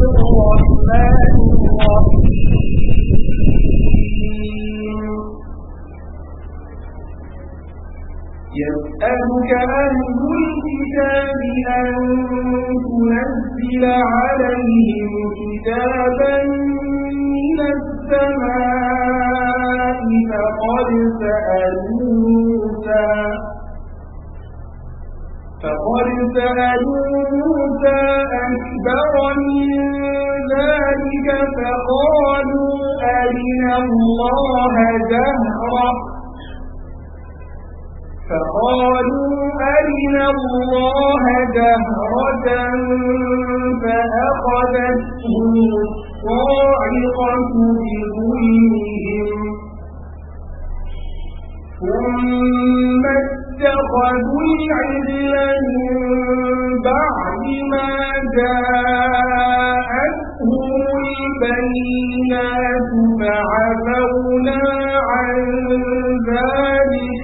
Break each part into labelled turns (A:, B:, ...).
A: الرحمن الرحيم يسألك أهل الكتاب أن تنزل عليهم كتابا من السماء فقد سألوا فقد سألوا موسى أكبر من ذلك فقالوا أرنا الله جَهْرًا فقالوا أرنا الله جهرة فأخذتهم الصاعقة بظلمهم ثم اتخذوا العجل من بعد ما جاءتهم البينات فعفونا عن ذلك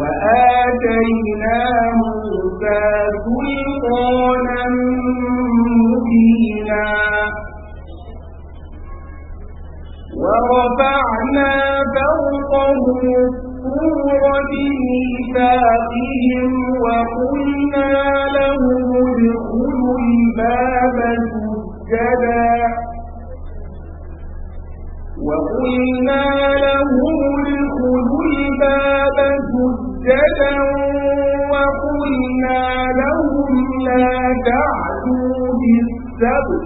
B: وآتينا موسى سلطانا
A: مبينا ورفعنا فوقهم وَغُرَّ بِمِيثَاقِهِمْ وَقُلْنَا لَهُمُ ادْخُلُوا الْبَابَ سُجَّدًا وَقُلْنَا لَهُمُ ادْخُلُوا الْبَابَ سُجَّدًا وَقُلْنَا لَهُمْ لَا
B: تَعْدُوا
A: بِالسَّبْتِ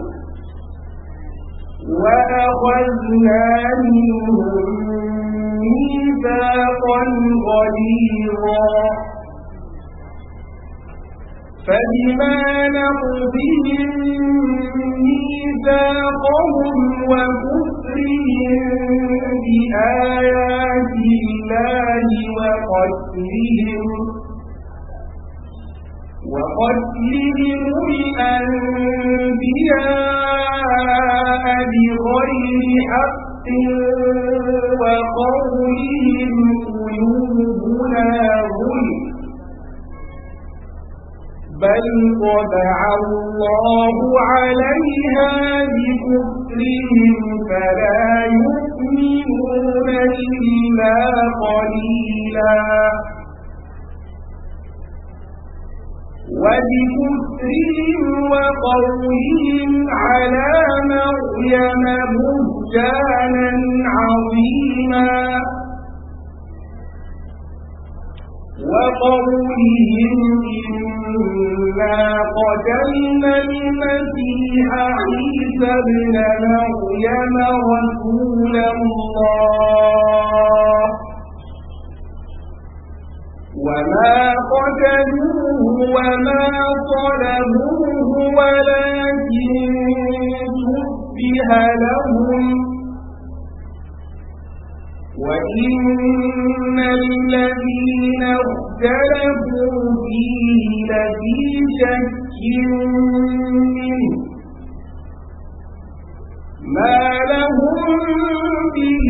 A: وَأَخَذْنَا مِنْهُمْ ميثاقا غليظا فبما نقضهم ميثاقهم وكفرهم بآيات الله وقتلهم وقتلهم الأنبياء بغير حق حق وقولهم لا غلق بل طبع الله عليها بكفرهم فلا يؤمنون إلا قليلاً وبكفرهم وقولهم على مريم بهتانا عظيما وقولهم إنا قتلنا المسيح عيسى ابن مريم رسول الله
B: وما
A: قتلوه وما طلبوه ولكن شبه لهم وإن الذين اختلفوا فيه لفي شك منه ما لهم به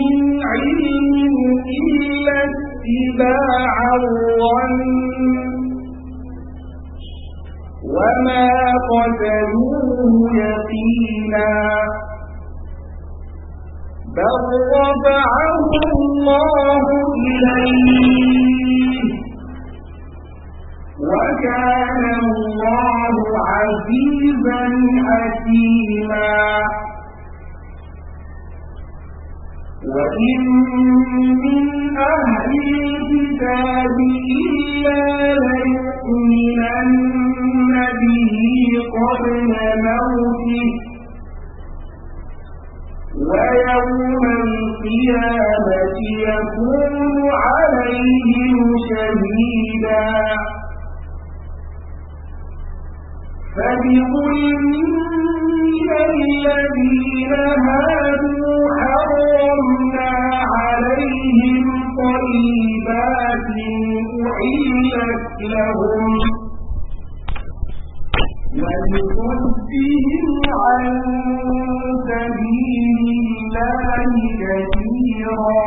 A: من علم إلا اتباع الظن وما قتلوه يقينا بل رفعه الله إليه وكان الله عزيزا حكيما وإن من أهل الكتاب إلا ليؤمنن به قبل موته ويوم القيامة يكون عليهم شهيدا فبظلم الذين هادوا حرمنا عليهم طيبات أحلت لهم ولصدهم عن سبيل كثيرا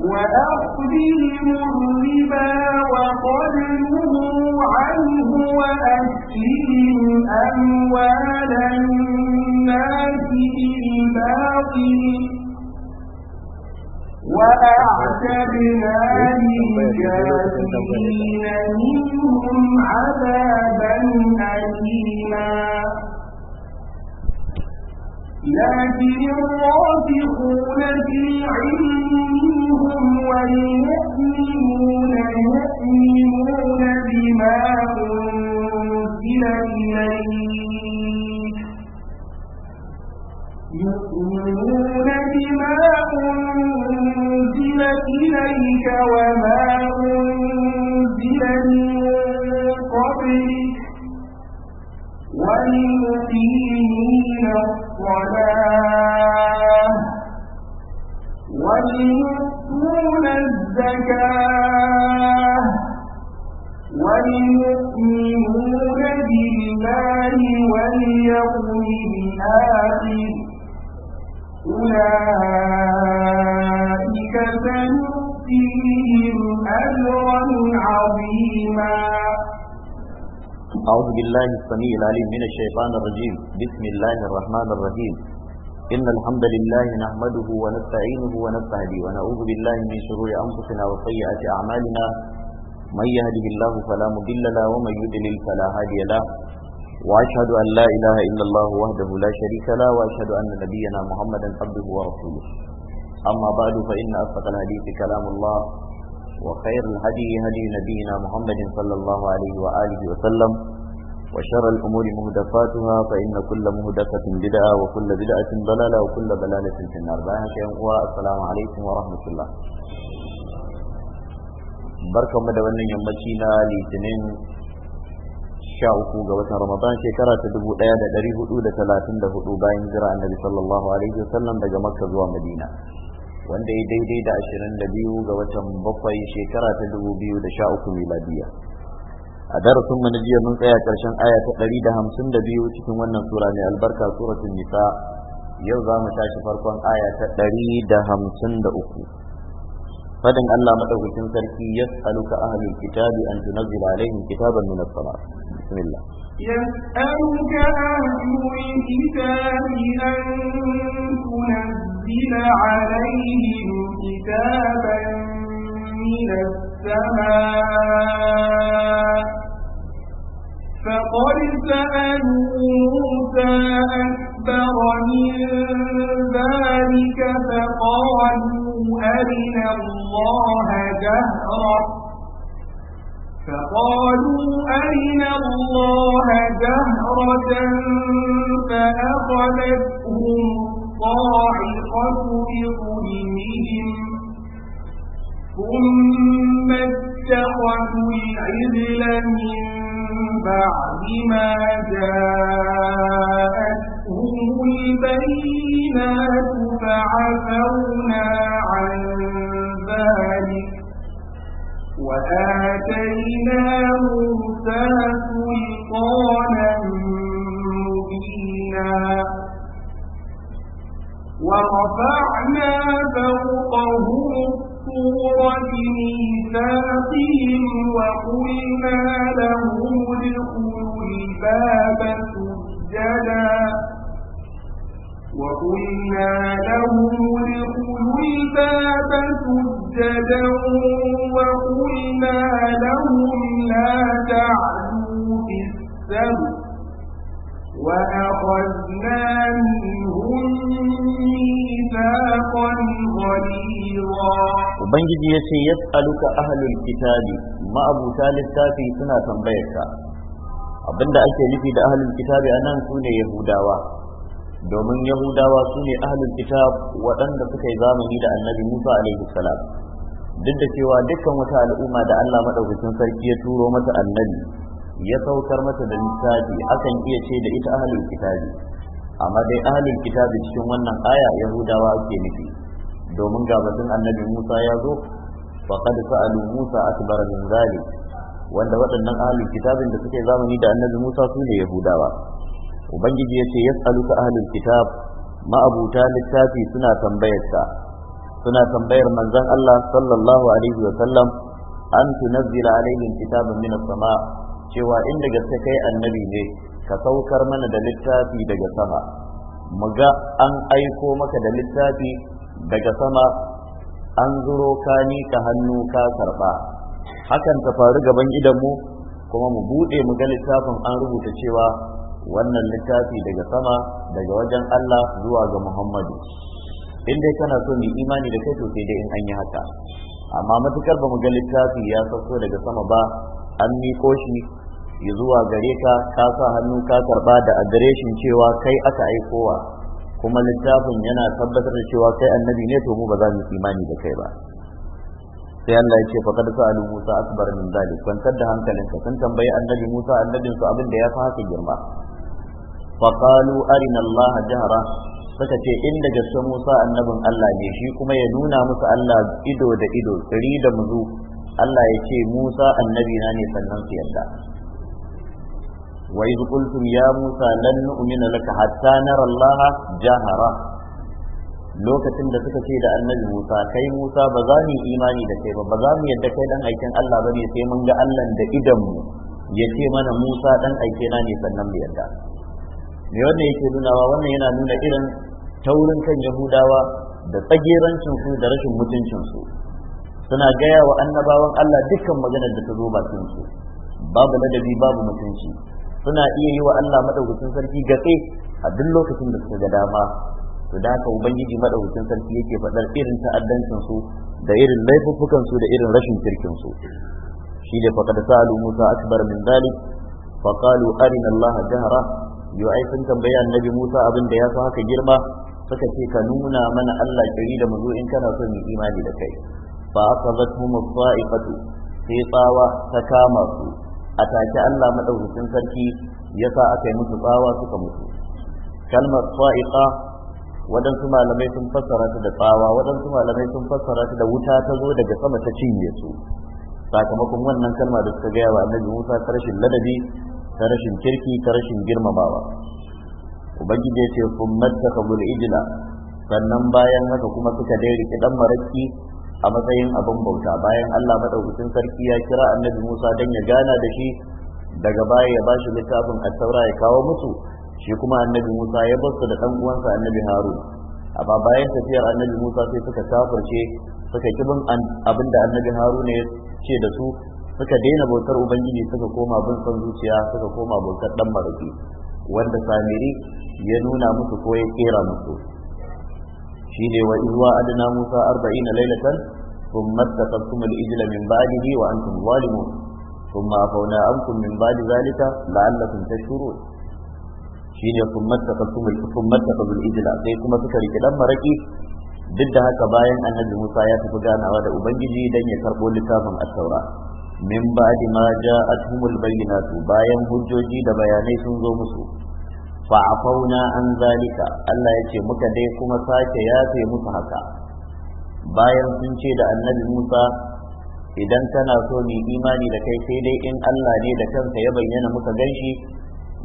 A: وأخذهم الربا وقد نهوا عنه وأكلهم أموال الناس بالباطل وأعتدنا للكافرين منهم عذابا أليما لكن الرافقون في علمهم والمؤمنون يؤمنون بما أنزل
B: إليك يؤمنون
A: بما أنزل إليك وما أنزل من قبلك والمؤمنين الصلاة ويؤتون الزكاة ويؤمنون بالله واليوم الآخر أولئك سنؤتيهم أجرا عظيما
C: أعوذ بالله السميع العليم من الشيطان الرجيم بسم الله الرحمن الرحيم إن الحمد لله نحمده ونستعينه ونستهديه ونعوذ بالله من شرور أنفسنا وسيئات أعمالنا من يهده الله فلا مضل له ومن يضلل فلا هادي له وأشهد أن لا إله إلا الله وحده لا شريك له وأشهد أن نبينا محمدا عبده ورسوله أما بعد فإن أصدق الحديث كلام الله وخير الهدي هدي نبينا محمد صلى الله عليه وآله وسلم وشر الأمور مهدفاتها فإن كل مهدفة بدعة وكل بدعة ضلالة وكل ضلالة في النار بأنك السلام عليكم ورحمة الله بركة مدونة يمتينا لتنين sha uku ga watan Ramadan shekara ta dubu ɗaya da ɗari hudu da talatin da hudu bayan jira annabi sallallahu alaihi wasallam daga Makka zuwa Madina wanda ya daidai da 22 ga watan bakwai shekara ta 2013 miladiya a darasin na jiya mun tsaya karshen aya ta 152 cikin wannan sura mai albarka suratul nisa yau za mu tashi farkon aya ta 153 fadin Allah madaukakin sarki yas'aluka ahlul kitabi an tunzila alaihim kitaban min as-salat bismillah
A: يسألك أهل الكتاب أن تنزل عليهم كتابا من السماء فقد سألوا موسى أكبر من ذلك فقالوا أرنا الله جهرا فقالوا أرنا الله جهرة فأخذتهم صاعقة بظلمهم ثم اتخذوا العجل من بعد ما جاءتهم البينات فعفونا عن ذلك وآتينا موسى سلطانا مبينا ورفعنا فوقهم الطور بميثاقهم وقلنا لهم ادخلوا الباب سجدا وقلنا له ادخلوا الباب سجدا وقلنا لهم لا تعدوا في السبت وأخذنا
C: Ubangiji ya ce, Ya Aluka ahalul kitabi, ma'abuta littafi suna tambayarka. Abinda ake nufi da ahalul kitabi a nan su ne Yahudawa, domin yahudawa su ne ahalin kitab waɗanda suka yi zamani da annabi musa alaihi salam duk da cewa dukkan wata al'umma da allah maɗaukacin sarki ya turo mata annabi ya saukar mata da littafi akan iya ce da ita ahalin kitabi amma dai ahalin kitabi cikin wannan aya yahudawa ke nufi domin ga batun annabi musa ya zo faqad sa'alu musa akbar min zalik wanda waɗannan ahalin kitabin da suke zamani da annabi musa su ne yahudawa ubangiji ya ce yas'aluka ahlul kitab ma'abuta littafi suna tambayar suna tambayar manzon Allah sallallahu alaihi wa sallam an tunazzila alaihim kitaban min sama cewa inda gaske kai annabi ne ka saukar mana da littafi daga sama mu ga an aiko maka da littafi daga sama an zuro ka ni ka hannu ka karba hakan ta faru gaban idanmu kuma mu buɗe mu ga littafin an rubuta cewa wannan littafi daga sama daga wajen Allah zuwa ga Muhammadu in dai kana so mu imani da kai to sai dai in an yi haka amma matukar ba mu ga littafi ya sauko daga sama ba an miko shi ya zuwa gare ka ka sa hannu ka karba da adireshin cewa kai aka aikowa kuma littafin yana tabbatar da cewa kai annabi ne to mu ba za mu imani da kai ba sai Allah ya ce faqad sa'alu Musa akbar min zalik kwantar da hankalinka sun tambayi annabi Musa annabin su abin da ya fa haka girma faƙalu arina Allah jahara suka ce in da gaske Musa annabin Allah ne shi kuma ya nuna musu Allah ido da ido tsiri da muzu Allah ya ce Musa annabi na ne sannan su yarda wa iz ya Musa lan nu'mina laka hatta nara Allah lokacin da suka ce da annabi Musa kai Musa ba za mu imani da kai ba za mu yarda kai dan aikin Allah bane sai mun ga Allah da idonmu, mu ya ce mana Musa ɗan aike na ne sannan mu yarda me wannan yake nunawa wannan yana nuna irin taurin kan yahudawa da tsagerancin su da rashin mutuncin su suna gaya wa annabawan Allah dukkan maganar da ta zo bakin su babu ladabi babu mutunci suna iya yi wa Allah madaukakin sarki gatse a duk lokacin da suka ga dama to da haka ubangiji madaukakin sarki yake faɗar irin ta'addancin su da irin laifuffukan su da irin rashin kirkin su shi da faqad sa'alu Musa akbar min zalik faqalu arina Allah jahra yau ai sun tambayi annabi Musa abin da ya fi haka girma suka ce ka nuna mana Allah kiri da muzo in kana so mu imani da kai fa akhadathum as-sa'ifatu sai tsawa ta kama su a take Allah madaukakin sarki ya sa aka yi musu tsawa suka mutu kalmar sa'iqa waɗansu malamai sun fassara ta da tsawa waɗansu malamai sun fassara ta da wuta ta zo daga sama ta cinye su sakamakon wannan kalma da suka gaya wa annabi Musa karshen ladabi ta rashin kirki ta rashin girmamawa ubangiji ya ce sun kabul ijila sannan bayan haka kuma suka dai riƙe ɗan maraƙi a matsayin abin bauta bayan Allah madaukakin sarki ya kira annabi Musa dan ya gana da shi daga baya ya bashi littafin attaura ya kawo musu shi kuma annabi Musa ya bar su da ɗan uwansa annabi Harun amma bayan tafiyar annabi Musa sai suka kafirce suka kibin abinda abin da annabi Harun ya ce da su suka daina bautar ubangiji suka koma bin son zuciya suka koma bautar dan maraki wanda samiri ya nuna musu ko ya kera musu Shi ne wa izwa adna musa arba'in na lailatan sun taqassum al-ijla min ba'dihi wa antum zalimun thumma afawna ankum min ba'di zalika la'allakum ta shuru. Shi ne sun taqassum al-ijla sai kuma suka riki dan maraki duk da haka bayan annabi musa ya tafi ganawa da ubangiji dan ya karɓo littafin at-taurat min ba'di ma bayyana su, bayan hujjoji da bayanai sun zo musu fa fauna an zalika Allah yace muka dai kuma sake yafe musu haka bayan sun ce da annabi Musa idan kana so ni imani da kai sai dai in Allah ne da kansa ya bayyana muka ganshi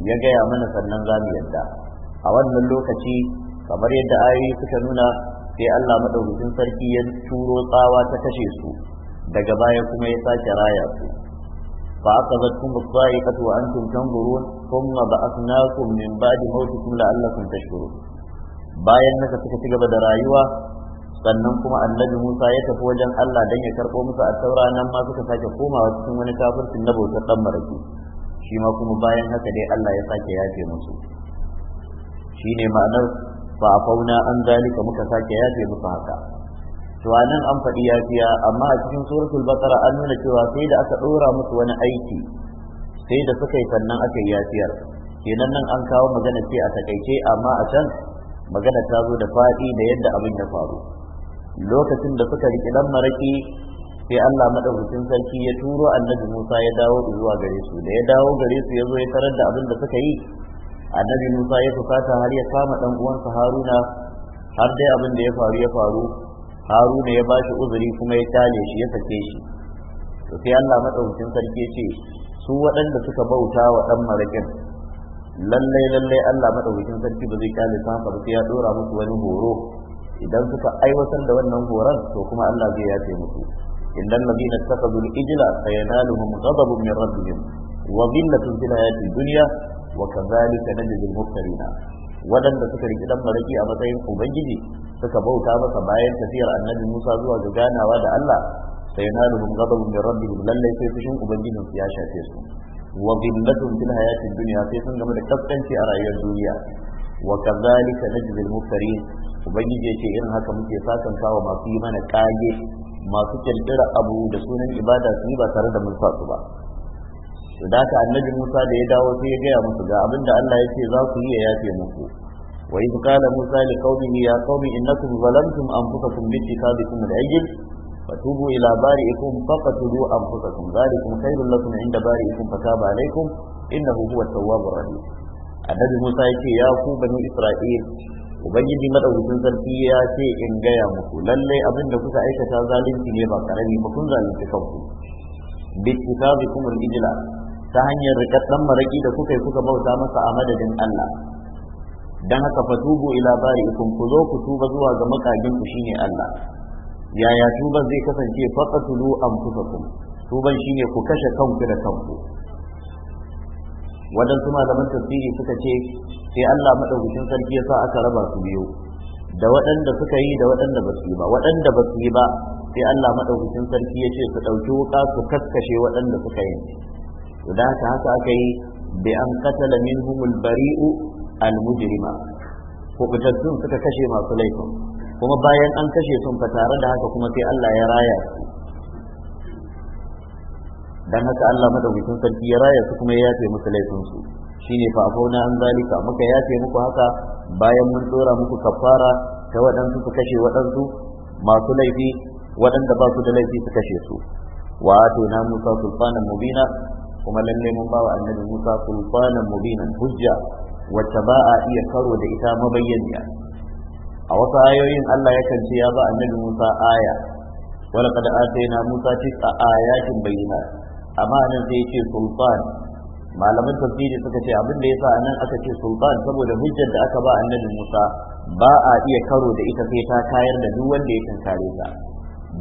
C: ya gaya mana sannan za mu yarda. a wannan lokaci kamar yadda ayoyi suka nuna sai Allah madaukakin sarki ya turo tsawa ta kashe su daga baya kuma ya sake raya su fa aqadatkum as-sa'iqatu wa antum tanzurun thumma ba'athnakum min ba'di mawtikum la'allakum tashkurun bayan naka suka ci gaba da rayuwa sannan kuma annabi Musa ya tafi wajen Allah dan ya karbo musu at-taura nan ma suka sake komawa cikin wani kafircin na bautar dan maraki shi ma kuma bayan haka dai Allah ya sake yafe musu shine ma'anar fa fauna an zalika muka sake yafe musu haka to anan an faɗi fiya amma a cikin suratul baqara an nuna cewa sai da aka ɗora musu wani aiki sai da suka yi sannan aka yi yafiyar kenan nan an kawo magana ce a takaice amma a can magana ta zo da faɗi da yadda abin ya faru lokacin da suka riƙi dan maraki sai Allah madaukakin sarki ya turo annabi Musa ya dawo zuwa gare su da ya dawo gare su ya zo ya tarar da abin da suka yi annabi Musa ya fusata har ya kama ɗan uwansa Haruna har dai abin da ya faru ya faru haruna ya bashi uzuri kuma ya tale shi ya sake shi to sai Allah madaukakin sarki ce su waɗanda suka bauta wa dan marakin lallai lallai Allah madaukakin sarki ba zai kyale san ba sai ya dora musu wani horo idan suka aiwatar da wannan horon to kuma Allah zai yafe musu innal ladina ittakhadhu al-ijla sayanaluhum ghadabun min rabbihim wa dhillatun fil hayati dunya wa kadhalika najzi muftarina waɗanda suka riki dan maraki a matsayin ubangiji suka bauta masa bayan tafiyar annabi Musa zuwa ga ganawa da Allah sai na lahum ghadabun min rabbihim lallai sai fushin ubangijin su ya shafe su wa dhillatun fil hayatid dunya sai sun game da kaskanci a rayuwar duniya wa kadhalika najzi al muftarin ubangiji yace irin haka muke sakan kawo masu yi mana kage masu kirkira abu da sunan ibada su yi ba tare da mun su ba Su da ka annabi Musa da ya dawo sai ya gaya musu ga abinda Allah ya ce za ku yi ya yafe muku wa idh qala Musa li qaumihi ya qaumi innakum zalamtum anfusakum bi ittikhadikum al-ajl fatubu ila bari an bari'ikum faqtulu anfusakum kai lullu lakum 'inda bari bari'ikum fataba alaykum innahu huwa at-tawwabur rahim annabi Musa ya ce ya ku bani Isra'il ubangiji madaukakin sarki ya ce in gaya muku lallai abin da kuka aikata zalunci ne ba karami ba kun zalunci kanku bi ittikhadikum al-ajla ta hanyar rikar dan maraki da kuka yi kuka bauta masa a madadin Allah don haka fatubu ila bari'ikum ku zo ku tuba zuwa ga makagin ku shine Allah yaya tuba zai kasance faɗa an kusa anfusakum tuban shine ku kashe kanku da kanku wadansu malaman tafsiri suka ce sai Allah madaukakin sarki ya sa aka raba su biyu da waɗanda suka yi da waɗanda ba su yi ba waɗanda ba su yi ba sai Allah madaukakin sarki ya ce su ɗauki wuƙa su kaskashe waɗanda suka yi da haka haka aka yi bi an katala minhum al-bari'u al-mujrima suka kashe masu laifin kuma bayan an kashe sun fa tare da haka kuma sai Allah ya raya su dan haka Allah madaukakin sarki ya raya su kuma ya yafe musu laifin su shine fa na an zalika muka yafe muku haka bayan mun dora muku kafara ta waɗansu su kashe waɗansu masu laifi waɗanda ba su da laifi su kashe su wa atuna musa sulfanan mubina kuma lalle mun bawa annabi Musa sulfanan mubinan hujja wacce ba a iya karo da ita mabayyaniya a wasu ayoyin Allah yakan ce ya ba annabi Musa aya wala kada atayna Musa tis'a ayatin bayyinat amma nan sai yace sulfan malaman tafsiri suka ce abin da yasa nan aka ce sulfan saboda hujjar da aka ba annabi Musa ba a iya karo da ita sai ta kayar da duk wanda ya tunkare ta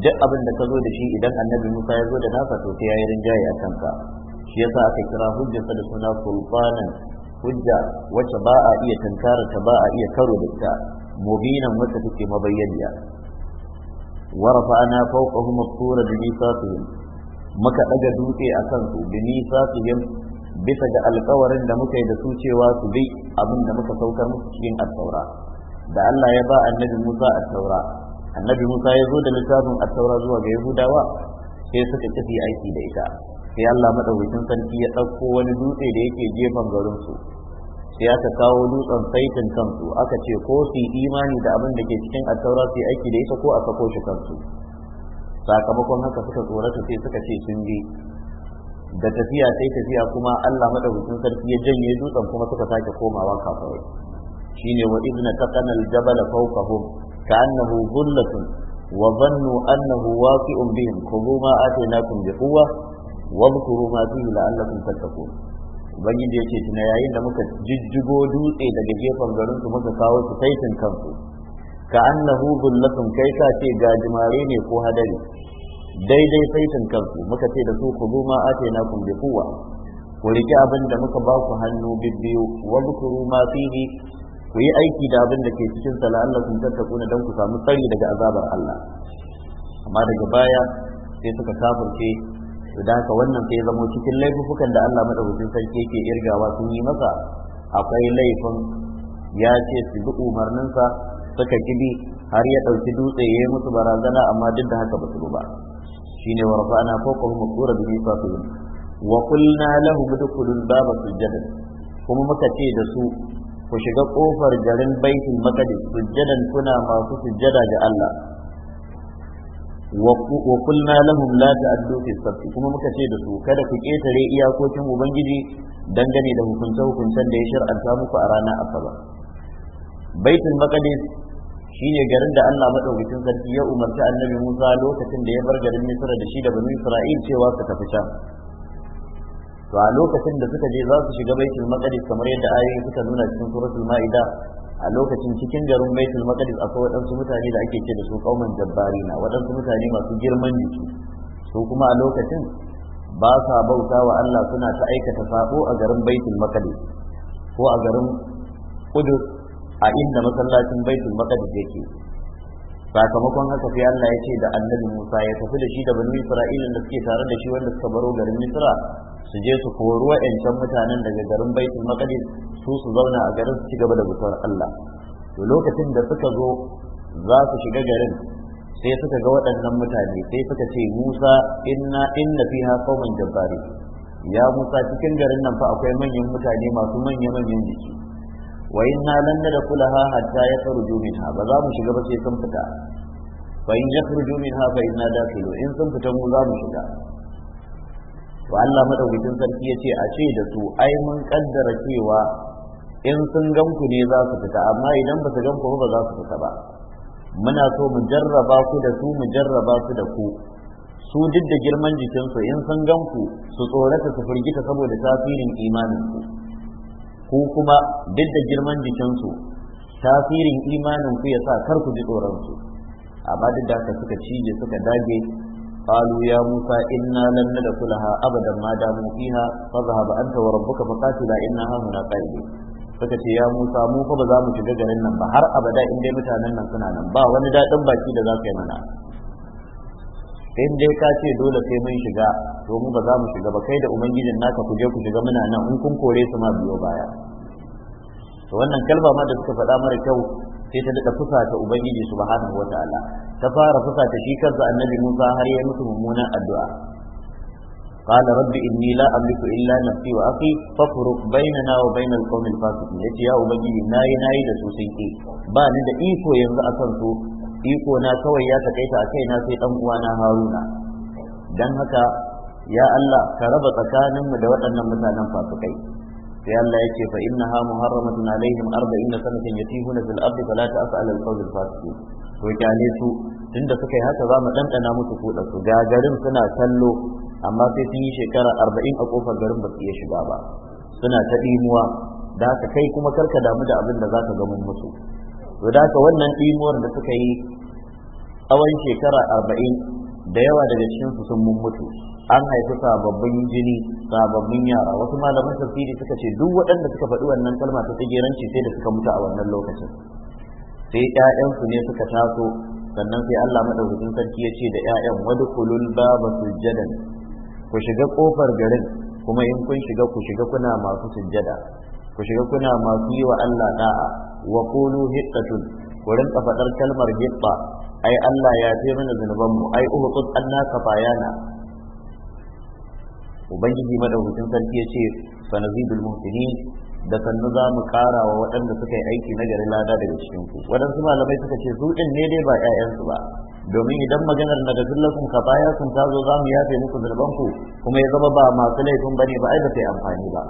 C: duk abin da ka zo da shi idan annabi Musa ya zo da nasa to sai ya yi rinjaye a kanka shi yasa aka kira hujjarsa da suna sultanan hujja wacce ba a iya tankararta ba a iya karo da ita mubinan wacce take mabayyaniya ورفعنا فوقهم الطور بميثاقهم muka ɗaga dutse a su bi misafihim bisa ga alkawarin da muka yi da su cewa su bi abin da muka saukar musu cikin attaura da Allah ya ba annabi Musa attaura annabi Musa ya zo da littafin attaura zuwa ga Yahudawa sai suka tafi aiki da ita sai Allah madaukakin sarki ya ɗauko wani dutse da yake gefen garin su sai aka kawo dutsen saitin kansu aka ce ko su imani da abin da ke cikin attaura su aiki da ita ko a sako shi kansu sakamakon haka suka tsorata sai suka ce sun bi da tafiya sai tafiya kuma Allah madaukakin sarki ya janye dutsen kuma suka sake komawa kafirai shine wa ibna taqana al-jabala fawqahum ka'annahu dhullatun wa dhannu annahu waqi'un bihim khudhu ma atainakum biquwwa bukuru ma fihi la'allakum tattaqun ubangiji yake tuna yayin da muka jijjigo dutse daga gefen garin su muka kawo su taitin kansu ka annahu zullatun kai ka ce gajimare ne ko hadari daidai saitin kansu muka ce da su ku zo ma na kun kuwa ku riƙe abin da muka ba ku hannu bibbiyu wa bukuru ma fihi ku yi aiki da abin da ke cikin sa tattaku na dan ku samu tsari daga azabar Allah amma daga baya sai suka kafirce to da wannan sai zamo cikin laifukan da Allah madaukakin sarki yake irgawa sun yi masa akwai laifin ya ce su bi umarninsa suka kibi har ya ɗauki dutse ya yi musu barazana amma duk da haka ba su ba shine wa rafa'na fawqahum qura bi safin wa qulna lahu udkhulul baba sujadan kuma muka ce da su ku shiga kofar garin baitul maqdis sujadan kuna masu sujjada ga Allah wa kulna lahum la ta'addu fi sabti kuma muka ce da su kada ku ketare iyakokin ubangiji dangane da hukunce hukuncen da ya shar'anta muku a ranar asabar baitul maqdis shine garin da Allah bikin sarki ya umarci annabi Musa lokacin da ya bar garin Misra da shi da bani Isra'il cewa su tafi can to a lokacin da suka je za su shiga Baitin maqdis kamar yadda ayoyi suka nuna cikin suratul ma'ida a lokacin cikin garin baitul maqdis akwai waɗansu mutane da ake ce da su kauman na, waɗansu mutane masu girman jiki su kuma a lokacin ba sa bauta wa Allah suna ta aikata sabo a garin baitul maqdis ko a garin kudus a inda masallacin baitul maqdis yake sakamakon haka sai Allah ya ce da annabi Musa ya tafi da shi da banu Isra'ila da suke tare da shi wanda suka baro garin Misra su je su kori wa'ancan mutanen daga garin Baitul Maqdis su su zauna a garin su ci gaba da butar Allah to lokacin da suka zo za su shiga garin sai suka ga waɗannan mutane sai suka ce Musa inna inna fiha qauman jabbari ya Musa cikin garin nan fa akwai manyan mutane masu manya manyan jiki wa inna lan nadkhulaha hatta yakhruju minha ba za mu shiga ba sai sun fita fa in yakhruju minha fa inna dakhilu in sun fita mu za mu shiga wa Allah madaukakin sarki yace a ce da su ai mun kaddara cewa in sun ganku ne za su fita amma idan ba su ganku ba za su fita ba muna so mu jarraba ku da su mu jarraba su da ku su duk da girman jikinsu in sun ganku su tsorata su firgita saboda tasirin imanin ku ku kuma duk da girman jikinsu tasirin imanin ku ya sa kar ku ji tsoronsu amma duk da suka cije suka dage قالوا يا موسى إنا لن ندخلها أبدا ما داموا فيها فاذهب أنت وربك فقاتلا إنا هاهنا قائدون suka ce ya Musa mu fa ba za mu shiga garin nan ba har abada in dai mutanen nan suna nan ba wani daɗin baki da za ka yi mana in dai ka ce dole sai mun shiga to mu ba za mu shiga ba kai da ubangijin naka ku je ku shiga muna nan in kun kore su ma biyo baya to wannan kalba ma da suka faɗa mara kyau sai ta daɗa fusata ubangiji subhanahu wataala ta fara ta shi kansa annabi Musa har ya musu mummunan addu'a قال رب إني لا أملك إلا نفسي وأخي فافرق بيننا وبين القوم الفاسقين يتي يا أبنجي ناي ناي da su sun ke ba ni da iko yanzu su iko na kawai ya takaita a kaina sai dan uwana haruna dan haka ya Allah ka raba tsakaninmu da waɗannan mutanen fasikai sai Allah yake fa innaha muharramatun alaihim arba'in sanatan yatihuna fil ardi fala ta'sal al qawl al fasiqin to kyale su tunda suka yi haka za mu dandana musu kuɗa su garin suna tallo, amma sai sun yi shekara 40 a kofar garin ba su iya shiga ba suna ta dimuwa da haka kai kuma karka damu da abin da zaka ga mun musu to da haka wannan imuwar da suka yi tsawon shekara arba'in da yawa daga cikin su sun mummutu an haifi sababbin jini sababbin yara wasu malaman tafsiri suka ce duk waɗanda suka faɗi wannan kalma ta tsigeranci sai da suka mutu a wannan lokacin sai ƴaƴansu ne suka taso sannan sai Allah madaukakin sarki ya ce da ƴaƴan kulun baba sujjadan ku shiga kofar garin kuma in kun shiga ku shiga kuna masu sujjada ku shiga kuna masu yi wa Allah da'a wa qulu hittatun ku rinka fadar kalmar hitta ai Allah ya fi mana zunuban mu ai uhqut anna kafayana ubangiji madaukakin sarki yace fa muhsinin da sannu za mu kara wa waɗanda suka yi aiki na gari lada daga cikin ku waɗansu malamai suka ce su ɗin ne dai ba ƴaƴansu ba domin idan maganar na gazillakum ka baya sun tazo za mu yafe muku zunuban ku kuma ya zama ba masu laifin ba ne ba ai da sai amfani ba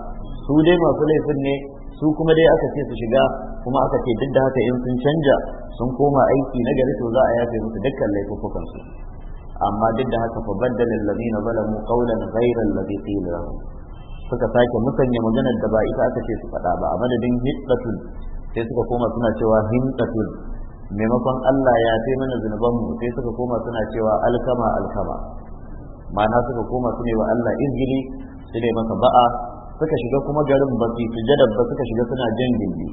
C: su dai masu laifin ne su kuma dai aka ce su shiga kuma aka ce duk da haka in sun canja sun koma aiki na gari to za a yafe musu dukkan laifukan su amma duk da haka fa baddala allazina zalamu qawlan ghayra allazi qila lahum suka sake musanya maganar da ba ita aka ce su faɗa ba a madadin hiddatun sai suka koma suna cewa hintatun maimakon Allah ya sai mana zunubanmu sai suka koma suna cewa alkama alkama ma'ana suka koma su ne wa Allah izgili su ne masa ba'a suka shiga kuma garin ba su sujada ba suka shiga suna jan gindi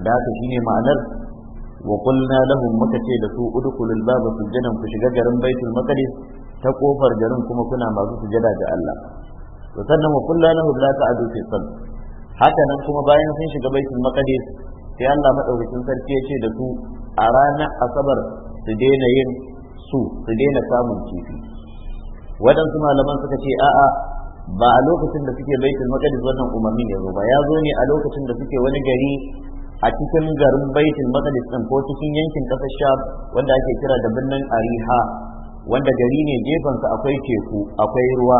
C: da haka shine ma'anar wa qulna lahum muka ce da su udkhulul baba sujadan ku shiga garin baitul maqdis ta kofar garin kuma kuna masu sujada ga Allah to sannan wa qulna lahum la ta'du fi sallah haka nan kuma bayan sun shiga baitul maqdis sai Allah madaukakin sarki ya ce da su a ranar asabar su daina yin su su daina samun kifi waɗansu malaman suka ce a'a ba a lokacin da suke baitul maqdis wannan umarni ya zo ba ya zo ne a lokacin da suke wani gari a cikin garin baitul maqdis din ko cikin yankin kasar shab wanda ake kira da birnin ariha wanda gari ne sa akwai teku akwai ruwa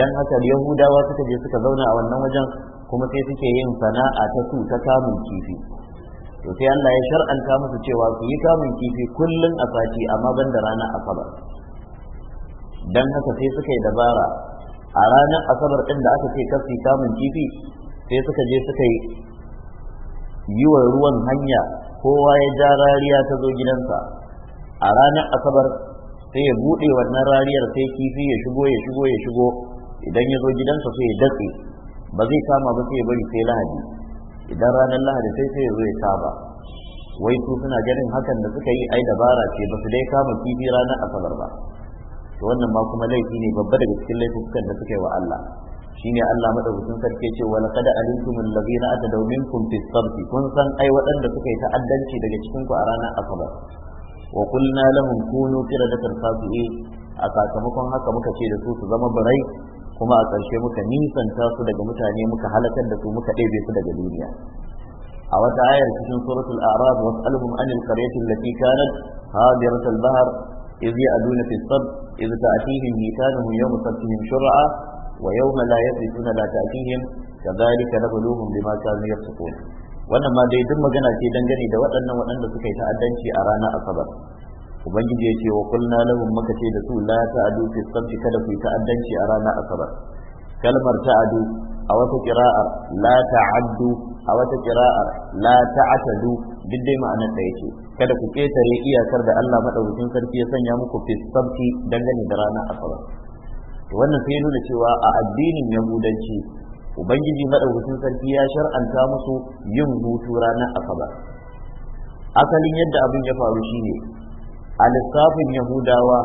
C: dan haka yahudawa suka je suka zauna a wannan wajen kuma sai suke yin sana'a ta su ta kamun kifi to sai Allah ya shar'anta musu cewa su yi kamun kifi kullun a sati amma ban da rana asabar dan haka sai suka yi dabara a ranar asabar ɗin da aka ce kafin kamun kifi sai suka je suka yi yi wa ruwan hanya kowa ya ja rariya ta zo gidansa a ranar asabar sai ya buɗe wannan rariyar sai kifi ya shigo ya shigo ya shigo idan ya zo gidansa sai ya datse ba zai kama ba sai ya bari sai lahadi idan ranar lahadi sai sai ya zo ya saba wai su suna ganin hakan da suka yi ai dabara ce ba su dai kama kifi ranar asabar ba to wannan ma kuma laifi ne babba daga cikin laifukan da suka yi wa Allah shine Allah madaukakin sarki ce wa laqad alimtum allazina atadaw minkum fi sabti kun san ai waɗanda suka yi ta'addanci daga cikin ku a ranar asabar wa qulna lahum kunu qiradatan fasiqin a sakamakon haka muka ce da su su zama barai kuma a ƙarshe muka nisanta su daga mutane muka halakar da su muka ɗebe su daga duniya a wata ayar cikin suratul a'raf was'alhum anil qaryati allati kanat hadirat bahr إذ يألون في الصد إذ تأتيهم ميتانهم يوم صدهم شرعا ويوم لا يثبتون لا تأتيهم كذلك نبلوهم بما كانوا يفسقون wannan ma dai duk magana ce dangane da waɗannan waɗanda suka yi ta'addanci a ranar asabar ubangiji ya ce wa kulna lahum maka ce da su la ta'adu fi sabti kada ku yi ta'addanci a ranar asabar kalmar ta'adu a wata qira'ar la ta'addu a wata qira'ar la ta'atadu duk dai ma'anar da yake kada ku ƙetare iyakar da Allah madaukakin sarki ya sanya muku fi sabti dangane da ranar asabar to wannan sai nuna cewa a addinin yahudanci ubangiji madaukakin sarki ya shar'anta musu yin hutu ranar asabar asalin yadda abin ya faru shine a lissafin yahudawa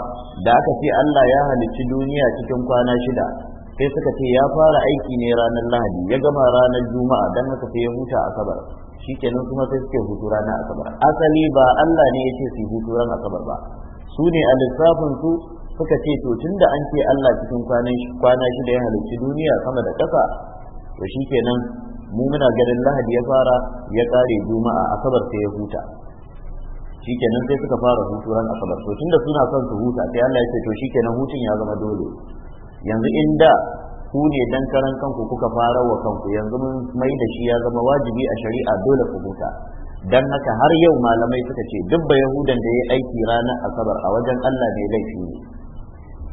C: da aka ce Allah ya halicci duniya cikin kwana shida sai suka ce ya fara aiki ne ranar lahadi ya gama ranar juma'a don haka sai ya huta asabar shikenan kuma sai suke hutu ranar asabar asali ba Allah ne ya ce su hutu ranar asabar ba su ne a lissafin su suka ce to tun da an ce Allah cikin kwana shi da ya halarci duniya sama da ƙasa to shikenan mu muna ganin lahadi ya fara ya kare juma'a asabar sai ya huta shikenan sai suka fara hutu ran asabar to tun da suna son su huta sai Allah ya ce to shikenan hutun ya zama dole yanzu inda ku ne dan karan kanku kuka fara wa kanku yanzu mun mai da shi ya zama wajibi a shari'a dole ku huta dan haka har yau malamai suka ce duk ba yahudan da ya aiki ranar asabar a wajen Allah bai laifi ne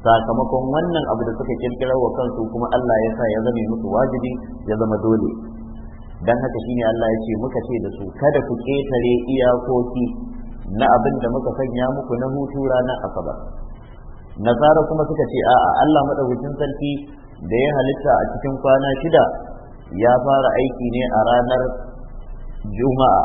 C: sakamakon wannan abu da suka kirkira wa kansu kuma Allah ya sa ya zame musu wajibi ya zama dole dan haka shine Allah ya ce muka ce da su kada ku ketare iyakoki na abin da muka sanya muku na hutu ranar asabar nasara kuma suka ce a'a Allah madaukakin sarki da ya halitta a cikin kwana shida ya fara aiki ne a ranar juma'a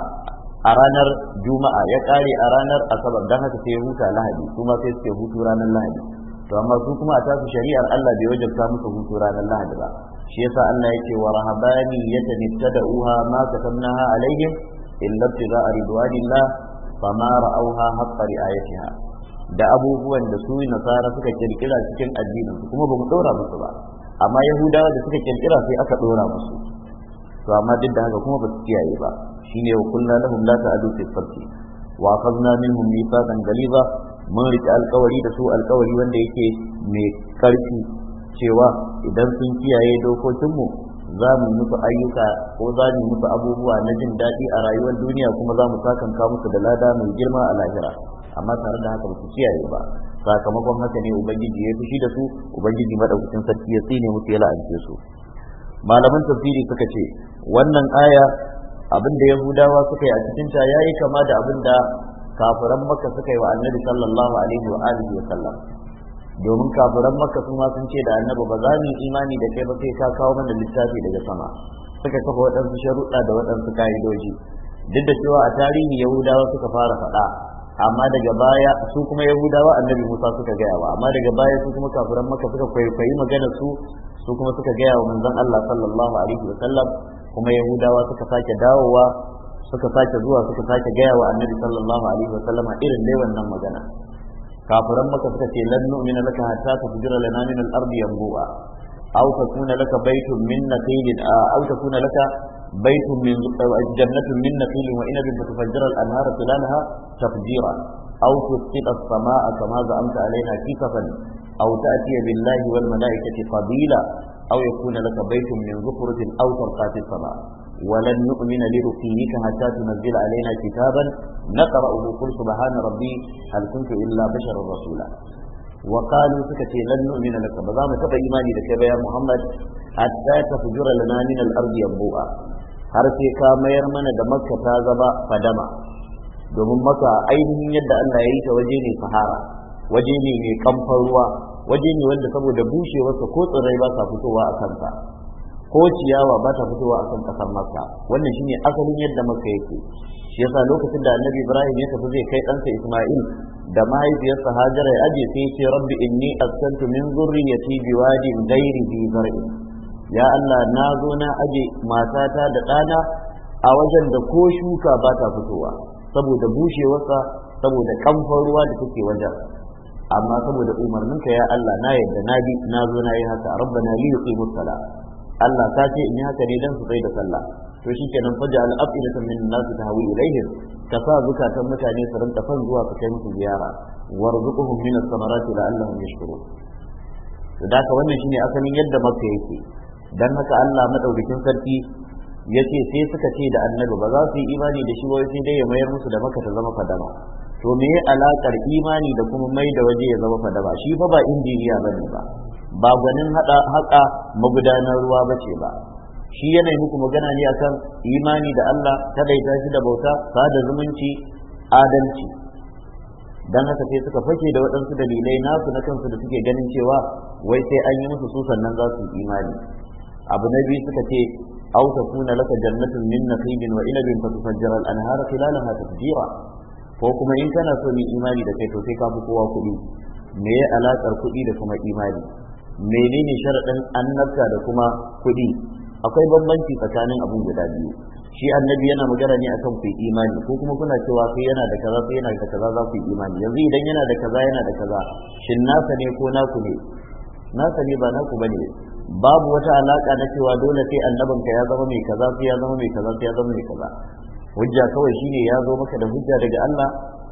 C: a ranar juma'a ya kare a ranar asabar don haka sai ya huta lahadi kuma sai suke hutu ranar lahadi to amma su kuma a tasu shari'ar Allah bai wajabta musu hutu ranar lahadi ba shi yasa Allah yake wa rahabani yatani tada'uha ma za alaihim illa ibtida'a ridwanillah fama ra'auha haqqa ri'ayatiha da abubuwan da su nasara suka kirkira cikin addinin kuma ba mu daura musu ba amma yahudawa da suka kirkira sai aka dora musu to amma duk da haka kuma ba su kiyaye ba shine wa kullu lahum la ta'du fi farqi wa akhadna minhum mithaqan galiza mun rike alkawari da su alkawari wanda yake mai karfi cewa idan sun kiyaye dokokinmu za mu musu ayyuka ko za mu musu abubuwa na jin daɗi a rayuwar duniya kuma za mu sakanka musu da lada mai girma a lahira amma tare da haka ba su kiyaye ba sakamakon haka ne ubangiji ya fushi da su ubangiji madaukakin sarki ya tsine musu ya la'ance su malaman tafsiri suka ce wannan aya abin da yahudawa suka yi a cikin ta yayi kama da abin da kafiran makka suka yi wa annabi sallallahu alaihi wa alihi wa sallam domin kafiran makka sun ma sun ce da annabi ba za mu imani da kai ba sai ka kawo mana littafi daga sama suka kafa waɗansu sharuɗa da waɗansu ka'idoji duk da cewa a tarihi yahudawa suka fara faɗa amma daga baya su kuma yahudawa annabi musa suka gaya wa amma daga baya su kuma kafiran maka suka kwaikwayi magana su su kuma suka gaya wa manzon allah sallallahu alaihi wa sallam kuma yahudawa suka sake dawowa suka sake zuwa suka sake gaya wa annabi sallallahu alaihi wa sallam irin dai wannan magana kafiran maka suka ce lan nu'mina laka hatta tujra lana min al-ardi yanbu'a aw takuna laka baytun min naqilin aw takuna laka بيت من جنة من نخيل وإنب فتفجر الأنهار خلالها تفجيرا أو تسقط السماء كما زعمت عليها كسفا أو تأتي بالله والملائكة قبيلا أو يكون لك بيت من زخرة أو ترقى في السماء ولن نؤمن لرقيك حتى تنزل علينا كتابا نقرأه قل سبحان ربي هل كنت إلا بشرا رسولا وقالوا سكتي لن نؤمن لك بذام تبا إيماني لك يا محمد حتى تفجر لنا من الأرض يبوءا har sai ka mayar mana da makka ta zama fadama domin maka ainihin yadda Allah ya yi ta waje ne sahara waje ne mai kamfan ruwa waje ne wanda saboda bushewarsa ko tsirrai ba sa fitowa a kanta, ko ciyawa ba ta fitowa a kan kasar makka wannan shine asalin yadda makka yake shi yasa lokacin da annabi ibrahim ya tafi zai kai ɗansa isma'il da mahaifiyarsa hajara ya aje sai ya ce rabbi inni askantu min zurriyati biwadin ghairi bi zar'in ya Allah na zo na aje matata da ɗana a wajen da ko shuka ba ta fitowa saboda bushewarsa saboda kamfan ruwa da take wajen amma saboda umarninka ya Allah na yadda na bi na zo na yi haka rabbana li yuqimu sala Allah ta ce in yi haka ne dan su sai da sallah to shikenan faja al afidatan min nas tahwi ilaihim ka sa zukatan mutane su rinka fan zuwa su kai musu ziyara warzuquhum min as-samarati la'allahum yashkurun da ka wannan shine asalin yadda maka yake dan haka Allah madaukakin sarki yace sai suka ce da annabi ba za su yi imani da shi ba sai dai ya mayar musu da maka ta zama fadama to me alakar imani da kuma mai da waje ya zama fadama shi fa ba injiniya bane ba ba gwanin hada haka magudanar ruwa bace ba shi yana muku magana ne akan imani da Allah kadaita shi da bauta sada zumunci adalci dan haka sai suka fake da waɗansu dalilai nasu na kansu da suke ganin cewa wai sai an yi musu su sannan za su imani abu na biyu suka ce aw suna laka jannatin min nakhilin wa inabin fatufajjira al-anhara khilalaha tafjira ko kuma in kana so ni imani da kai to sai ka fi kowa kuɗi me ya alakar kuɗi da kuma imani menene sharaɗin annabta da kuma kuɗi akwai bambanci tsakanin abin guda biyu shi annabi yana magana ne akan ku imani ko kuma kuna cewa sai yana da kaza sai yana da kaza za ku yi imani yanzu idan yana da kaza yana da kaza shin nasa ne ko naku ne nasa ne ba naku bane babu wata alaka na cewa dole sai annabanka ya zama mai kaza sai ya zama mai kaza sai ya zama mai kaza hujja kawai shine ya zo maka da hujja daga Allah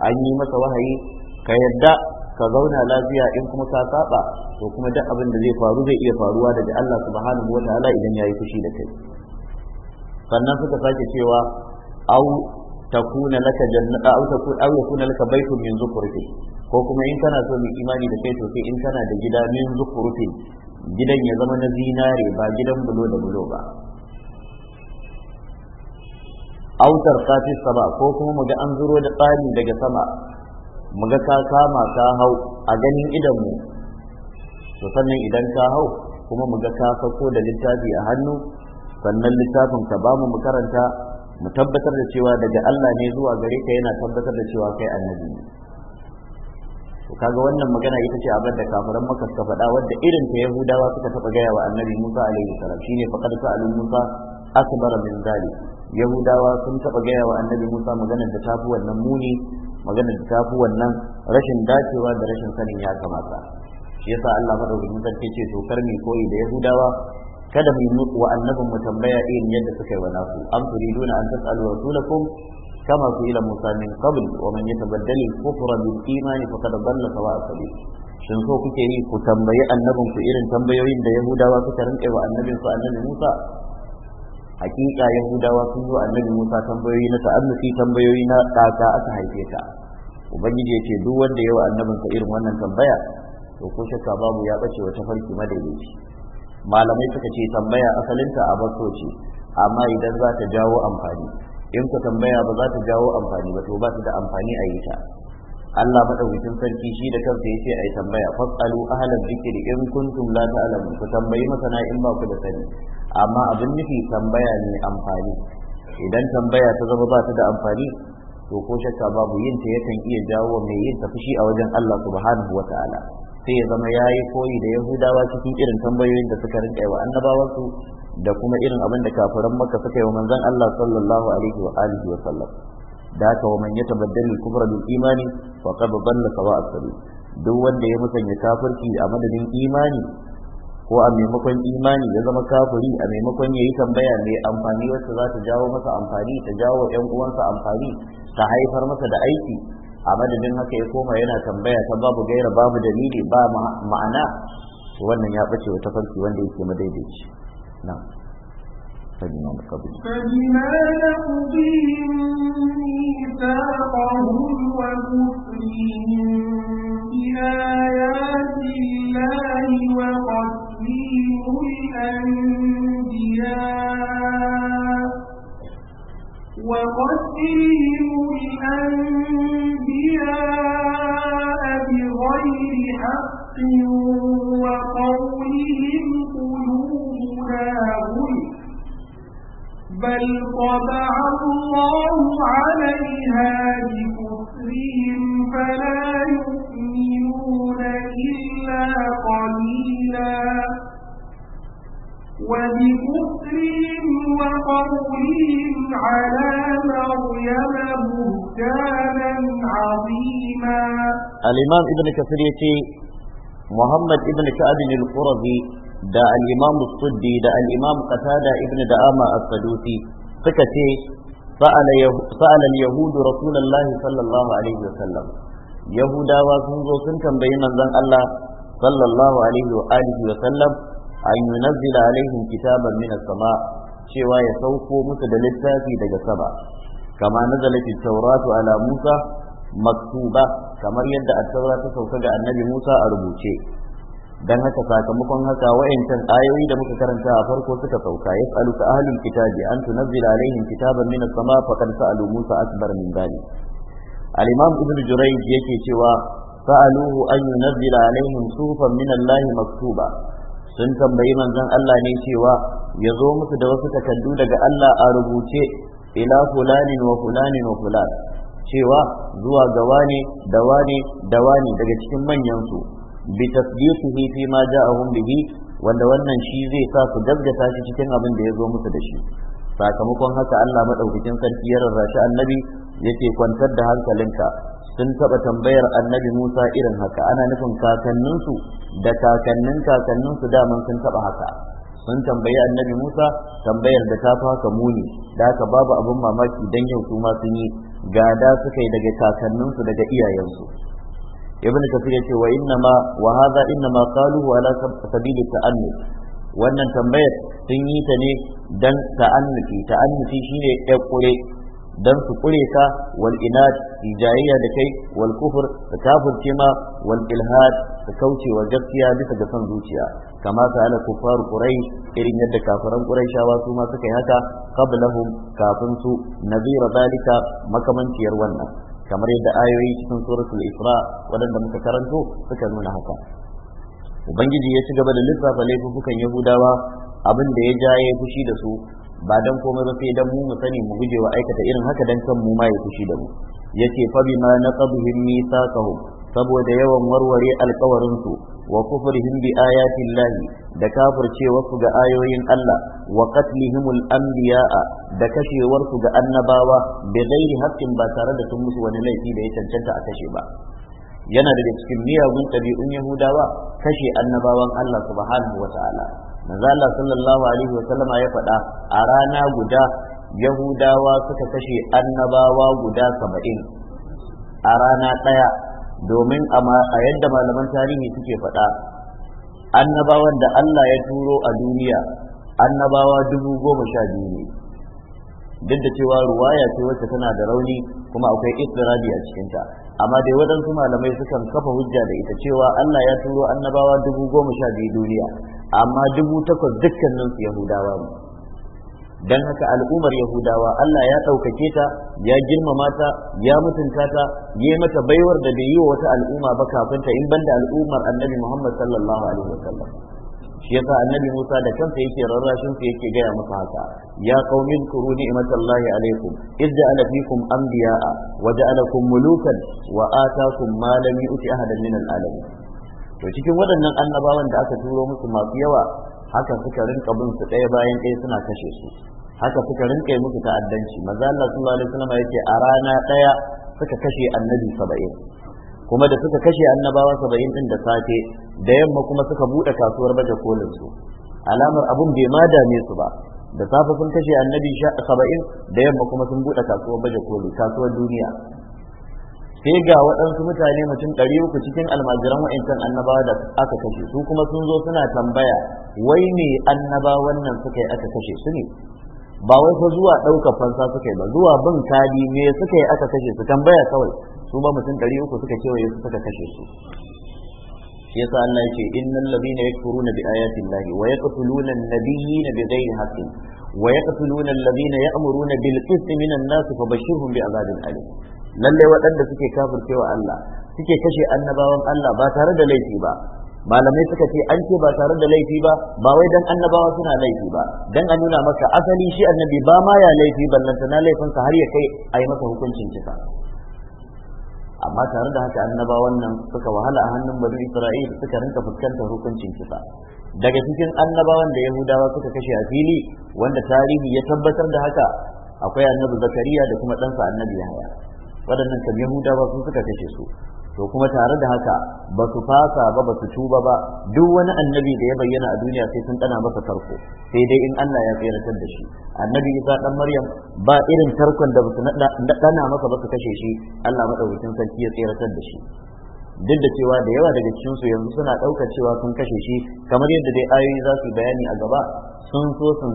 C: an yi masa wahayi ka yadda ka zauna lafiya in kuma ka saba to kuma duk abin da zai faru zai iya faruwa daga Allah subhanahu wataala idan yayi fushi da kai sannan suka sake cewa au takuna laka jannatu aw takun aw yakuna laka baytun min zukhrufi ko kuma in kana so mai imani da kai to sai in kana da gida min zukhrufi gidan ya zama na zinare ba gidan bulo da bulo ba Autar tarqati sama ko kuma mu ga an zuro da tsari daga sama mu ga ka kama ka hau a ganin idan mu to sannan idan ka hau kuma mu ga ka sako da littafi a hannu sannan littafin ka ba mu mu karanta mu tabbatar da cewa daga Allah ne zuwa gare ka yana tabbatar da cewa kai annabi ne to kaga wannan magana ita ce abin da kafiran maka suka faɗa wadda irin ta yahudawa suka taɓa gaya wa annabi musa alaihi salam shine faqad sa'al musa akbar min zalik yahudawa sun taɓa gaya wa annabi musa maganar da tafi wannan muni maganar da tafi wannan rashin dacewa da rashin sanin ya kamata shi yasa Allah madaukakin sarki ce to karmi koyi da yahudawa kada mu yi wa annabin mu tambaya irin yadda suka yi wa naku am turiduna an tas'alu rasulakum kama su ila musa min qabl wa man yatabaddal kufra bil imani faqad dalla sawa asali. shin so kuke yi ku tambayi annabin ku irin tambayoyin da yahudawa suka rinka wa annabin su annabi musa hakika yahudawa sun zo annabi musa tambayoyi na ta'annufi tambayoyi na kaka aka haife ka ubangiji ya ce duk wanda yawa annabinsa irin wannan tambaya to ko shakka babu ya bace wata farki madaidaici malamai suka ce tambaya asalinta a baso ce amma idan za ta jawo amfani in ku tambaya ba za ta jawo amfani ba to ba ta da amfani a yi ta Allah madaukakin sarki shi da kansa yace ai tambaya fasalu ahlal zikri in kuntum la ta'lamun ku tambayi masana in ba ku da sani amma abin nufi tambaya ne amfani idan tambaya ta zama ba ta da amfani to ko shakka babu yin ta yakan iya jawo mai yin ta fushi a wajen Allah subhanahu wataala sai ya zama ya yi koyi da yahudawa cikin irin tambayoyin da suka rinka yi wa su, da kuma irin abin da kafiran makka suka yi wa manzon Allah sallallahu alaihi wa alihi wa sallam da haka wa man yatabaddalu kufra bil imani faqad dhalla sawa'a sabil duk wanda ya musanya kafirci a madadin imani ko a maimakon imani ya zama kafiri a maimakon ya yi tambaya mai amfani wacce za ta jawo masa amfani ta jawo yan uwansa amfani ta haifar masa da aiki a madadin haka ya koma yana tambaya ta babu gaira babu dalili ba ma'ana wannan ya bace wata farki wanda yake madaidaici na'am فبما نقضيهم
A: ميثاقهم وكفرهم بآيات الله وقتلهم الأنبياء وقدرهم الأنبياء بغير حق وقولهم قلوبنا غلف بل طبع الله عليها بكفرهم فلا يؤمنون إلا قليلاً وبكفرهم وقولهم على مريم بهتانا عظيما
C: الإمام ابن كثير محمد ابن كعب القرظي دا الإمام الصدي دا الإمام قتادة ابن دعامة السدوسي سكتي سأل, يهو سأل اليهود رسول الله صلى الله عليه وسلم يهودا وسنزو سنكم بين الله صلى الله عليه وآله وسلم an yunazzila alaihim kitaban min sama cewa ya sauko musu da littafi daga sama kama nazalat at-tauratu ala Musa maktuba kamar yadda at-taura ta sauka ga annabi Musa a rubuce dan haka sakamakon haka wayancan ayoyi da muka karanta a farko suka sauka yas'aluka ahlul kitabi an tunazzila alaihim kitaban min as-sama faqad sa'alu Musa akbar min dhalik al-imam ibn Jurayj yake cewa sa'aluhu an yunazzila alaihim suhufan min Allah maktuba sun tambayi manzon Allah ne cewa ya zo musu da wasu takaddu daga Allah a rubuce ila fulanin wa fulanin wa fulan cewa zuwa ga wani da wani da wani daga cikin manyan su bi tasdiqihi fi ma ja'ahum bihi wanda wannan shi zai sa su gaggata shi cikin abin da ya zo musu da shi sakamakon haka Allah madaukakin sarki ya rarrashi annabi yake kwantar da hankalinka sun taɓa tambayar annabi Musa irin haka ana nufin kakanninsu da kakannin kakanninsu daman sun taɓa haka sun tambayi annabi Musa tambayar da ta haka muni da haka babu abin mamaki dan yau su ma sun yi gada suka yi daga kakanninsu daga iyayensu ibn kafir ya ce wa inna ma wa hadha inna ma qaluhu ala sabili ta'annu wannan tambayar sun yi ta ne dan ta'annuki ta'annuki shine ya kure dan su kure ka wal inad ijayya da kai wal kufur da kafirce ma wal ilhad da kaucewa gaskiya bisa ga san zuciya kama sa'ala kufar quraish irin yadda kafiran quraishawa su ma suka yi haka qablahum kafin su nazira zalika makamanciyar wannan kamar yadda ayoyi cikin suratul isra wadanda muka karanto suka nuna haka ubangiji ya ci gaba da lissafa laifukan yahudawa abin da ya ja ya fushi da su ba dan komai ba sai dan mu mu sani mu guje wa aikata irin haka dan kan mu ma ya fushi da mu yace fa bima nisa mithaqahum saboda yawan warware alƙawarin su wa kufrihim bi ayati da kafircewa su ga ayoyin Allah wa qatlihim al-anbiya'a da kashewar su ga annabawa bi ghairi haqqin ba tare da sun musu wani laifi da ya cancanta a kashe ba yana daga cikin miyagun ɗabi'un Yahudawa kashe annabawan Allah subhanahu wa ta'ala manzo Allah sallallahu alaihi wa sallama ya faɗa a rana guda yahudawa suka kashe annabawa guda saba'in a rana ɗaya domin a yadda malaman tarihi suke faɗa annabawan da Allah ya turo a duniya annabawa dubu goma sha biyu ne duk da cewa ruwaya ce wacce tana da rauni kuma akwai istirabi a cikinta amma dai waɗansu malamai sukan kafa hujja da ita cewa Allah ya turo annabawa dubu goma sha biyu duniya amma dubu takwas dukkanin yahudawa ne dan haka al'ummar yahudawa Allah ya ɗaukake ta ya girmama ta ya mutunta ta yi mata baiwar da bai yi wa wata al'umma ba kafin ta in banda al'ummar annabi Muhammad sallallahu alaihi wasallam shi yasa annabi Musa da kansa yake rarrashin su yake gaya masa haka ya qaumin kuru ni'matallahi alaikum id ja'ala fikum anbiya'a wa ja'alakum mulukan wa atakum ma lam yu'ti ahadan min al'alamin to cikin waɗannan annabawan da aka turo musu masu yawa haka suka rinka bin su ɗaya bayan ɗaya suna kashe su haka suka rinka yi musu ta'addanci manzo Allah sallallahu alaihi wasallam yake a rana ɗaya suka kashe annabi 70 kuma da suka kashe annabawa 70 din da safe da yamma kuma suka bude kasuwar baje kolin su alamar abun bai ma dame su ba da safe sun kashe annabi 70 da yamma kuma sun bude kasuwar baje kolin kasuwar duniya sai ga waɗansu mutane mutum ɗari uku cikin almajiran wa'incan annabawa da aka kashe su kuma sun zo suna tambaya wai me annaba wannan suka yi aka kashe su ne ba wai fa zuwa ɗaukar fansa suka yi ba zuwa bin kadi me suka yi aka kashe su tambaya kawai su ba mutum ɗari uku suka kewaye su suka kashe su Ya yasa Allah yake innal ladina yakfuruna bi ayati llahi wa yaqtuluna an-nabiyina bi ghairi haqqin wa yaqtuluna alladhina ya'muruna bil qisti minan nas fa bashirhum bi azabin alim lalle waɗanda suke kafircewa Allah suke kashe annabawan Allah ba tare da laifi ba malamai suka ce an ce ba tare da laifi ba ba wai dan annabawa suna laifi ba dan a nuna maka asali shi annabi ba ma ya laifi ballanta na laifinsa har ya kai a yi masa hukuncin kisa amma tare da haka annabawan nan suka wahala a hannun bani isra'il suka rinka fuskantar hukuncin kisa daga cikin annabawan da yahudawa suka kashe a fili wanda tarihi ya tabbatar da haka akwai annabi zakariya da kuma ɗansa annabi yahaya waɗannan kam yahudawa sun suka kashe su to kuma tare da haka ba su fasa ba ba su tuba ba duk wani annabi da ya bayyana a duniya sai sun tsana masa tarko sai dai in Allah ya tseratar da shi annabi Isa dan Maryam ba irin tarkon da ba su dana masa ba su kashe shi Allah madaukakin sarki ya tseratar da shi duk da cewa da yawa daga cikinsu yanzu suna ɗaukar cewa sun kashe shi kamar yadda dai ayoyi za su bayani a gaba sun so su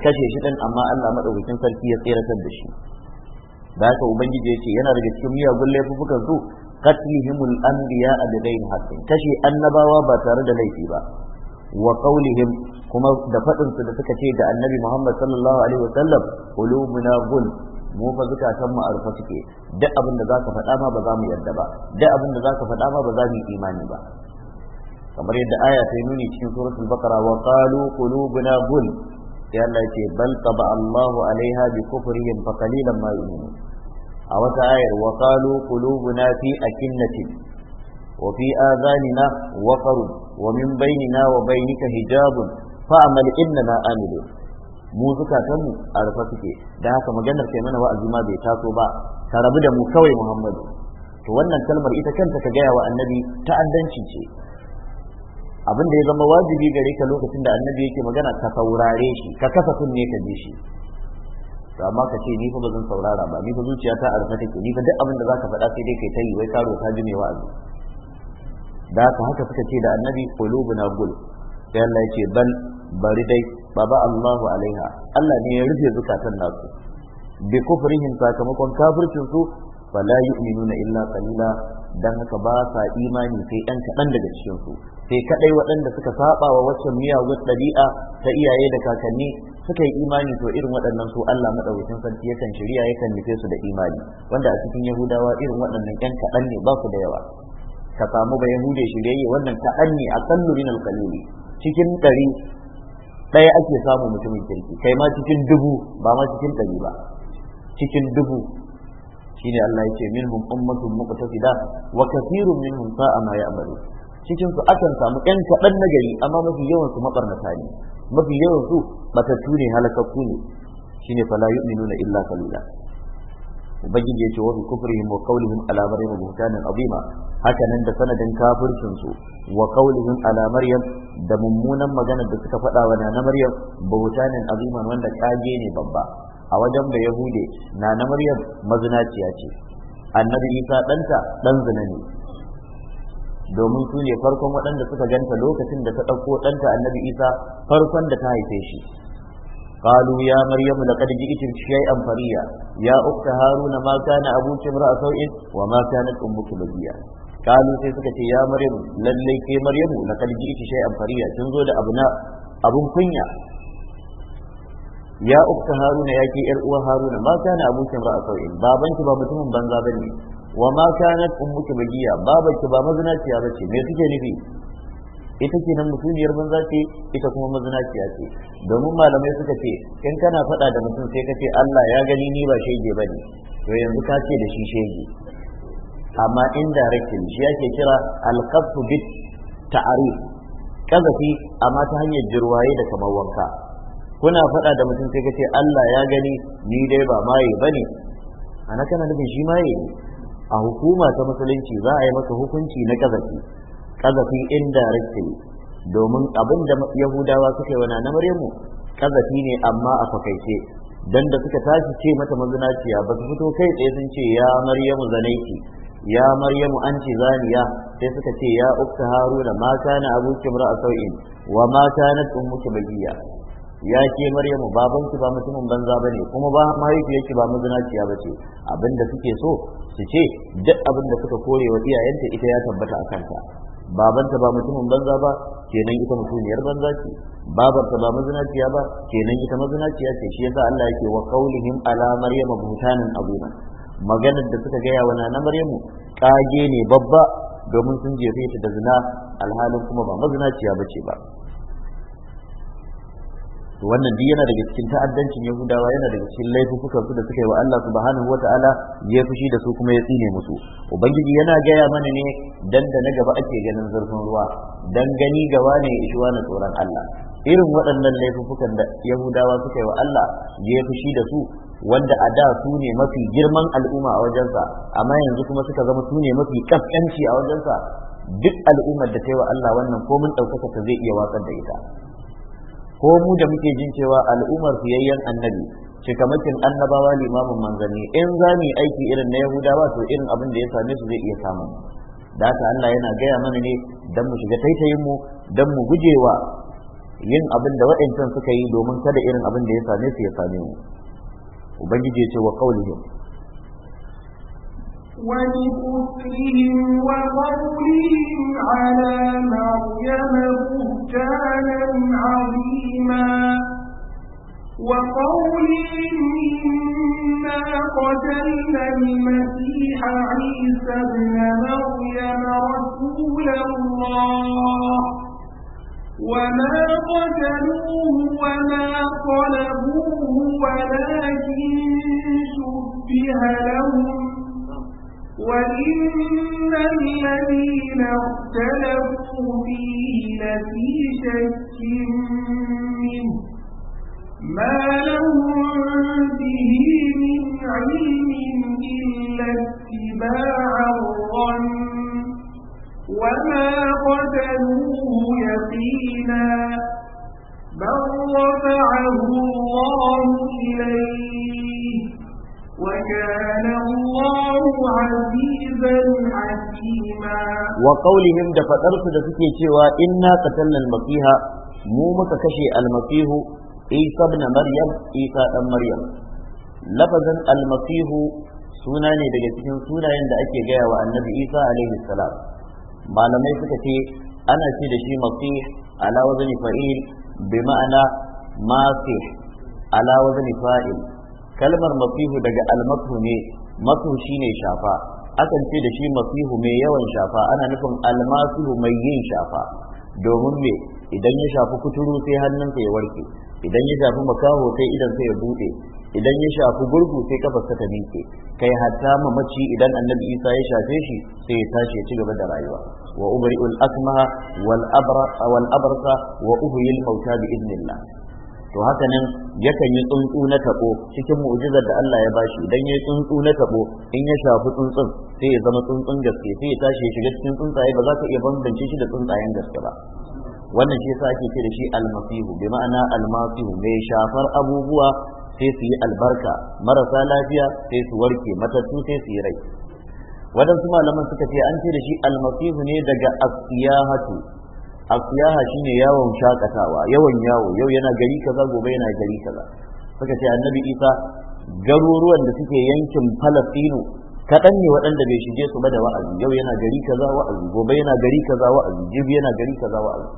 C: kashe shi ɗin amma Allah maɗaukakin sarki ya tseratar da shi da haka ubangiji ya ce yana daga cikin miyagun laifukan su qatlihimul anbiya bi ghairi haqqin kashe annabawa ba tare da laifi ba wa qawlihim kuma da fadin su da suka ce ga annabi Muhammad sallallahu alaihi wasallam qulubuna gul mu fa zukatan mu arfa suke duk abin da zaka faɗa ma ba za mu yarda ba duk abin da zaka faɗa ma ba za mu yi imani ba kamar yadda aya ta nuni cikin suratul baqara wa qalu qulubuna gul ya Allah ce bal taba Allahu alaiha bi kufrihim fa qalilan ma yu'minun a wata ayar wa Kulubu qulubuna fi akinnati wa fi azanina waqarun wa min bainina wa bainika hijabun fa fa'amal innana amilu mu zukatanmu a rufe suke da haka maganar kai mana wa'azi ma bai taso ba ka rabu da mu kawai muhammadu to wannan kalmar ita kanta ka gaya wa annabi ta'addanci ce abin da ya zama wajibi gare ka lokacin da annabi yake magana ka saurare shi ka kasa kunne ka ji shi to amma ka ce ni fa bazan saurara ba ni fa zuciya ta arfa take ni fa duk abin da zaka faɗa sai dai kai tayi wai karo ta ji mai azu da ka haka suka ce da annabi qulubuna gul sai Allah ya ce bal bari dai baba Allahu alaiha Allah ne ya rufe zukatan nasu bi kufrihim sakamakon kafircin su la yu'minuna illa qalila dan haka ba sa imani sai ɗan kaɗan daga cikin su sai kadai waɗanda suka saba wa waccan miyagun ɗabi'a ta iyaye da kakanni suka yi imani to irin waɗannan su Allah madaukakin sarki yakan shirya yakan nufe su da imani wanda a cikin yahudawa irin waɗannan ƴan kaɗan ne ba su da yawa ka samu ba yahude shirye wannan kaɗan ne a kallu min alqalili cikin ɗari ɗaya ake samu mutumin kirki kai ma cikin dubu ba ma cikin ɗari ba cikin dubu shine Allah yake minhum ummatun muqtasida wa kathirun minhum sa'a ma ya'malu cikin su akan samu ƴan kaɗan na gari amma mafi yawan su mabarnata ne mafi yawan su matattu ne halakakku ne shine fala nuna illa kalila ubangiji yace wa bi kufrihim wa qawlihim ala maryam buhtanan azima haka nan da sanadin kafircin su wa qawlihim ala maryam da mummunan maganar da suka faɗa wa na maryam buhtanan azima wanda kage ne babba a wajen da yahude na na maryam mazinaciya ce annabi isa ɗanta ɗan zina ne domin su ne farkon waɗanda suka ganta lokacin da ta ɗauko ɗanta annabi isa farkon da ta haife shi قالوا يا مريم لقد جئت شيئا فريا يا أخت هارون ما كان أبوك امرأ سوء وما كانت أمك بغيا قالوا sai suka ce ya maryam lalle ke maryamu laqad ji'ti shay'an fariya kin zo da abuna abun kunya ya ukta haruna ya ke yar uwa haruna ma kana abuki ra'a sau'in babanki ba mutumin banza bane wa ma kanat ummuki bagiya babanki ba mazinaciya bace me nufi ita ke nan mutuniyar banza ce ita kuma mazinaciya ce domin malamai suka ce in kana faɗa da mutum sai ka ce Allah ya gani ni ba shege bane to yanzu ka ce da shi shege amma indirectly shi yake kira alqafu bit ta'arif kazafi amma ta hanyar jirwaye da kamar wanka kuna faɗa da mutum sai kace Allah ya gani ni dai ba maye bane ana kana nufin shi maye ne a hukuma ta musulunci za a yi masa hukunci na kazafi kazafi indirectly domin abin da yahudawa suka yi wa na maryamu kazafi ne amma a fakaice dan da suka tashi ce mata mazinaciya ba su fito kai tsaye sun ce ya maryamu zanaiki ya maryamu an ce zaniya sai suka ce ya ukta haruna mata na abuki mar'a sau'in wa ma na ummuki bagiya ya ke maryamu baban ki ba mutumin banza bane kuma ba mahaifiyar ki ba mazinaciya bace abin suke so su ce duk abin da suka kore wa iyayenta ita ya tabbata a kanta babanta ba mutumin banza ba kenan ita mutumiyar banza ce babarta ba mazinaciya ba kenan ita mazinaciya ce shi yasa Allah yake wa qaulihim ala maryama buhtanan azima maganar da suka gaya wa na maryamu kage ne babba domin sun jefe ta da zina alhalin kuma ba mazinaciya bace ba to wannan duk yana daga cikin ta'addancin yahudawa yana daga cikin laifukan su da suka yi wa Allah subhanahu wataala ya fushi da su kuma ya tsine musu ubangiji yana gaya mana ne dan da na gaba ake ganin zurfin ruwa dan gani gaba ne ishuwa na tsoron Allah irin waɗannan laifukan da yahudawa suka yi wa Allah ya fushi da su wanda a da su ne mafi girman al'umma a wajensa amma yanzu kuma suka zama su ne mafi kaskanci a wajensa duk al'ummar da ta yi wa Allah wannan komin ɗaukaka ta zai iya watsar da ita ko mu da muke jin cewa al'ummar fiyayyen annabi cikamakin annabawa limamin manzanni in za mu aiki irin na yahudawa to irin abin da ya same su zai iya samun da haka Allah yana gaya mana ne don mu shiga taitayin mu dan mu gujewa yin abin da waɗancan suka yi domin kada irin abin da ya same su ya same mu ubangiji ya ce wa qaulihim
A: ولكفرهم وقولهم على مريم بهتانا عظيما وقولهم إنا قتلنا المسيح عيسى ابن مريم رسول الله وما قتلوه وما طلبوه ولكن
B: شبه لهم
A: وإن الذين اختلفوا فيه لفي شك منه ما لهم به من علم إلا اتباع الظن وما قتلوه يقينا بل رفعه الله إليه وكان الله عزيزا حكيما
C: وقولهم da fadarsu da suke cewa inna qatalna al-masiha mu muka kashe al-masihu isa ibn maryam isa dan maryam lafazan al-masihu suna ne daga cikin sunayen da ake gaya wa annabi isa alaihi salam malamai suka ce ana ce da shi masih ala wazni fa'il bi ma'ana masih ala wazni fa'il kalmar masihu daga almasu ne masu shine shafa akan ce da shi masihu mai yawan shafa ana nufin almasihu mai yin shafa domin me idan ya shafi kuturu sai hannunsa ya warke idan ya shafi makaho sai idan sai ya bude idan ya shafi gurgu sai kafarsa ta miƙe kai hatta mamaci idan annabi isa ya shafe shi sai ya tashi ya ci gaba da rayuwa wa ubri'ul asmaha wal abrasa wa uhyil mauta bi idnillah to haka nan yakan yi tsuntsu na tabo cikin mu'jizar da Allah ya bashi idan yayi tsuntsu na tabo in ya shafi tsuntsun sai ya zama tsuntsun gaske sai ya tashi ya shiga cikin tsuntsaye ba za ka iya bambance shi da tsuntsayen gaske ba wannan shi yasa ake ce da shi almasihu bi ma'ana almasihu mai shafar abubuwa sai su yi albarka marasa lafiya sai su warke matattu sai su yi rai waɗansu malaman suka ce an ce da shi almasihu ne daga asiyahatu asiyaha shine yawon shakatawa yawan yawo yau yana gari kaza gobe yana gari kaza suka ce annabi isa garuruwan da suke yankin falastinu kaɗan ne waɗanda bai shige su ba da wa'azi yau yana gari kaza wa'azi gobe yana gari kaza wa'azi jib yana gari kaza wa'azi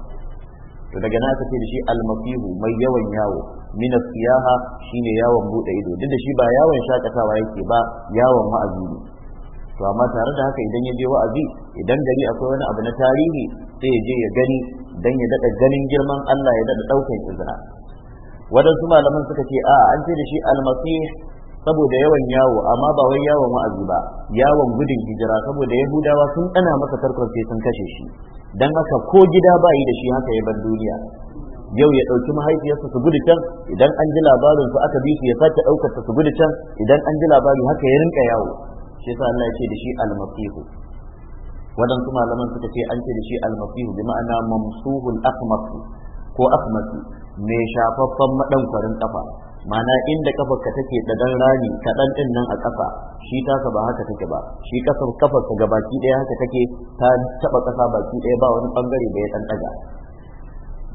C: to daga na aka ce da shi almasihu mai yawan yawo min asiyaha shine yawon bude ido duk da shi ba yawon shakatawa yake ba yawon wa'azi ne to amma tare da haka idan ya je wa'azi idan gari akwai wani abu na tarihi sai ya je ya gani dan ya dada ganin girman Allah ya dada daukan izra wadansu malaman suka ce a an ce da shi almasih saboda yawan yawo amma ba wai yawon wa'azi ba yawon gudun hijira saboda yahudawa sun tsana masa tarkon sai sun kashe shi dan haka ko gida ba yi da shi haka ya bar duniya yau ya ɗauki mahaifiyarsa su gudu can idan an ji labarin su aka bi su ya sace ɗaukar su gudu can idan an ji labari haka ya rinka yawo shi yasa Allah ce da shi al-masihu waɗansu malaman suka ce an ce da shi al-masihu bi ma'ana mamsuhul akmasu ko akmasu mai shafaffen madankarin kafa ma'ana inda ka take da dan rani kaɗan ɗin nan a kafa shi tasa ba haka take ba shi ƙasar kafarka ga baki ɗaya haka take ta taɓa ƙasa baki ɗaya ba wani bangare da ya ɗan ɗaga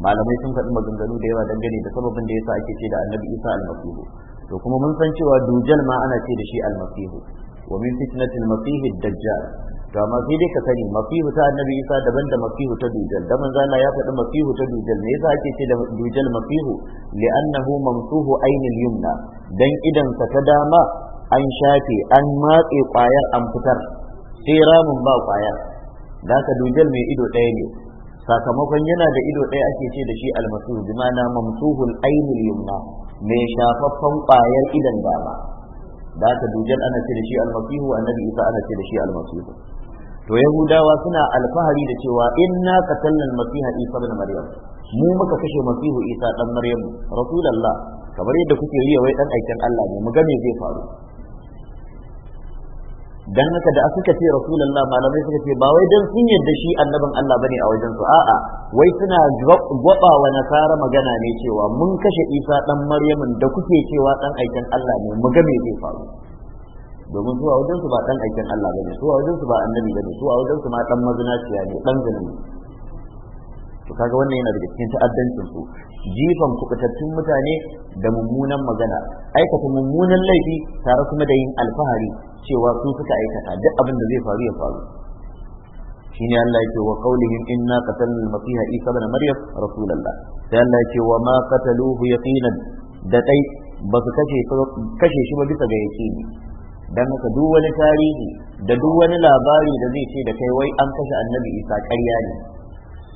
C: malamai sun faɗi maganganu da yawa dangane da sababin da yasa ake ce da annabi isa almasihu to kuma mun san cewa dujal ma ana ce da shi almasihu wa min fitnatil masih dajjal to amma sai dai ka sani masihu ta annabi isa daban da masihu ta dujal da manzo Allah ya faɗi masihu ta dujal me yasa ake ce da dujal masihu li'annahu mamsuhu ainil yumna dan idan sa ta dama an shafe an matse kwayar an fitar sai ramin ba kwayar da ka dujal mai ido ɗaya ne sakamakon yana da ido ɗaya ake ce da shi almasihu bi ma'ana mamsuhul ainil yumna mai shafaffen kwayar idon dama da aka dujal ana ce da shi almasihu annabi isa ana ce da shi almasihu to yahudawa suna alfahari da cewa inna qatalna almasiha isa ibn maryam mu muka kashe masihu isa dan maryam rasulullah kamar yadda kuke riya wai dan aikin Allah ne mu gane zai faru dan haka da suka ce rasulullah malamai suka ce ba wai dan sun yadda shi annabin Allah bane a wajen su a'a wai suna gwaba wa nasara magana ne cewa mun kashe Isa dan Maryamin da kuke cewa dan aikin Allah ne mu ga me zai faru domin su a wajen su ba dan aikin Allah bane su a wajen su ba annabi bane su a wajen su ma dan mazinaciya ne dan zulmi to kaga wannan yana daga cikin ta'addancin su jifan kubutattun mutane da mummunan magana aikata mummunan laifi tare kuma da yin alfahari cewa sun suka aikata duk abin da zai faru ya faru shine Allah yake wa qaulihim inna qatalna al-masiha isa ibn maryam rasulullah sai Allah yake wa ma qataluhu yaqinan da kai ba su kashe kashe shi ba bisa ga yaqini dan haka duk wani tarihi da duk wani labari da zai ce da kai wai an kashe annabi isa ƙarya ne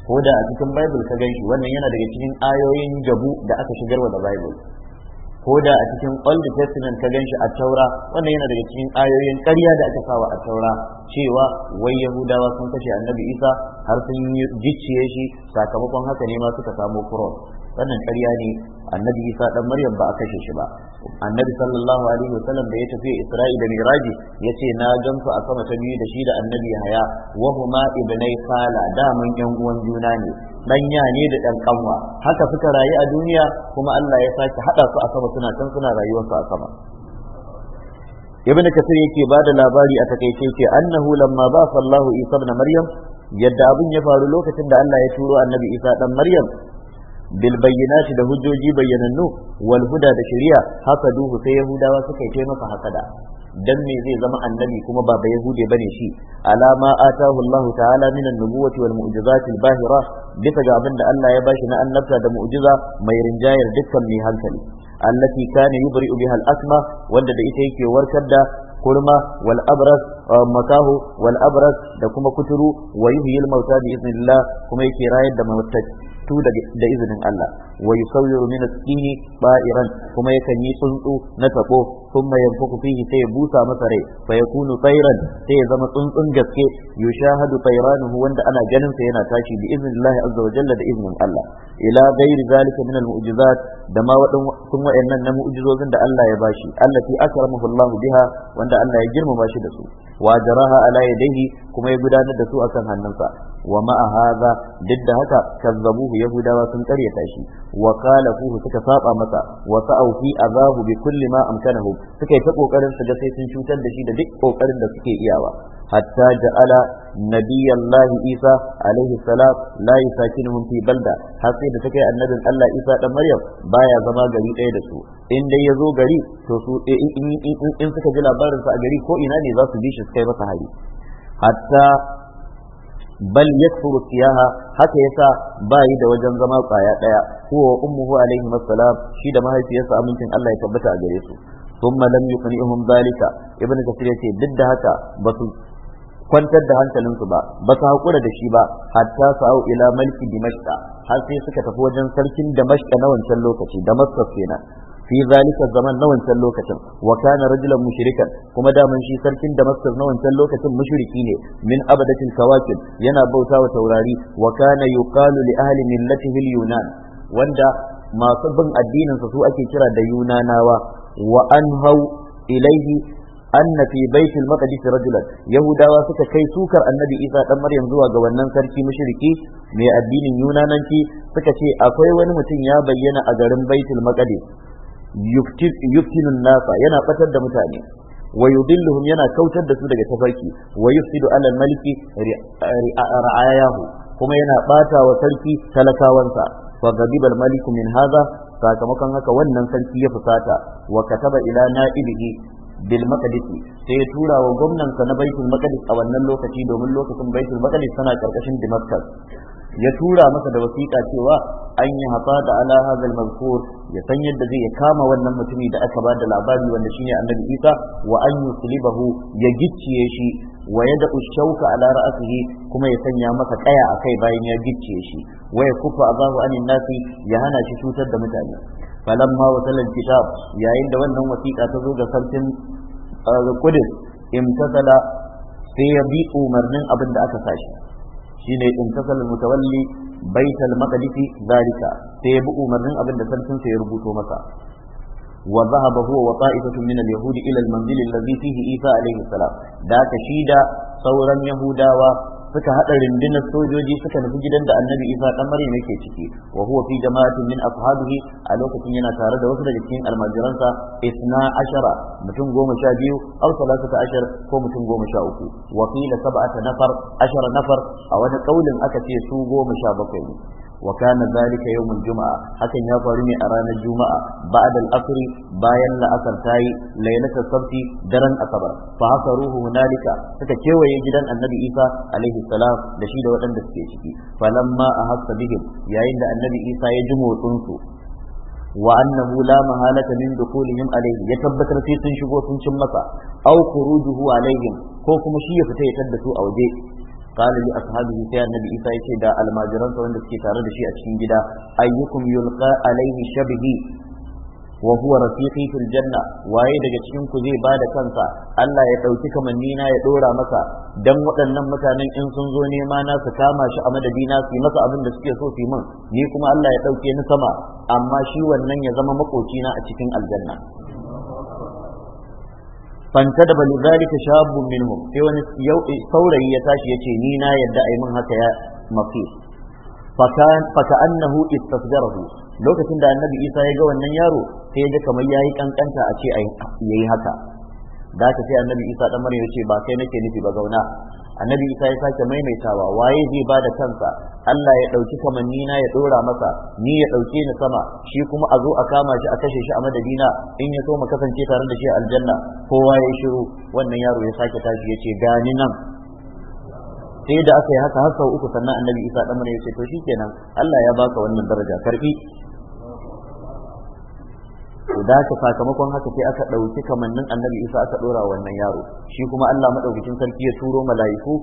C: ko da a cikin bible ka ganshi wannan yana daga cikin ayoyin jabu da aka shigar wa da bible ko da a cikin old testament ka ganshi a taura wannan yana daga cikin ayoyin ƙarya da aka sawa a taura cewa wai yahudawa sun kashe annabi isa har sun gicciye shi sakamakon haka ne ma suka samo cross wannan ƙarya ne annabi isa dan maryam ba a kashe shi ba annabi sallallahu alaihi wasallam da ya tafi isra'i da miraji ya ce na su a sama ta biyu da shi da annabi haya wa huma ibnai khala daman yan uwan juna ne danya ne da dan kanwa haka suka rayu a duniya kuma Allah ya sake hada su a sama suna can suna rayuwar su a sama ibn kasir yake bada labari a takaice ce annahu lamma ba sallahu isa ibn maryam yadda abin ya faru lokacin da Allah ya turo annabi isa dan maryam bil bayyinati da hujjoji bayyanannu wal huda da shari'a haka duhu sai yahudawa suka yi masa hasada dan me zai zama annabi kuma ba ba yahude bane shi alama atahu Allah ta'ala min an-nubuwati wal mu'jizati bahira bisa ga abin da Allah ya bashi na annabta da mu'jiza mai rinjayar dukkan mai hankali allati kana yubri'u biha al-asma wanda da ita yake warkar da kulma wal uh, wal abras da kuma kuturu wa yuhyil mauta bi idnillah kuma yake rayar da mamatai tu da izinin Allah wa yusawwiru min at-tini ba'iran kuma yakan yi tsuntsu na tabo kuma yanfuku fihi sai ya busa masa rai fa yakunu tayran sai ya zama tsuntsun gaske yushahadu tayranuhu wanda ana ganin sa yana tashi bi iznillahi azza wa jalla da iznin Allah ila ghairi zalika min al-mu'jizat da ma wadan wayannan na mu'jizozin da Allah ya bashi allati akramahu Allah biha wanda Allah ya girmama shi da su wa jaraha ala yadayhi kuma ya gudanar da su akan hannunsa wa ma'a duk da haka kazzabuhu yahudawa sun karyata shi wa fuhu suka saba masa wa sa'u fi azabu bi kulli ma amkanahu suka yi ta kokarin su ga sai sun cutar da shi da duk kokarin da suke iyawa hatta ja'ala nabiyallahi isa alaihi salam la yusakinuhum fi balda har sai da take annabin Allah isa dan maryam baya zama gari ɗaya da su in dai yazo gari to su eh, in suka ji labarin sa a gari ko ina ne za su bi shi su kai masa hari hatta bal yakfuru siyaha haka yasa bayi da wajen zama kwaya daya huwa wa ummuhu alaihi assalam shi da mahaifiyarsa amincin Allah ya tabbata a gare su thumma lam yuqnihum zalika ibn kasir yace duk da haka basu kwantar da hankalinsu ba ba su haƙura da shi ba hatta su au ila malki dimashqa har sai suka tafi wajen sarkin damashqa na wancan lokaci damascus kenan fi zaman na wancan lokacin wa kana rajulan mushrikan kuma daman shi sarkin damascus na wancan lokacin mushiriki ne min abadatil kawakib yana bauta wa taurari wa kana yuqalu li ahli millatihi yunan wanda masu bin addininsa su ake kira da yunanawa wa an ilaihi anna fi baitul maqdis rajulan yahudawa suka kai sukar annabi isa dan maryam zuwa ga wannan sarki mushriki mai addinin yunananci suka ce akwai wani mutum ya bayyana a garin baitul maqdis yuftinu nasa yana fatar da mutane wa yudilluhum yana kautar da su daga tafarki wa yufsidu ala maliki ra'ayahu kuma yana bata wa sarki talakawansa fa ghadiba maliku min hadha sakamakon haka wannan sarki ya fusata wa kataba ila na'ibihi bil maqdis sai ya tura wa gwamnansa na baitul maqdis a wannan lokaci domin lokacin baitul maqdis tana karkashin damascus ya tura masa da wasiƙa cewa an yi hafa da ala hazal mazkur ya san yadda zai ya kama wannan mutumi da aka ba da labari wanda shine annabi Isa wa an yuslibahu ya gicciye shi wa yada ushauka ala ra'sihi kuma ya sanya masa kaya akai bayan ya gicciye shi wa ya kufa azahu anin nasi ya hana shi cutar da mutane falamma wasalan kitab yayin da wannan wasiƙa ta zo ga sarkin eh, Kudus imtasala sai ya bi umarnin abin da aka sashi shine in kasal mutawalli baital maqdis zalika sai bi umarnin abin da sarkin sa ya rubuto masa wa dhahaba huwa wa ta'ifatun min al-yahudi ila al-manzil alladhi fihi Isa alayhi salam da ka shida sauran yahudawa suka hada rundunar sojoji suka nufi gidan da annabi isa dan maryam yake ciki wa huwa fi jama'atin min ashabihi a lokacin yana tare da wasu daga cikin almajiransa isna ashara mutum goma sha biyu aw ta ashar ko mutum goma sha uku wa qila sab'ata nafar ashara nafar a wani kaulin aka ce su goma sha bakwai wa kana zalika yawmul juma'a hakan ya faru ne a ranar juma'a ba'a al-asr bayan la'asar tayi laylata sabti daren asabar fa hasaruhu hunalika suka kewaye gidan annabi isa alaihi salam da shi da waɗanda suke ciki falamma ahassa bihim yayin da annabi isa ya ji motsin su wa annahu la mahalata min dukulihim alayhi ya tabbatar sai sun shigo sun cin masa aw khurujuhu alaihim ko kuma shi ya fita ya tadda su a waje qala li ashabihi sai annabi isa ce da almajiransa wanda suke tare da shi a cikin gida ayyukum yulqa alaihi shabihi wa huwa janna waye daga cikin ku zai bada kansa Allah ya ɗauki kamanni na ya dora masa dan waɗannan mutanen in sun zo nema na su kama shi a madadina su yi masa abin da suke so su min ni kuma Allah ya ɗauke ni sama amma shi wannan ya zama makoci na a cikin aljanna فانتدب لذلك شاب منهم في وني saurayi ya tashi yace ni na yadda ai mun haka ya mafi fakan fakannahu istasjarahu lokacin da annabi Isa ya ga wannan yaro sai ya ga kamar yayi kankanta a ce ai yayi haka da ta sai annabi Isa dan ya ce ba kai nake nufi ba zauna annabi isa ya sake maimaitawa waye zai ba da kansa Allah ya ɗauki kamanni na ya ɗora masa ni ya ɗauke ni sama shi kuma a zo a kama shi a kashe shi a madadina in ya so mu kasance tare da shi a aljanna kowa ya shiru wannan yaro ya sake tashi ya ce gani nan sai da aka yi haka har sau uku sannan annabi isa dan ya ce to shikenan Allah ya baka wannan daraja karbi da ka sakamakon haka sai aka ɗauki kamannin annabi isa aka ɗora wannan yaro shi kuma allah maɗaukacin sarki ya turo mala'iku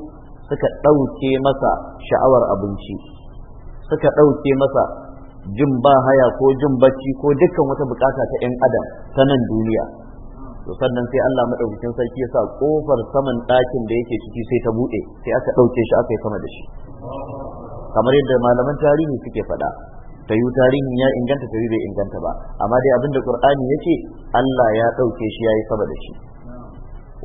C: suka ɗauke masa sha'awar abinci suka ɗauke masa jin ba haya ko jin bacci ko dukkan wata bukata ta 'yan adam ta nan duniya to sannan sai allah maɗaukacin sarki ya sa ƙofar saman ɗakin da yake ciki sai ta buɗe sai aka ɗauke shi aka yi sama da shi kamar yadda malaman tarihi suke faɗa ta yi tarihin ya inganta ta bai inganta ba amma dai abin da qur'ani ya ce Allah ya ɗauke shi ya yi sama da shi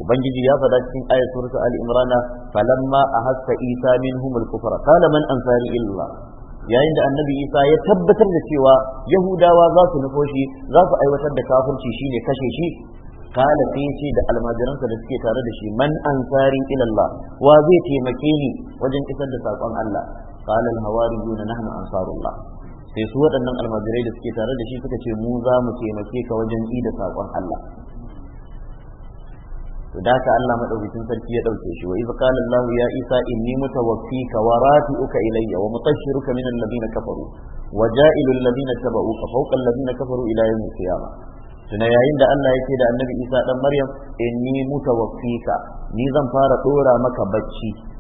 C: ubangiji ya faɗa cikin ayat suratu ali imrana falamma ahassa isa minhum al-kufra qala man ansari illa yayin da annabi isa ya tabbatar da cewa yahudawa za su nufo shi za su aiwatar da kafirci shine kashe shi kala sai ce da almajiransa da suke tare da shi man ansari ilallah, kowa wa zai taimake ni wajen isar da saƙon Allah qala al-hawariyuna nahnu ansarullah sai su waɗannan almajirai da suke tare da shi suka ce mu za mu taimake ka wajen i da saƙon Allah to da ka Allah madaukakin sarki ya dauke shi wa iz qala Allah ya Isa inni mutawaffika wa rafi'uka ilayya wa mutashiruka min alladhina kafaru wa ja'ilu alladhina tabauka fawqa alladhina kafaru ila yawm al-qiyamah tuna yayin da Allah yake da Annabi Isa dan Maryam inni mutawaffika ni zan fara dora maka bacci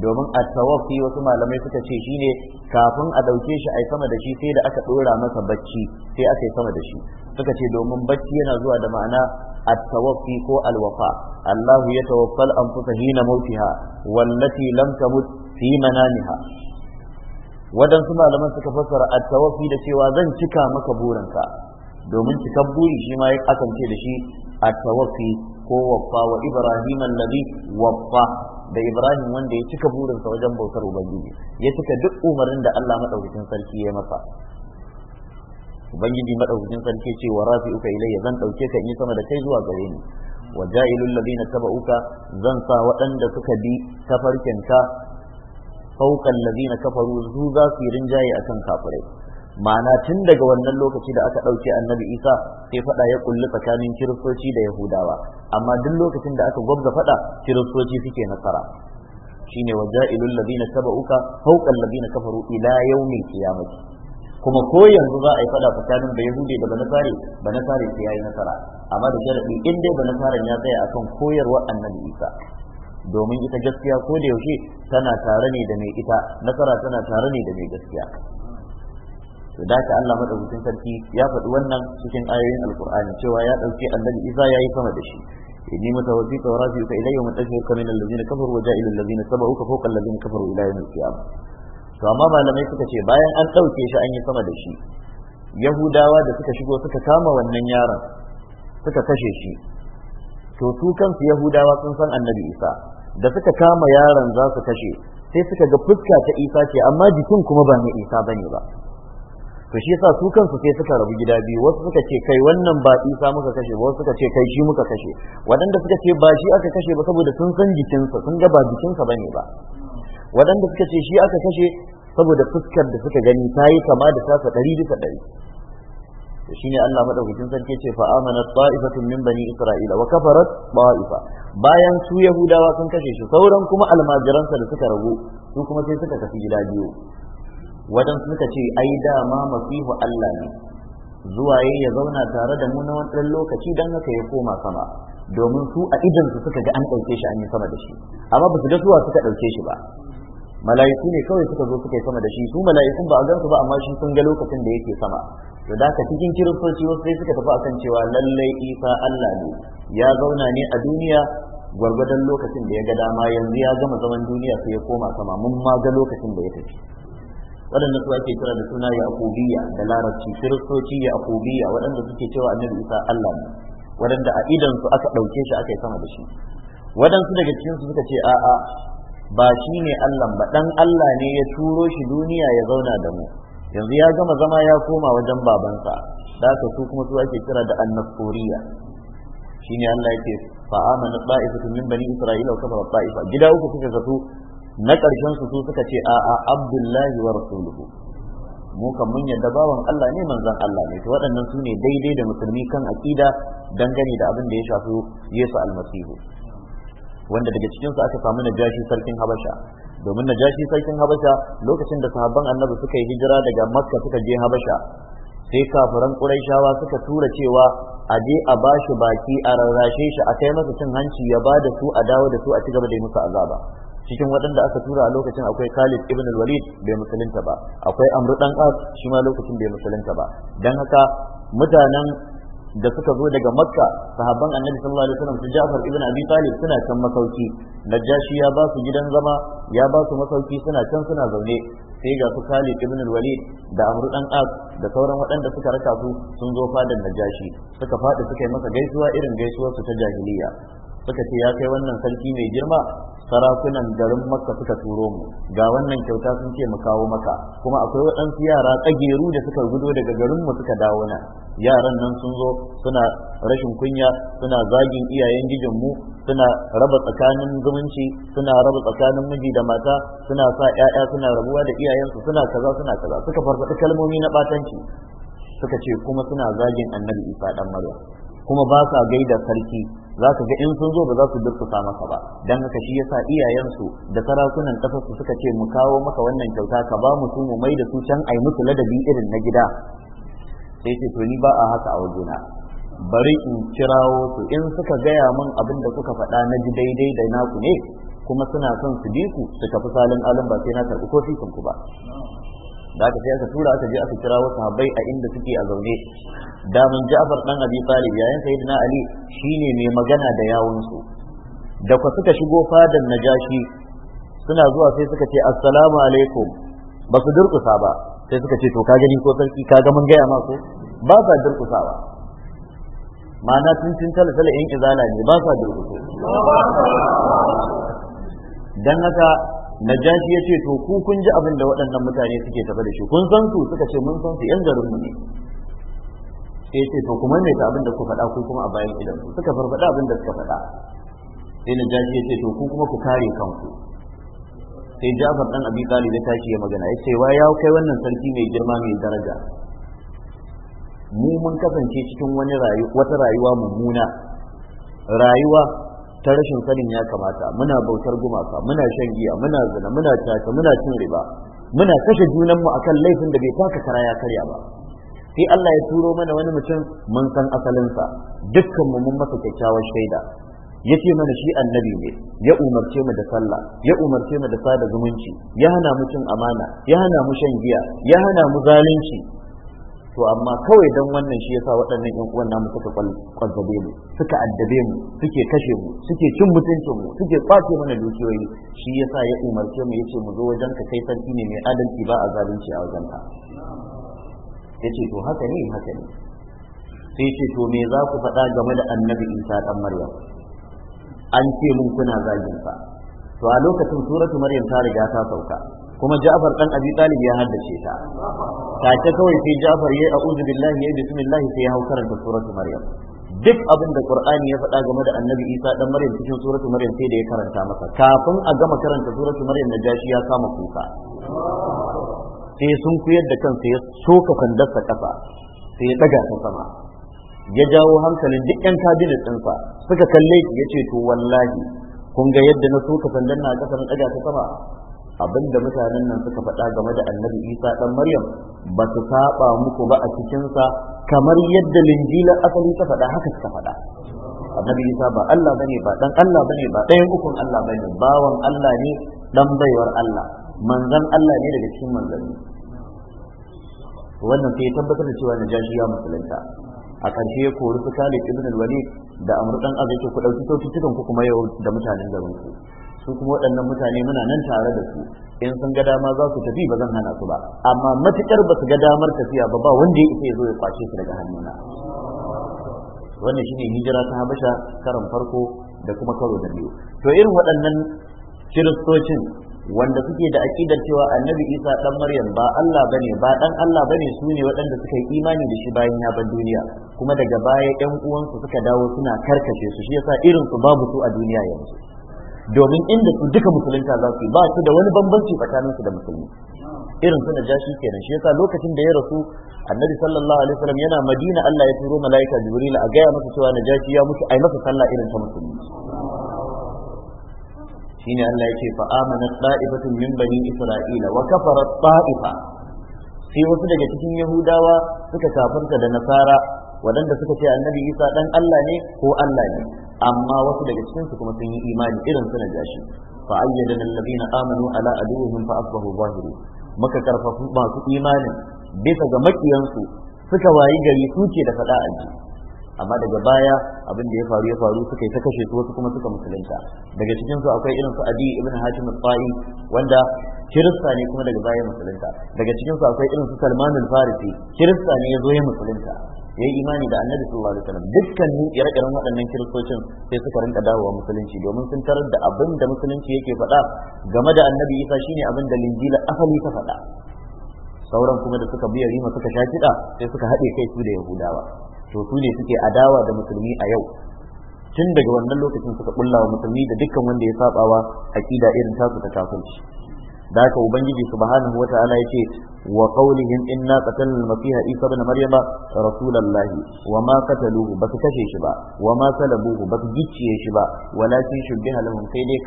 C: domin a tawafi wasu malamai suka ce shine kafin a ɗauke shi a yi sama da shi sai da aka ɗora masa bacci sai aka yi sama da shi suka ce domin bacci yana zuwa da ma'ana a tawafi ko alwafa Allahu ya tawaffal anfusa hina mautiha wallati lam tamut fi manamiha wadansu malaman suka fassara a tawafi da cewa zan cika maka burinka domin cikar buri shi ma akan ce da shi a tawafi ko waffa wa ibrahim alladhi waffa da ibrahim wanda ya cika burinsa wajen bautar ubangiji ya cika duk umarnin da Allah madaukakin sarki ya masa ubangiji madaukakin sarki ce wa rafi uka ilayya zan dauke ka in sama da kai zuwa gare ni wa ja'ilul ladina tabauka zan sa waɗanda suka bi tafarkin ka fawqa alladhina kafaru su za su yi rinjaye akan kafirai ma'ana tun daga wannan lokaci da aka ɗauke annabi isa sai faɗa ya kulli tsakanin kiristoci da yahudawa amma duk lokacin da aka gwabza faɗa kiristoci suke nasara shine wa ja'ilul ladina tabauka fawqa ladina kafaru ila yawmil qiyamati kuma ko yanzu za a yi faɗa tsakanin da yahudi da banasare banasare sai yayi nasara amma da sharadi in dai banasaren ya tsaya akan koyarwa annabi isa domin ita gaskiya ko da yaushe tana tare ne da mai ita nasara tana tare ne da mai gaskiya to da ka Allah madaukakin sarki ya faɗi wannan cikin ayoyin alqur'ani cewa ya dauki annabi Isa yayi sama da shi inni mutawaffika wa rafi'uka ilayya wa mutahhiruka min alladhina kafaru wa ja'ilu alladhina sabauka fawqa alladhina kafaru ila yawm al-qiyamah to amma malamai suka ce bayan an dauke shi an yi sama da shi yahudawa da suka shigo suka kama wannan yaron suka kashe shi to su kansu yahudawa sun san annabi isa da suka kama yaron za su kashe sai suka ga fuska ta isa ce amma jikin kuma ba na isa bane ba to shi yasa su kansu sai suka rabu gida biyu wasu suka ce kai wannan ba isa muka kashe ba wasu suka ce kai shi muka kashe waɗanda suka ce ba shi aka kashe ba saboda sun san jikinsa sun ga ba jikinsa bane ba waɗanda suka ce shi aka kashe saboda fuskar da suka gani ta yi kama da tasa ɗari bisa ɗari to shine Allah madaukakin sarki ce fa amanat ta'ifatun min bani isra'ila wa kafarat ta'ifa bayan su yahudawa sun kashe shi sauran kuma almajiransa da suka rabu su kuma sai suka kafi gida biyu wadan suka ce ai dama masihu Allah ne zuwa yayi ya zauna tare da mu na wani lokaci dan haka ya koma sama domin su a idan su suka ga an ɗauke shi an yi sama da shi amma ba su ga zuwa suka ɗauke shi ba mala'iku ne kawai suka zo suka yi sama da shi su mala'ikun ba a gansu ba amma shi sun ga lokacin da yake sama to da ka cikin kiristoci wasu sai suka tafi akan cewa lallai isa Allah ne ya zauna ne a duniya gwargwadon lokacin da ya ga dama yanzu ya gama zaman duniya sai ya koma sama mun ma ga lokacin da ya tafi waɗanda su ake kira da suna yaqubiya da larabci kiristoci yaqubiya waɗanda suke cewa annabi isa allah ne waɗanda a idan su aka ɗauke shi aka yi sama da shi waɗansu daga cikin su suka ce a'a ba shi ne allah ba ɗan allah ne ya turo shi duniya ya zauna da mu yanzu ya gama zama ya koma wajen babansa da haka su kuma su ake kira da annasuriya shine allah yake fa amana ta'ifatu min bani isra'ila wa kafara ta'ifa gida uku suka zato na ƙarshen su suka ce a'a abdullahi wa rasuluhu mu kan mun yadda bawan Allah ne manzon Allah ne to waɗannan su ne daidai da musulmi kan akida dangane da abin da ya shafi Yesu almasihu wanda daga cikin su aka samu najashi sarkin Habasha domin najashi sarkin Habasha lokacin da sahabban Annabi suka yi hijira daga Makka suka je Habasha sai kafiran Qurayshawa suka tura cewa a je a bashi baki a rarrashe shi a kai masa cin hanci ya ba da su a dawo da su a ci gaba da musu azaba cikin waɗanda aka tura a lokacin akwai Khalid ibn al-Walid bai musulunta ba akwai Amr dan Qas shi ma lokacin bai musulunta ba dan haka mutanen da suka zo daga Makka sahabban Annabi sallallahu alaihi wasallam su Ja'far ibn Abi Talib suna can masauki Najashi ya ba su gidan zama ya ba su masauki suna can suna zaune sai ga su Khalid ibn al-Walid da Amr dan As da sauran waɗanda suka raka su sun zo fadan Najashi suka fadi suka yi masa gaisuwa irin gaisuwar su ta jahiliya suka ce ya kai wannan sarki mai girma sarakunan garin makka suka turo mu ga wannan kyauta sun ce mu kawo maka kuma akwai waɗansu yara tsageru da suka gudo daga garin mu suka dawo nan yaran nan sun zo suna rashin kunya suna zagin iyayen gijin mu suna raba tsakanin zumunci suna raba tsakanin miji da mata suna sa ƴaƴa suna rabuwa da iyayensu suna kaza suna kaza suka farfaɗi kalmomi na ɓatanci, suka ce kuma suna zagin annabi isa dan maryam kuma ba sa gaida sarki za ka ga in sun zo ba za su durkusa maka ba don haka shi yasa iyayensu da sarakunan ƙasarsu suka ce mu kawo maka wannan kyauta ka ba mu mai da su can ai musu ladabi irin na gida sai ce to ni ba a haka a wajena bari in kirawo su in suka gaya min abin da suka faɗa na ji daidai da naku ne kuma suna son su bi ku su tafi salin alin ba sai na karɓi ko ku ba da aka sai aka tura aka je aka kira wasu habai a inda suke a zaune damun Ja'far dan Abi Talib yayin Sayyidina Ali shine mai magana da yawunsu da ku suka shigo fadan Najashi suna zuwa sai suka ce assalamu alaikum ba su durkusa ba sai suka ce to ka gani ko sarki ka ga mun gaya ma ba sa ba, ma'ana tun tun talatala yan izala ne ba sa durkusa dan haka najashi ya ce to ku kun ji abin da waɗannan mutane suke tafa da shi kun san su suka ce mun san su yan garin mu ne sai ce to kuma mai ta abin da ku faɗa ku kuma a bayan idan su suka farfaɗa abin da suka faɗa sai na jaji ya ce to ku kuma ku kare kanku sai Jafar dan Abi Talib ya tashi ya magana ya ce wa ya kai wannan sarki mai girma mai daraja mu mun kasance cikin wani wata rayuwa mummuna rayuwa ta rashin sanin ya kamata muna bautar gumaka muna shan giya muna zina muna tata muna cin riba muna kashe junanmu akan laifin da bai taka kara ya karya ba sai Allah ya turo mana wani mutum mun san asalinsa dukkan mu mun masa kyakkyawar shaida ya ce mana shi annabi ne ya umarce mu da sallah ya umarce mu da sada zumunci ya hana mu cin amana ya hana mu shan giya ya hana mu zalunci to amma kawai dan wannan shi yasa waɗannan ƴan uwan namu suka kwazzabe mu suka addabe mu suke kashe mu suke cin mutuncin mu suke kwace mana dukiyoyi shi yasa ya umarce mu yace mu zo wajen ka kai sarki ne mai adalci ba a zalunci a wajen ya ce to haka ne haka ne sai ce to me za ku faɗa game da annabi isa ɗan maryam an ce mun kuna zagin sa to a lokacin suratu maryam ta riga ta sauka kuma ja'far ɗan abi talib ya haddace ta Kake kawai sai ja'far yayi a'udhu billahi ya bismillah sai ya hau karanta suratu maryam duk abin da qur'ani ya faɗa game da annabi isa ɗan maryam cikin suratu maryam sai da ya karanta masa kafin a gama karanta suratu maryam najashi ya kama kuka sai sun kuyar da kansa ya soka sandarsa ƙasa sai ya ɗaga ta sama ya jawo hankalin duk 'yan kabinet ɗinsa suka kalle shi ya ce to wallahi kun ga yadda na soka sandar na ƙasa na ɗaga ta sama abin da mutanen nan suka faɗa game da annabi isa ɗan maryam ba su saba muku ba a cikinsa kamar yadda linjilar asali ta faɗa haka suka faɗa annabi isa ba allah bane ba ɗan allah bane ba ɗayan ukun allah bane bawan allah ne ɗan baiwar allah manzan allah ne daga cikin manzanni wannan sai ya tabbatar da cewa najashi ya musulunta a ƙarshe ya kori su Khalid ibn al-Walid da Amr dan Azai ku dauki sautukan ku kuma yau da mutanen garin ku su kuma waɗannan mutane muna nan tare da su in sun ga dama za su tafi ba zan hana su ba amma matukar ba su ga damar tafiya ba ba wanda ya isa ya zo ya kwace su daga hannuna wannan shine hijira ta Habasha karan farko da kuma karo da biyu to irin waɗannan kiristocin wanda suke da aƙidar cewa annabi isa dan maryam ba allah bane ba dan allah bane su ne waɗanda suka yi imani da shi bayan ya ban duniya kuma daga baya yan uwansu suka dawo suna karkashe su shi yasa irin su babu su a duniya yanzu domin inda su duka musulunta za su ba su da wani bambanci tsakanin su da musulmi irin su najashi kenan shi yasa lokacin da ya rasu annabi sallallahu alaihi wasallam yana madina allah ya turo mala'ika jibril a gaya masa cewa najashi ya mutu ai masa sallah irin ta musulmi shine Allah yake fa amanat ta'ifatun min bani isra'ila wa kafarat ta'ifa sai wasu daga cikin yahudawa suka kafirta da nasara wadanda suka ce annabi isa dan Allah ne ko Allah ne amma wasu daga cikin su kuma sun yi imani irin su na jashi fa ayyadan alladhina amanu ala aduwwihim fa asbahu zahiri muka karfafu masu imanin bisa ga makiyansu suka wayi gari suke ce da fada aji amma daga baya abin da ya faru ya faru suka yi ta kashe su wasu kuma suka musulunta daga cikin su akwai irin su adi ibn hatim al qai wanda kirista ne kuma daga baya musulunta daga cikin su akwai irin su salman al-farisi kirista ne ya ya musulunta ya yi imani da annabi sallallahu alaihi wasallam dukkanin ire-iren waɗannan kiristocin sai suka rinka dawowa musulunci domin sun tarar da abin da musulunci yake faɗa game da annabi isa shine abin da linjila asali ta faɗa sauran kuma da suka biya rima suka sha kiɗa sai suka haɗe kai su da yahudawa to su ne suke adawa da musulmi a yau tun daga wannan lokacin suka kulla wa musulmi da dukkan wanda ya sabawa aqida irin tasu ta kafirci da haka ubangiji subhanahu wataala yace wa qawlihim inna qatalna al-masiha isa ibn maryama rasulallahi wa ma qataluhu basu kashe shi ba wa ma salabuhu basu gicciye shi ba walakin shubbiha lahum sai dai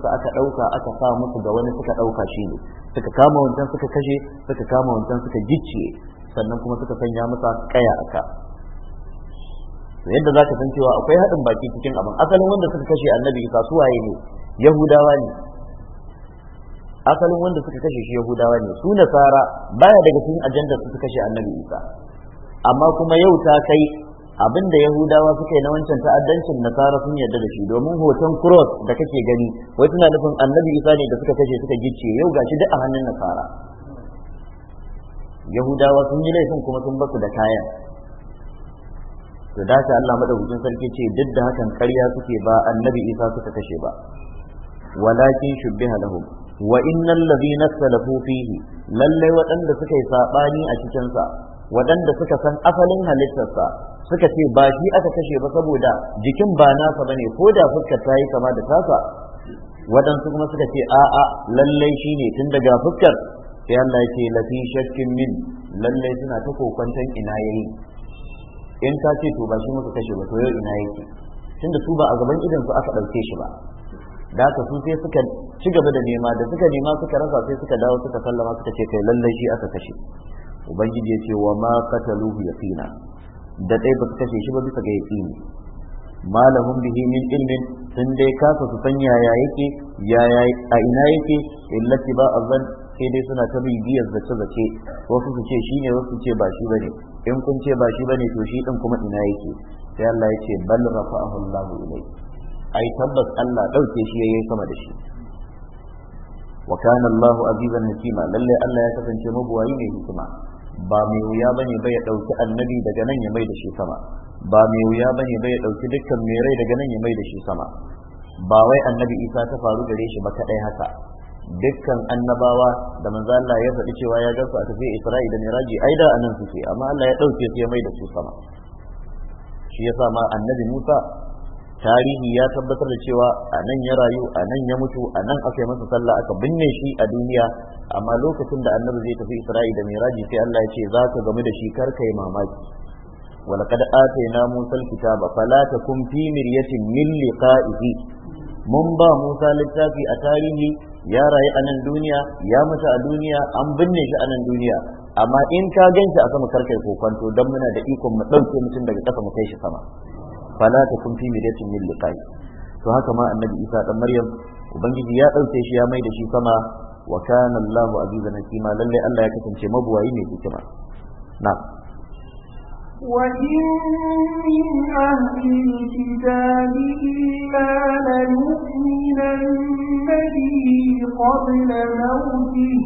C: sa aka dauka aka sa musu ga wani suka dauka shi ne suka kama wancan suka kashe suka kama wancan suka gicciye sannan kuma suka sanya masa kaya aka to yadda ka san cewa akwai haɗin baki cikin abin asalin wanda suka kashe annabi isa su waye ne yahudawa ne asalin wanda suka kashe shi yahudawa ne su nasara baya daga cikin ajanda su suka kashe annabi isa amma kuma yau ta kai abin da yahudawa suka yi na wancan ta'addancin nasara sun yarda da shi domin hoton cross da kake gani wai suna nufin annabi isa ne da suka kashe suka gicce yau gashi duk a hannun nasara yahudawa sun yi laifin kuma sun basu da kayan to da haka Allah madaukakin sarki ce duk da hakan ƙarya suke ba annabi Isa suka kashe ba walakin shubbiha lahum wa innal ladhina salafu fihi lallai waɗanda suka yi sabani a cikin sa waɗanda suka san asalin halittarsa suka ce ba shi aka kashe ba saboda jikin ba nasa bane ko da fuskar ta yi kama da tasa waɗansu kuma suka ce a'a lallai shi ne tun daga fuskar sai Allah ya ce lafi shakkin min lallai suna ta kokwanton ina yayi in ka ce to ba shi muka kashe ba to yau ina yake tunda su ba a gaban idan su aka dauke shi ba da haka su sai suka ci gaba da nema da suka nema suka rasa sai suka dawo suka sallama suka ce kai lallai shi aka kashe ubangiji ya ce wa ma qataluhu yaqina da dai ba su kashe shi ba bisa ga yaqini malahum bihi min ilmin sun dai kasa su san yaya yake yaya a ina yake illati ba azan sai dai suna ta bibiyar zace zace wasu su ce shine wasu su ce ba shi bane in kun ce ba shi bane to shi din kuma ina yake sai Allah ya ce bal rafa'ahu Allahu ilai ai tabbas Allah dauke shi yayin sama da shi wa kana Allahu azizan hakima lalle Allah ya kasance mabuwayi ne hikima ba mai wuya bane bai ya dauki annabi daga nan ya mai da shi sama ba mai wuya bane bai ya dauki dukkan mai rai daga nan ya mai da shi sama ba wai annabi Isa ta faru gare shi ba kadai haka dukkan annabawa da manzo Allah ya faɗi cewa ya gasu a tafi Isra'i da Miraji ai da anan suke amma Allah ya ɗauke su ya mai da su sama shi yasa ma annabi Musa tarihi ya tabbatar da cewa anan ya rayu anan ya mutu a nan aka masa sallah aka binne shi a duniya amma lokacin da annabi zai tafi Isra'i da Miraji sai Allah ya ce za ka gamu da shi kar kai mamaki ولقد آتينا موسى الكتاب fala takum fi miryatin min liqa'ihi mun ba Musa littafi a tarihi ya rayu a nan duniya ya mutu a duniya an binne shi a nan duniya amma in ka ganshi a sama karkai kwanto don muna da ikon mu ɗauke mutum daga dafa mu kai shi sama fala ta kun fi midatin min liqai to haka ma annabi Isa dan Maryam ubangiji ya ɗauke shi ya mai da shi sama wa kana Allahu azizan hakima lalle Allah ya kasance mabuwayi mai hikima na'am
A: وإن من أهل الكتاب إلا ليؤمنن به قبل موته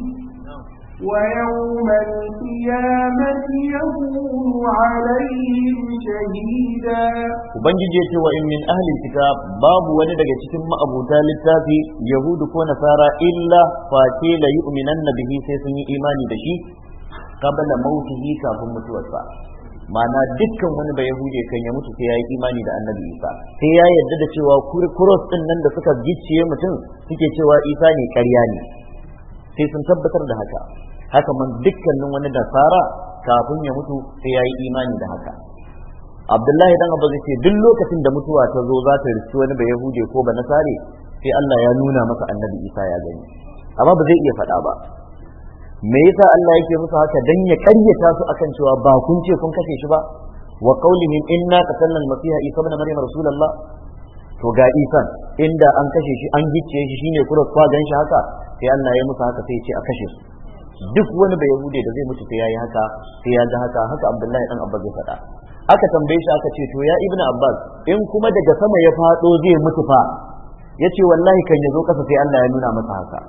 A: ويوم القيامة يكون عليهم شهيدا
C: وبنجي وإن من أهل الكتاب باب ولد جتكم أبو الكتاب يهود ونصارى إلا فاتي ليؤمنن به سيسمي إيماني بشي قبل موته كافم متوفى ma'ana dukkan wani bai hude kan ya mutu sai ya yi imani da annabi isa sai ya yarda da cewa kuros din nan da suka gicciye mutum suke cewa isa ne karya ne sai sun tabbatar da haka haka man dukkanin wani da nasara kafin ya mutu sai ya yi imani da haka abdullahi dan abu ce duk lokacin da mutuwa ta zo za ta wani bai hude ko ba nasare sai allah ya nuna masa annabi isa ya gani amma ba zai iya faɗa ba me yasa Allah yake musu haka dan ya karyata su akan cewa ba kun ce kun kashe shi ba wa qaulihim inna qatalna al-masiha isa ibn maryam rasulullah to ga isa inda an kashe shi an gicciye shi shine kuros kwa gan shi haka sai Allah ya musu haka sai ya ce a kashe su duk wani bai yahude da zai mutu sai yayi haka sai ya ga haka haka abdullahi dan abbas zai faɗa aka tambaye shi aka ce to ya ibn abbas in kuma daga sama ya faɗo zai mutu fa yace wallahi kan yazo kasa sai Allah ya nuna masa haka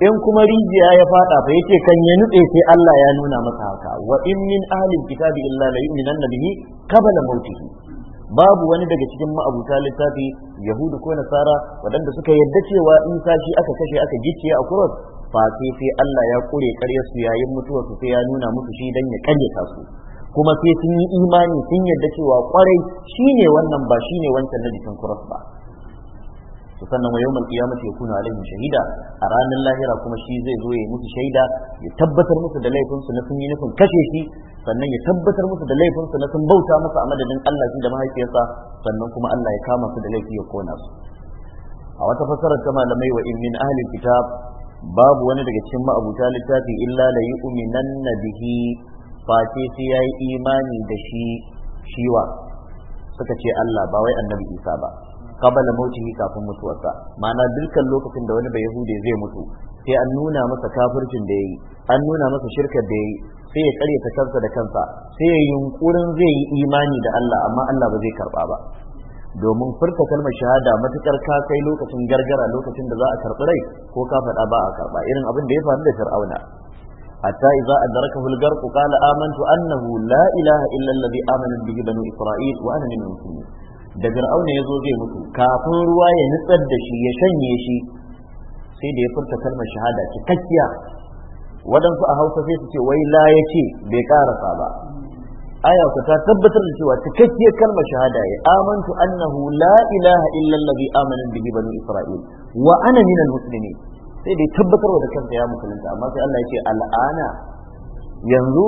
C: in kuma rijiya ya fada fa yace kan ya nutse sai Allah ya nuna masa haka wa in min ahlil kitabi illa la yu'minanna bihi qabla mautihi babu wani daga cikin ma'abuta littafi yahudu ko nasara waɗanda suka yadda cewa in sashi aka kashe aka gicciye a kuros fa sai Allah ya kure ƙaryar su yayin mutuwar su sai ya nuna musu shi dan ya karyata su kuma sai sun yi imani sun yadda cewa kwarai shine wannan ba shine wancan na jikin kuros ba to sannan wa yawmal qiyamati yakunu alaihim shahida a ranar lahira kuma shi zai zo ya musu shaida ya tabbatar musu da laifin su na sun yi nufin kashe shi sannan ya tabbatar musu da laifin su na sun bauta masa a madadin Allah shi da mahaifiyarsa sannan kuma Allah ya kama su da laifi ya kona su a wata fasarar ta malamai wa in min ahli kitab babu wani daga cikin ma'abuta littafi illa la yu'minanna bihi face sai yayi imani da shi shiwa suka ce Allah ba wai annabi Isa ba qabala mautihi kafin mutuwarsa ma'ana dukkan lokacin da wani bai yahude zai mutu sai an nuna masa kafircin da yayi an nuna masa shirkar da yayi sai ya karyata kansa da kansa sai ya yunkurin zai yi imani da Allah amma Allah ba zai karba ba domin furta kalmar shahada matukar ka kai lokacin gargara lokacin da za a karɓi rai ko ka faɗa ba a karɓa irin abin da ya faru da fir'auna hatta idza adrakahu al-gharq qala amantu annahu la ilaha illa alladhi amana bihi banu isra'il wa ana min al da fir'auna ya zo zai mutu kafin ruwa ya nutsar da shi ya shanye shi sai da ya furta kalmar shahada cikakkiya waɗansu a hausa sai su ce wai la ya ce bai karasa ba aya ku ta tabbatar da cewa cikakkiyar kalmar shahada ya amantu annahu la ilaha illa allazi amana bihi banu isra'il wa ana minal muslimin sai ya tabbatar da kansa ya musulunta amma sai Allah ya ce al'ana yanzu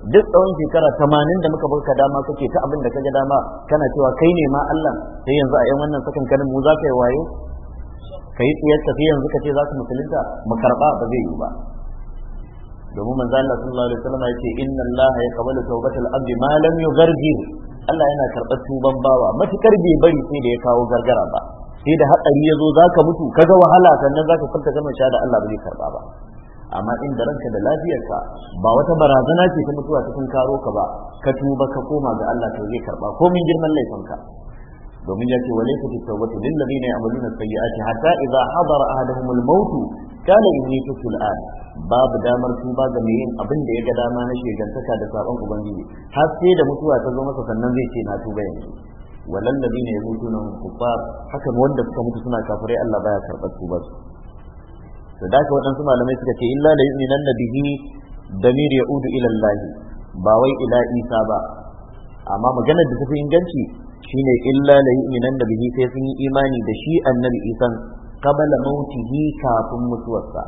C: duk tsawon shekara tamanin da muka baka dama kake ta abin da ga dama kana cewa kai ne ma Allah sai yanzu a yan wannan sakan kanin mu za ka yi wayo ka yi tsiyar sai yanzu ka ce za ka musulunta mu karba ba zai yi ba domin manzo Allah sallallahu alaihi wasallam ya ce inna Allah yaqbalu tawbatal abdi ma lam yughargir Allah yana karɓar tuban bawa matukar bai bari sai da ya kawo gargara ba sai da hatsari ya zo za ka mutu kaga wahala sannan za ka furta gama sha da Allah ba zai karɓa ba amma inda ranka da lafiyarka ba wata barazana ce ta mutuwa ta karo ka ba ka tuba ka koma ga Allah to zai karba komin girman laifinka domin ya ce walaysa tawbatu lil ladina ya'maluna sayyi'ati hatta idza hadara ahaduhumul maut kana inni tubtu al'an babu damar tuba ga mai yin abin da ya ga dama na shegantaka da sabon ubangiji har sai da mutuwa ta zo masa sannan zai ce na tuba yanzu walal ladina yamutuna hum kuffar haka wanda suka mutu suna kafirai Allah baya karɓar tubar su to da ka waɗansu malamai suka ce illa nan yu'minan bihi damir ya'udu ila Allah ba wai ila Isa ba amma maganar da tafi inganci shine illa la nan bihi sai sun yi imani da shi annabi Isa qabala mautihi kafin mutuwarsa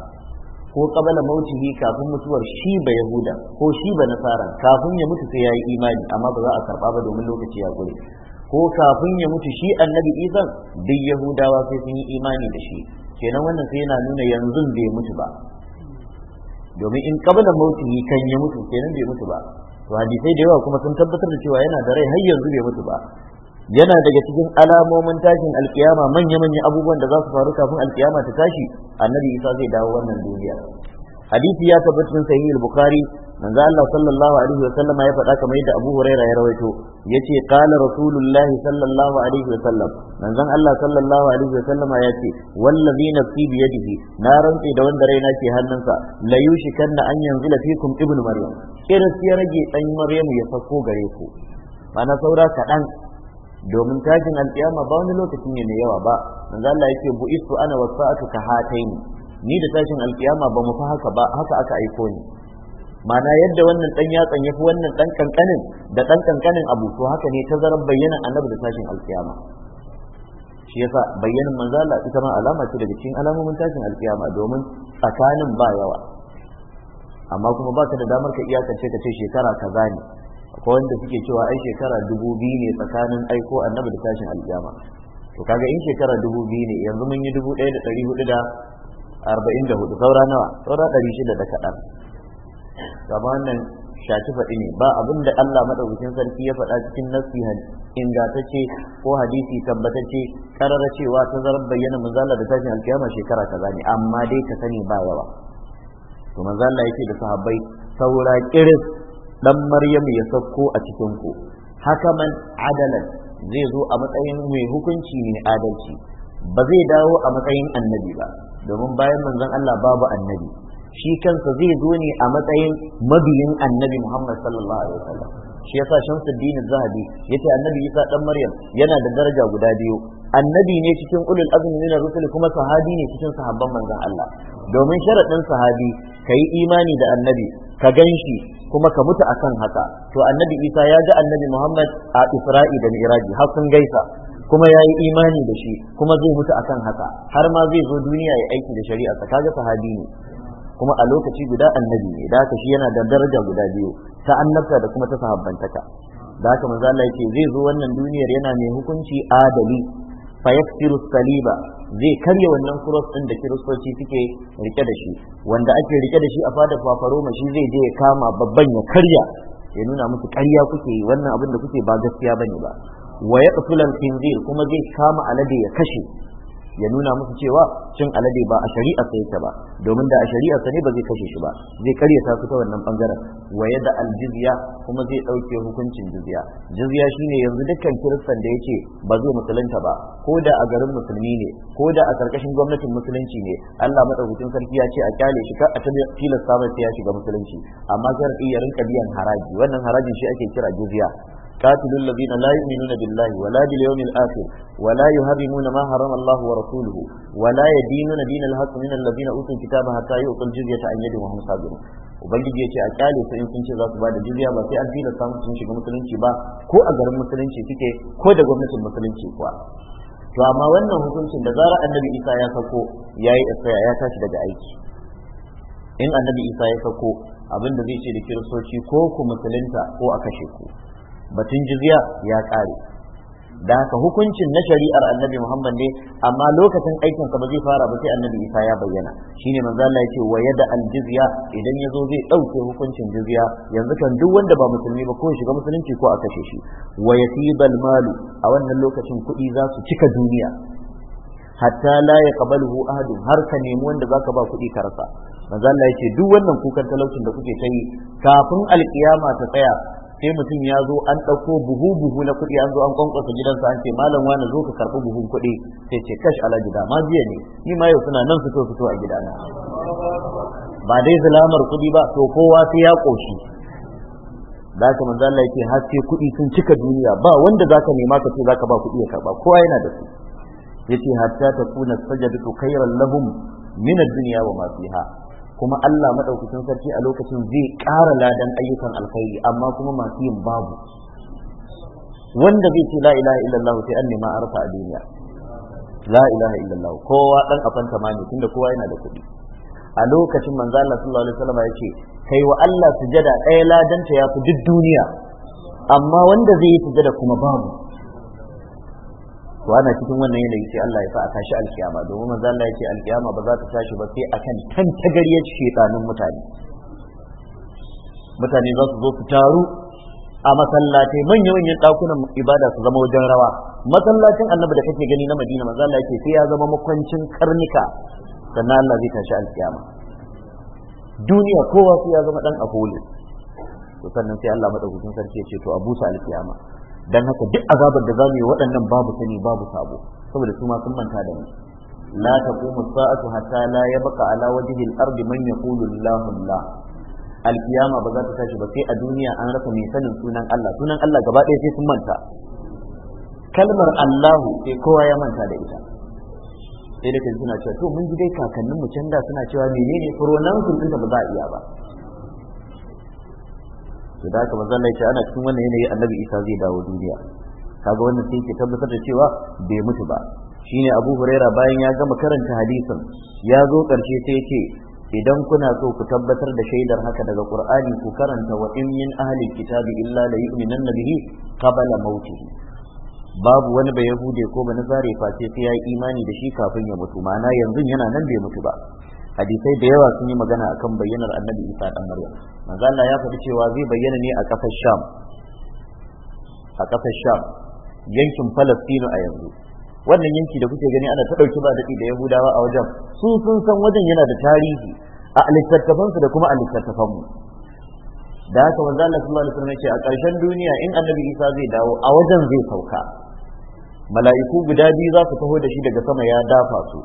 C: ko qabala mautihi kafin mutuwar shi ba Yahuda ko shi ba Nasara kafin ya mutu sai ya yi imani amma ba za a karba ba domin lokaci ya gure ko kafin ya mutu shi annabi Isa duk Yahudawa sai sun yi imani da shi kenan wannan sai yana nuna yanzu bai mutu ba domin in kabla yi kan ya mutu kenan bai mutu ba to hadisai da yawa kuma sun tabbatar da cewa yana da rai har yanzu bai mutu ba yana daga cikin alamomin tashin alkiyama manya-manya abubuwan da za su faru kafin alkiyama ta tashi annabi isa zai dawo wannan duniya hadisi ya tabbatar sahih al-bukhari manzo Allah sallallahu alaihi wasallam ya faɗa kamar yadda Abu Huraira ya rawaito yace qala rasulullah sallallahu alaihi wasallam manzon Allah sallallahu alaihi wasallam ya ce wallazi nafsi bi yadihi na rantsi da wanda raina ke hannunsa la yushikanna an yanzila fikum ibnu maryam kiris ya rage dan maryam ya sako gare ku mana saura kaɗan domin tashin alƙiyama ba wani lokaci ne mai yawa ba manzo Allah yake bu'istu ana wasa'atu ka hataini ni da tashin alƙiyama ba mu fa haka ba haka aka aiko ni mana yadda wannan dan yatsan ya fi wannan dan kankanin da dan kankanin abu to haka ne tazarar bayyana annabi da tashin alkiyama shi yasa bayyanan manzala ita ma alama ce daga cikin alamomin tashin alkiyama domin tsakanin ba yawa amma kuma ba ka da damar ka iyakance ka ce shekara kaza ne akwai wanda suke cewa ai shekara dubu biyu ne tsakanin aiko annabi da tashin alkiyama to kaga in shekara dubu biyu ne yanzu mun yi dubu ɗaya da ɗari hudu da arba'in da hudu saura nawa saura ɗari shida da kaɗan kama shafi faɗi ne ba abin da Allah madaukakin sarki ya faɗa cikin nassi ingantacce ko hadisi tabbatacce karara cewa ta zarar bayyana mazalla da tashin alkiyama shekara kaza ne amma dai ka sani ba yawa to manzala yake da sahabbai saura kiris dan maryam ya sauko a cikin ku man adalan zai zo a matsayin mai hukunci ne adalci ba zai dawo a matsayin annabi ba domin bayan manzon Allah babu annabi shi kansa zai zo ne a matsayin mabiyin annabi Muhammad sallallahu alaihi wasallam shi yasa Shamsuddin Zahabi yace annabi Isa dan Maryam yana da daraja guda biyu annabi ne cikin ulul azmi min rusul kuma sahabi ne cikin sahabban manzon Allah domin sharadin sahabi kai imani da annabi ka ganshi kuma ka mutu akan haka to annabi Isa ya ga annabi Muhammad a Isra'i da Miraji har sun gaisa kuma ya yi imani da shi kuma zai mutu akan haka har ma zai zo duniya ya aiki da shari'a kaga sahabi ne kuma a lokaci guda annabi ne da haka shi yana da daraja guda biyu ta annabta da kuma ta sahabbantaka da haka manzo Allah yake zai zo wannan duniyar yana mai hukunci adali fa yaktiru saliba zai karya wannan cross din da kiristoci suke rike da shi wanda ake rike da shi a fafaro fafaroma shi zai je ya kama babban ya karya ya nuna musu karya kuke wannan abin da kuke ba gaskiya bane ba wa yaqtul khinzir kuma zai kama alade ya kashe ya nuna musu cewa cin alade ba a shari'a sai ta ba domin da a shari'a sa ba zai kashe shi ba zai karyata su ta wannan bangaren waye da aljizya kuma zai dauke hukuncin jizya jizya shine yanzu dukkan kiristan da yake ba zai musulunta ba ko da a garin musulmi ne ko da a karkashin gwamnatin musulunci ne Allah madaukakin sarki ya ce a kyale shi ka a tilasta mai ya shiga musulunci amma zai iya rinka biyan haraji wannan harajin shi ake kira jizya قاتلوا الذين لا يؤمنون بالله ولا باليوم الآخر ولا يهرمون ما حرم الله ورسوله ولا يدينون دين الحق من الذين أوتوا الكتاب حتى يؤتوا الجزية عن يد وهم صاغرون ubangiji ya ce a kyale su in sun ce za su bada da jizya ba sai an fi samun sun shiga musulunci ba ko a garin musulunci suke ko da gwamnatin musulunci kuwa to amma wannan hukuncin da zarar annabi isa ya sako ya yi isra ya tashi daga aiki in annabi isa ya sako abin da zai ce da kiristoci ko ku musulunta ko a kashe ku batun jizya ya kare da haka hukuncin na shari'ar annabi muhammad ne amma lokacin aikin sa ba zai fara ba sai annabi isa ya bayyana shine manzo Allah yake wa yada al jizya idan yazo zai dauke hukuncin jizya yanzu kan duk wanda ba musulmi ba ko ya shiga musulunci ko a kashe shi wa yasibal malu a wannan lokacin kuɗi za su cika duniya hatta la yaqbaluhu ahadun har ka nemi wanda zaka ba kuɗi ka rasa manzo Allah yake duk wannan kukan talaucin da kuke ta yi kafin alkiyama ta tsaya sai mutum ya zo an ɗauko buhu buhu na kuɗi an zo an kwankwasa gidansa an ce malam wani zo ka karɓi buhun kuɗi sai ce kash ala gida ma biya ne ni ma yau suna nan fito fito a gidana ba dai zalamar kuɗi ba to kowa sai ya ƙoshi da ka manzo Allah yake haske kuɗi sun cika duniya ba wanda zaka nema ka ce zaka ba kuɗi ya karɓa kowa yana da su yace hatta kuna sajadatu khairan lahum min ad-dunya wa ma fiha kuma Allah madaukakin sarki a lokacin zai ƙara ladan ayyukan alkhairi amma kuma masu yin babu wanda zai ce la ilaha illallah sai an nema arfa a duniya la ilaha illallah kowa dan afan tamani tunda kowa yana da kuɗi a lokacin manzo Allah sallallahu alaihi wasallam ya ce kai wa Allah sujada ɗaya ladanta ya fi duk duniya amma wanda zai yi sujada kuma babu to ana cikin wannan yanayi sai Allah ya sa a tashi alkiyama domin manzo Allah ya alkiyama ba za ta tashi ba sai akan tantagariyar shedanin mutane mutane za su zo su taru a masallatai manya-manyan ɗakunan ibada su zama wajen rawa masallacin annabi da kake gani na madina manzo Allah yake sai ya zama makwancin karnika sannan Allah zai tashi alkiyama duniya kowa sai ya zama dan akoli to sannan sai Allah madaukakin sarki ya ce to a busa alkiyama dan haka duk azabar da zamu yi waɗannan babu sani babu sabo saboda su ma sun manta da mu la taqumu sa'atu hatta la yabqa ala wajhi al-ard man yaqulu alkiyama ba za ta tashi ba sai a duniya an rasa mai sanin sunan Allah sunan Allah gaba ɗaya sai sun manta kalmar Allahu sai kowa ya manta da ita sai da suna cewa to mun ji dai kakannin mu can da suna cewa menene furonan sun ba za a iya ba to da haka manzon Allah ya ce ana cikin wannan yanayi annabi Isa zai dawo duniya kaga wannan sai ke tabbatar da cewa bai mutu ba shine Abu Huraira bayan ya gama karanta hadisin ya zo karshe sai yake idan kuna so ku tabbatar da shaidar haka daga Qur'ani ku karanta wa in min ahli kitabi illa la yu'minanna bihi qabla mautihi babu wani bai yahude ko ba zare face sai ya yi imani da shi kafin ya mutu ma'ana yanzu yana nan bai mutu ba hadisai da yawa sun yi magana akan bayyanar annabi isa dan maryam manzo Allah ya faɗi cewa zai bayyana ne a ƙasar sham a sham yankin falastinu a yanzu wannan yanki da kuke gani ana ta dauki ba daɗi da yahudawa a wajen su sun san wajen yana da tarihi a littattafansu da kuma a mu da haka manzo Allah sallallahu alaihi wasallam ya ce a ƙarshen duniya in annabi isa zai dawo a wajen zai sauka mala'iku guda biyu za su taho da shi daga sama ya dafa su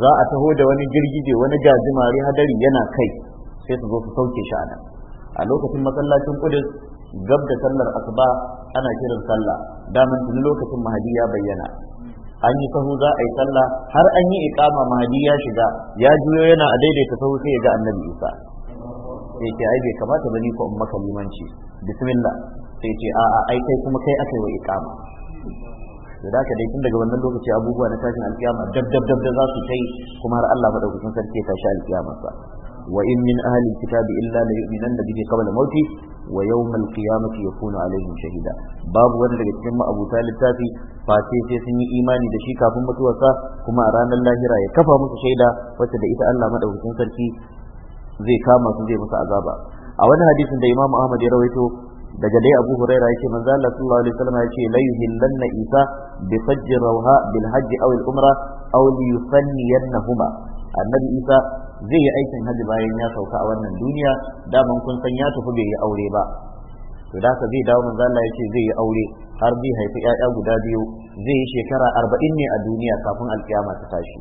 C: za a taho da wani girgije wani gajimare hadari yana kai sai su zo su sauke shi a ana a lokacin masallacin kudus gab da sallar asuba ana kiran sallah daman tuni lokacin mahadi ya bayyana an yi sahu za a yi sallah har an yi iqama mahadi ya shiga ya juyo yana a daidaita taho sai ya ga annabi isa sai ce ai bai kamata ba ko in limanci bismillah sai ce a'a ai kai kuma kai aka yi wa iqama da haka dai tun daga wannan lokaci abubuwa na tashin alkiyama dab dab dab da za su kai kuma har Allah madaukakin sarki ya tashi alkiyama sa wa in min ahli kitabi illa la da bihi qabla mauti wa yawmal qiyamati yakunu alaihim shahida babu wanda daga cikin ma'abuta littafi face sai sun yi imani da shi kafin mutuwarsa kuma a ranar lahira ya kafa musu shaida wacce da ita Allah madaukakin sarki zai kama su zai musu azaba a wani hadisin da Imam Ahmad ya rawaito daga dai Abu Huraira yake manzo Allah sallallahu alaihi wasallam yake la yuhillanna Isa bi fajr rawha bil hajj aw al umra aw li yusanniyannahuma annabi Isa zai yi aikin hajji bayan ya sauka a wannan duniya daman kun san ya tafi bai yi aure ba to da ka zai dawo manzo Allah yace zai yi aure har zai haifi ƴaƴa guda biyu zai yi shekara arba'in ne a duniya kafin alkiyama ta tashi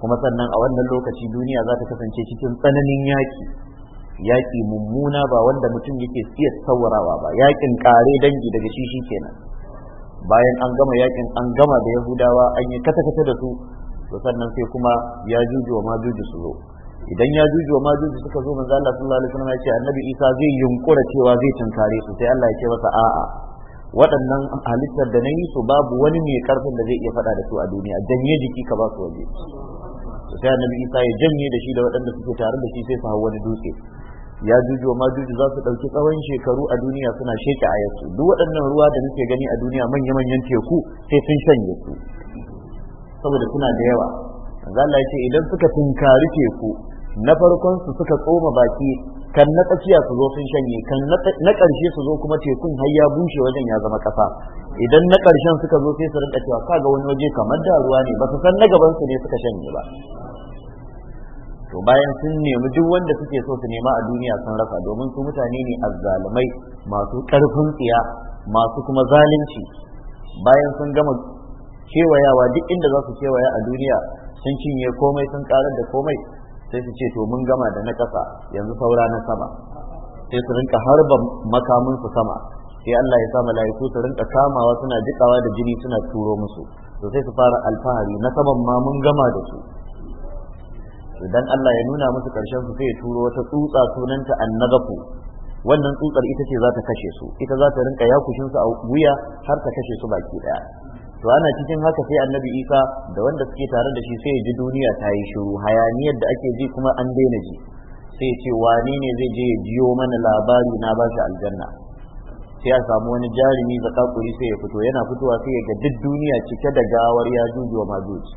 C: kuma sannan a wannan lokaci duniya za ta kasance cikin tsananin yaki yaƙi mummuna ba wanda mutum yake iya tsawarawa ba yaƙin ƙare dangi daga shi shi kenan bayan an gama yaƙin an gama da yahudawa an yi kata-kata da su to sannan sai kuma ya juju wa majuju su zo idan ya juju wa majuju suka zo manzo Allah sallallahu alaihi wasallam ya ce annabi Isa zai yunkura cewa zai tunkare su sai Allah ya ce masa a'a waɗannan halittar da na yi su babu wani mai karfin da zai iya faɗa da su a duniya janye jiki ka ba su waje sai annabi Isa ya janye da shi da waɗanda suke tare da shi sai su hau wani dutse ya juju ma juju za su ɗauki tsawon shekaru a duniya suna sheke a yasu duk waɗannan ruwa da nake gani a duniya manya-manyan teku sai sun shanye su saboda suna da yawa Allah ya ce idan suka tunkari teku na farkon su suka tsoma baki kan na tsakiya su zo sun shanye kan na ƙarshe su zo kuma tekun har ya bushe wajen ya zama ƙasa idan na ƙarshen suka zo sai su rinka cewa kaga wani waje kamar da ruwa ne ba su san na gaban su ne suka shanye ba to bayan sun nemi duk wanda suke so su nema a duniya sun rasa domin su mutane ne azzalumai masu karfin tsiya masu kuma zalunci bayan sun gama kewayawa duk inda za su kewaya a duniya sun cinye komai sun karar da komai sai su ce to mun gama da na ƙasa yanzu saura na sama sai su rinka harba makamin su sama sai Allah ya sa mala'iku su rinka kamawa suna jikawa da jini suna turo musu to sai su fara alfahari na saman ma mun gama da su Idan Allah ya nuna musu karshen su sai ya turo wata tsutsa sunanta annagafu wannan tsutsar ita ce za ta kashe su ita za ta rinka yakushin su a wuya har ta kashe su baki daya to ana cikin haka sai annabi isa da wanda suke tare da shi sai ya ji duniya ta yi shiru hayaniyar da ake ji kuma an daina ji sai ya ce wani ne zai je ya jiyo mana labari na ba shi aljanna sai a samu wani jarumi zakakuri sai ya fito yana fitowa sai ya ga duk duniya cike da gawar ya juju wa majuji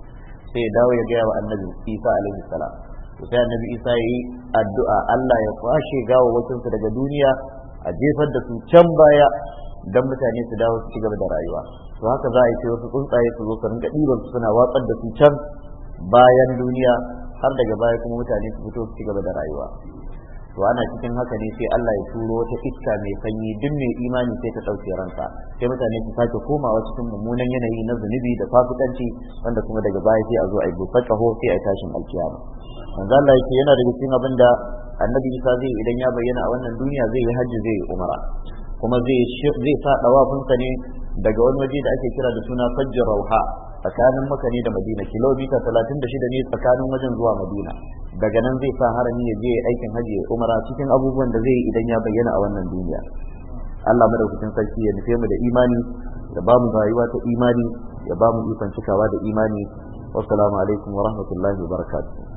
C: sai ya dawo ya gaya wa annabi isa alaihi salam to sai annabi isa ya yi addu'a allah ya kwashe su daga duniya a jefar da su can baya dan mutane su dawo su cigaba gaba da rayuwa to haka za a yi ce wasu tsuntsaye su zo su rinka ɗiban su suna watsar da su can bayan duniya har daga baya kuma mutane su fito su ci gaba da rayuwa to ana cikin haka ne sai Allah ya turo wata iska mai sanyi duk mai imani sai ta ɗauke ransa sai mutane su sake komawa cikin mummunan yanayi na zunubi da fasikanci wanda kuma daga baya sai a zo a yi bufa kaho sai a yi tashin alkiyama manzo Allah yake yana da cikin abin da annabi Isa zai idan ya bayyana a wannan duniya zai yi hajji zai yi umara kuma zai zai sa dawafinsa ne daga wani waje da ake kira da suna fajjar rauha tsakanin makani da madina kilomita talatin da shida ne tsakanin wajen zuwa madina daga nan zai sa harami ya je aikin hajji ya umara cikin abubuwan da zai yi idan ya bayyana a wannan duniya Allah madaukakin sarki ya nufe mu da imani ya ba mu rayuwa ta imani ya ba mu ikon cikawa da imani wassalamu alaikum wa rahmatullahi wa barakatuh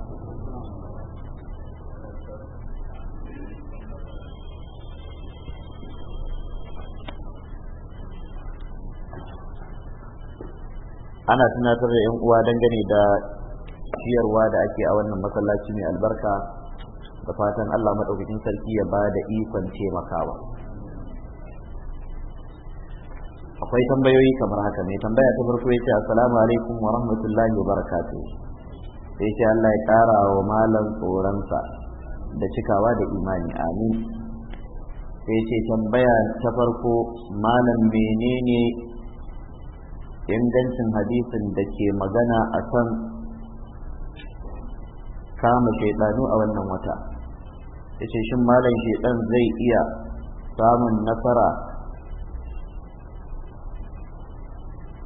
C: ana tunatar da 'yan uwa dangane da ciyarwa da ake a wannan masallaci mai albarka da fatan Allah maɗaukakin sarki ya ba da ikon taimakawa akwai tambayoyi kamar haka mai tambaya ta farko yace assalamu alaikum wa rahmatullahi wa barakatuh yace Allah ya ƙara wa malam tsoronsa da cikawa da imani amin yace tambaya ta farko malam menene ingancin hadisin da ke magana a kan kama shaidanu a wannan wata ya ce shin malam shaidan zai iya samun nasara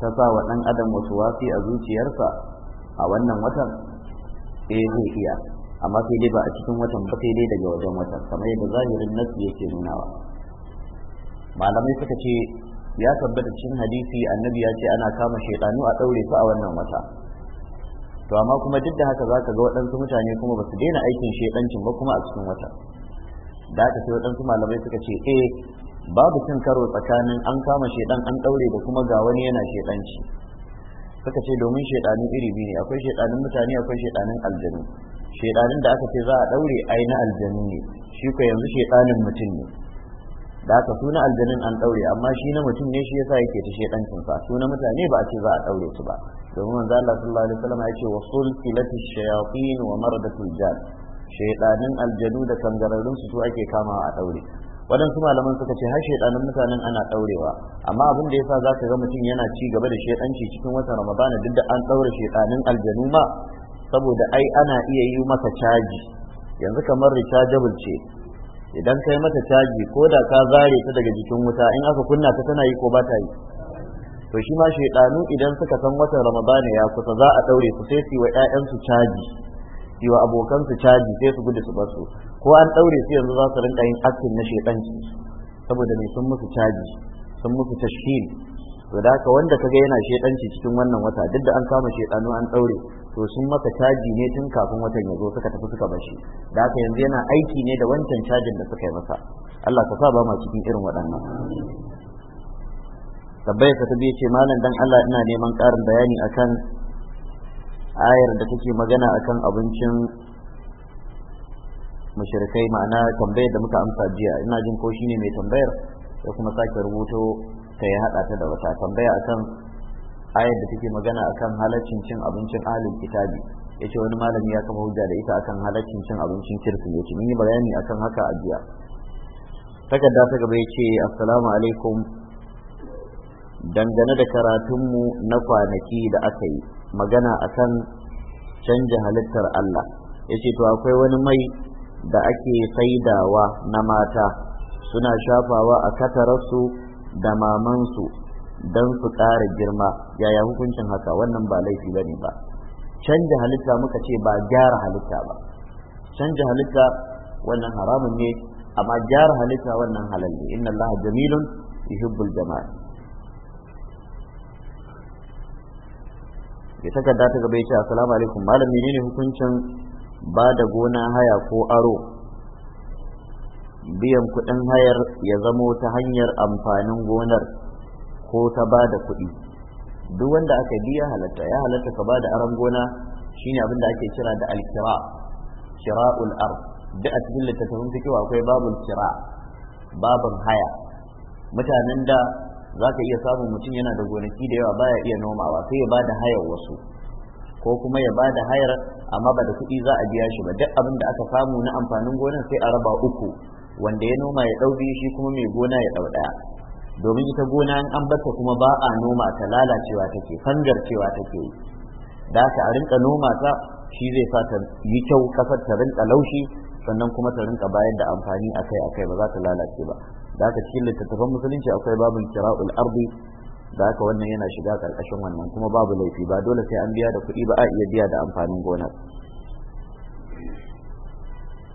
C: ta sa wa ɗan adam wasu wafi a zuciyarsa a wannan watan eh zai iya amma sai dai ba a cikin watan ba dai daga wajen watan kamar yadda zahirin nasu yake nunawa malamai suka ce ya tabbata cikin hadisi annabi ya ce ana kama shaidanu a ɗaure su a wannan wata to amma kuma duk da haka zaka ga waɗansu mutane kuma ba su daina aikin shaidancin ba kuma a cikin wata da haka sai waɗansu malamai suka ce eh babu cin karo tsakanin an kama shaidan an ɗaure da kuma ga wani yana shaidanci suka ce domin shaidanun iri biyu ne akwai shaidanun mutane akwai shaidanun aljanu shaidanun da aka ce za a ɗaure ai na aljanu ne shi ko yanzu shaidanin mutum ne da haka suna aljanin an daure amma shi na mutum ne shi yasa yake ta shedancin sa suna mutane ba a ce za a daure su ba domin manzo Allah sallallahu alaihi wasallam ya ce wa sulsilati shayatin wa maradatul jan shedanin aljanu da kangararrun su ake kama a daure waɗansu malaman suka ce har shedanin mutanen ana daurewa amma abin da yasa ka ga mutum yana ci gaba da shedanci cikin watan ramadana duk da an daure shedanin aljanu ma saboda ai ana iya yi maka caji yanzu kamar rechargeable ce idan kai mata caji ko da ka zare ta daga jikin wuta in aka kunna ta tana yi ko ba ta yi to shi ma shaidanu idan suka san watan ramadana ya kusa za a daure su sai su wa su caji su wa abokansu caji sai su gudu su basu ko an daure su yanzu za su rinka yin aktin na shaidanci saboda ne sun musu caji sun musu tashkil to da haka wanda kaga yana shedanci cikin wannan wata duk da an kama shedanu an daure to sun maka caji ne tun kafin watan ya zo suka tafi suka bashi da haka yanzu yana aiki ne da wancan cajin da suka yi masa Allah ka sa ba ma cikin irin waɗannan tabbai ka ce malam dan Allah ina neman ƙarin bayani akan ayar da take magana akan abincin mushrikai ma'ana tambayar da muka amsa jiya ina jin ko shine mai tambayar ya kuma sake rubuto haka ya haɗa ta da wata tambaya kan ayar da take magana a kan halaccin cin abincin ahlul kitabi yace wani malami ya kafa hujja da ita akan halaccin cin abincin kirsimeti mun yi bayani akan haka a jiya takarda ta gaba ya ce assalamu alaikum dangane da karatunmu na kwanaki da aka yi magana akan canja halittar Allah ya ce to akwai wani mai da ake saidawa na mata suna shafawa a katararsu da mamansu don su ƙara girma yaya hukuncin haka wannan ba laifi ba ne ba canja halitta muka ce ba gyara halitta ba canja halitta wannan haramun ne amma gyara halitta wannan halal ne inna allaha jamilun yuhibbul jamal ya takarda ta gaba ya ce assalamu alaikum malam menene hukuncin ba da gona haya ko aro biyan kuɗin hayar ya zamo ta hanyar amfanin gonar ko ta ba da kuɗi duk wanda aka biya halatta ya halatta ka ba da aron gona shine abin da ake kira da alkira kira'ul ard duk a cikin littattafin fikiwa akwai babul kira babun haya mutanen da za ka iya samun mutum yana da gonaki da yawa baya iya nomawa sai ya ba da hayar wasu ko kuma ya ba da hayar amma ba da kuɗi za a biya shi ba duk abin da aka samu na amfanin gonar sai a raba uku wanda ya noma ya ɗau shi kuma mai gona ya ɗau ɗaya domin ita gona in an bata kuma ba a noma ta lalacewa take fangar cewa take yi da haka a rinka noma ta shi zai sa ta yi kyau kasar ta rinka laushi sannan kuma ta rinka bayar da amfani akai akai ba za ta lalace ba da cikin littattafan musulunci akwai babin kira'ul ardi da ka wannan yana shiga karkashin wannan kuma babu laifi ba dole sai an biya da kuɗi ba a iya biya da amfanin gonar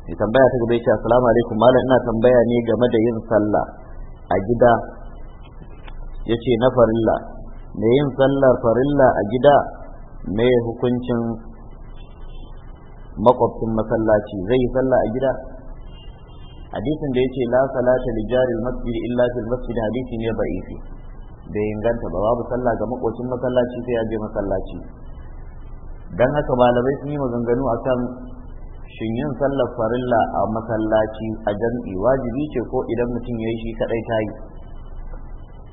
C: mai tambaya ta gaba yace assalamu alaikum malam ina tambaya ne game da yin sallah a gida yace na farilla me yin sallar farilla a gida me hukuncin makwabcin masallaci zai yi sallah a gida hadisin da yace la salata li jaril masjid illa fil masjid hadisi ne da'ifi bai inganta ba babu sallah ga makocin masallaci sai ya je masallaci dan haka malamai sun yi maganganu akan shin yin sallar farilla a masallaci a jam'i wajibi ce ko idan mutum ya yi shi kadai ta yi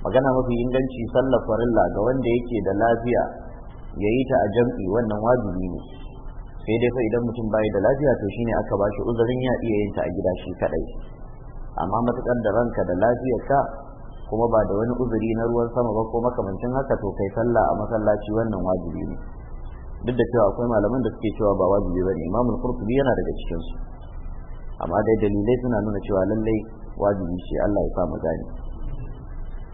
C: magana mafi inganci sallar farilla ga wanda yake da lafiya ya yi ta a jam'i wannan wajibi ne sai dai fa idan mutum bai da lafiya to shine aka ba shi uzurin ya iya yin ta a gida shi kadai amma matukar da ranka da lafiyar ta, kuma ba da wani uzuri na ruwan sama ba ko makamancin haka to kai sallah a masallaci wannan wajibi ne duk da cewa akwai malaman da suke cewa ba wajibi bane imamu al-qurtubi yana daga cikin su amma dai dalilai suna nuna cewa lallai wajibi shi Allah ya sa gani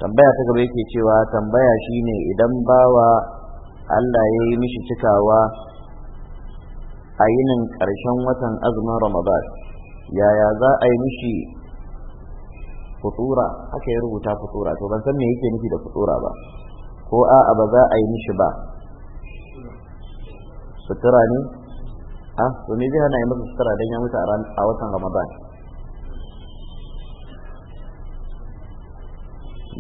C: tambaya ta gaba yake cewa tambaya shine idan bawa Allah ya yi mishi cikawa a yinin ƙarshen watan azumin Ramadan yaya za a yi mishi fitura aka yi rubuta kutsura, to ban san me yake nufi da fitura ba ko a'a ba za a yi mishi ba sutura ne a to me zai hana yi masa sutura don ya mutu a watan ramadan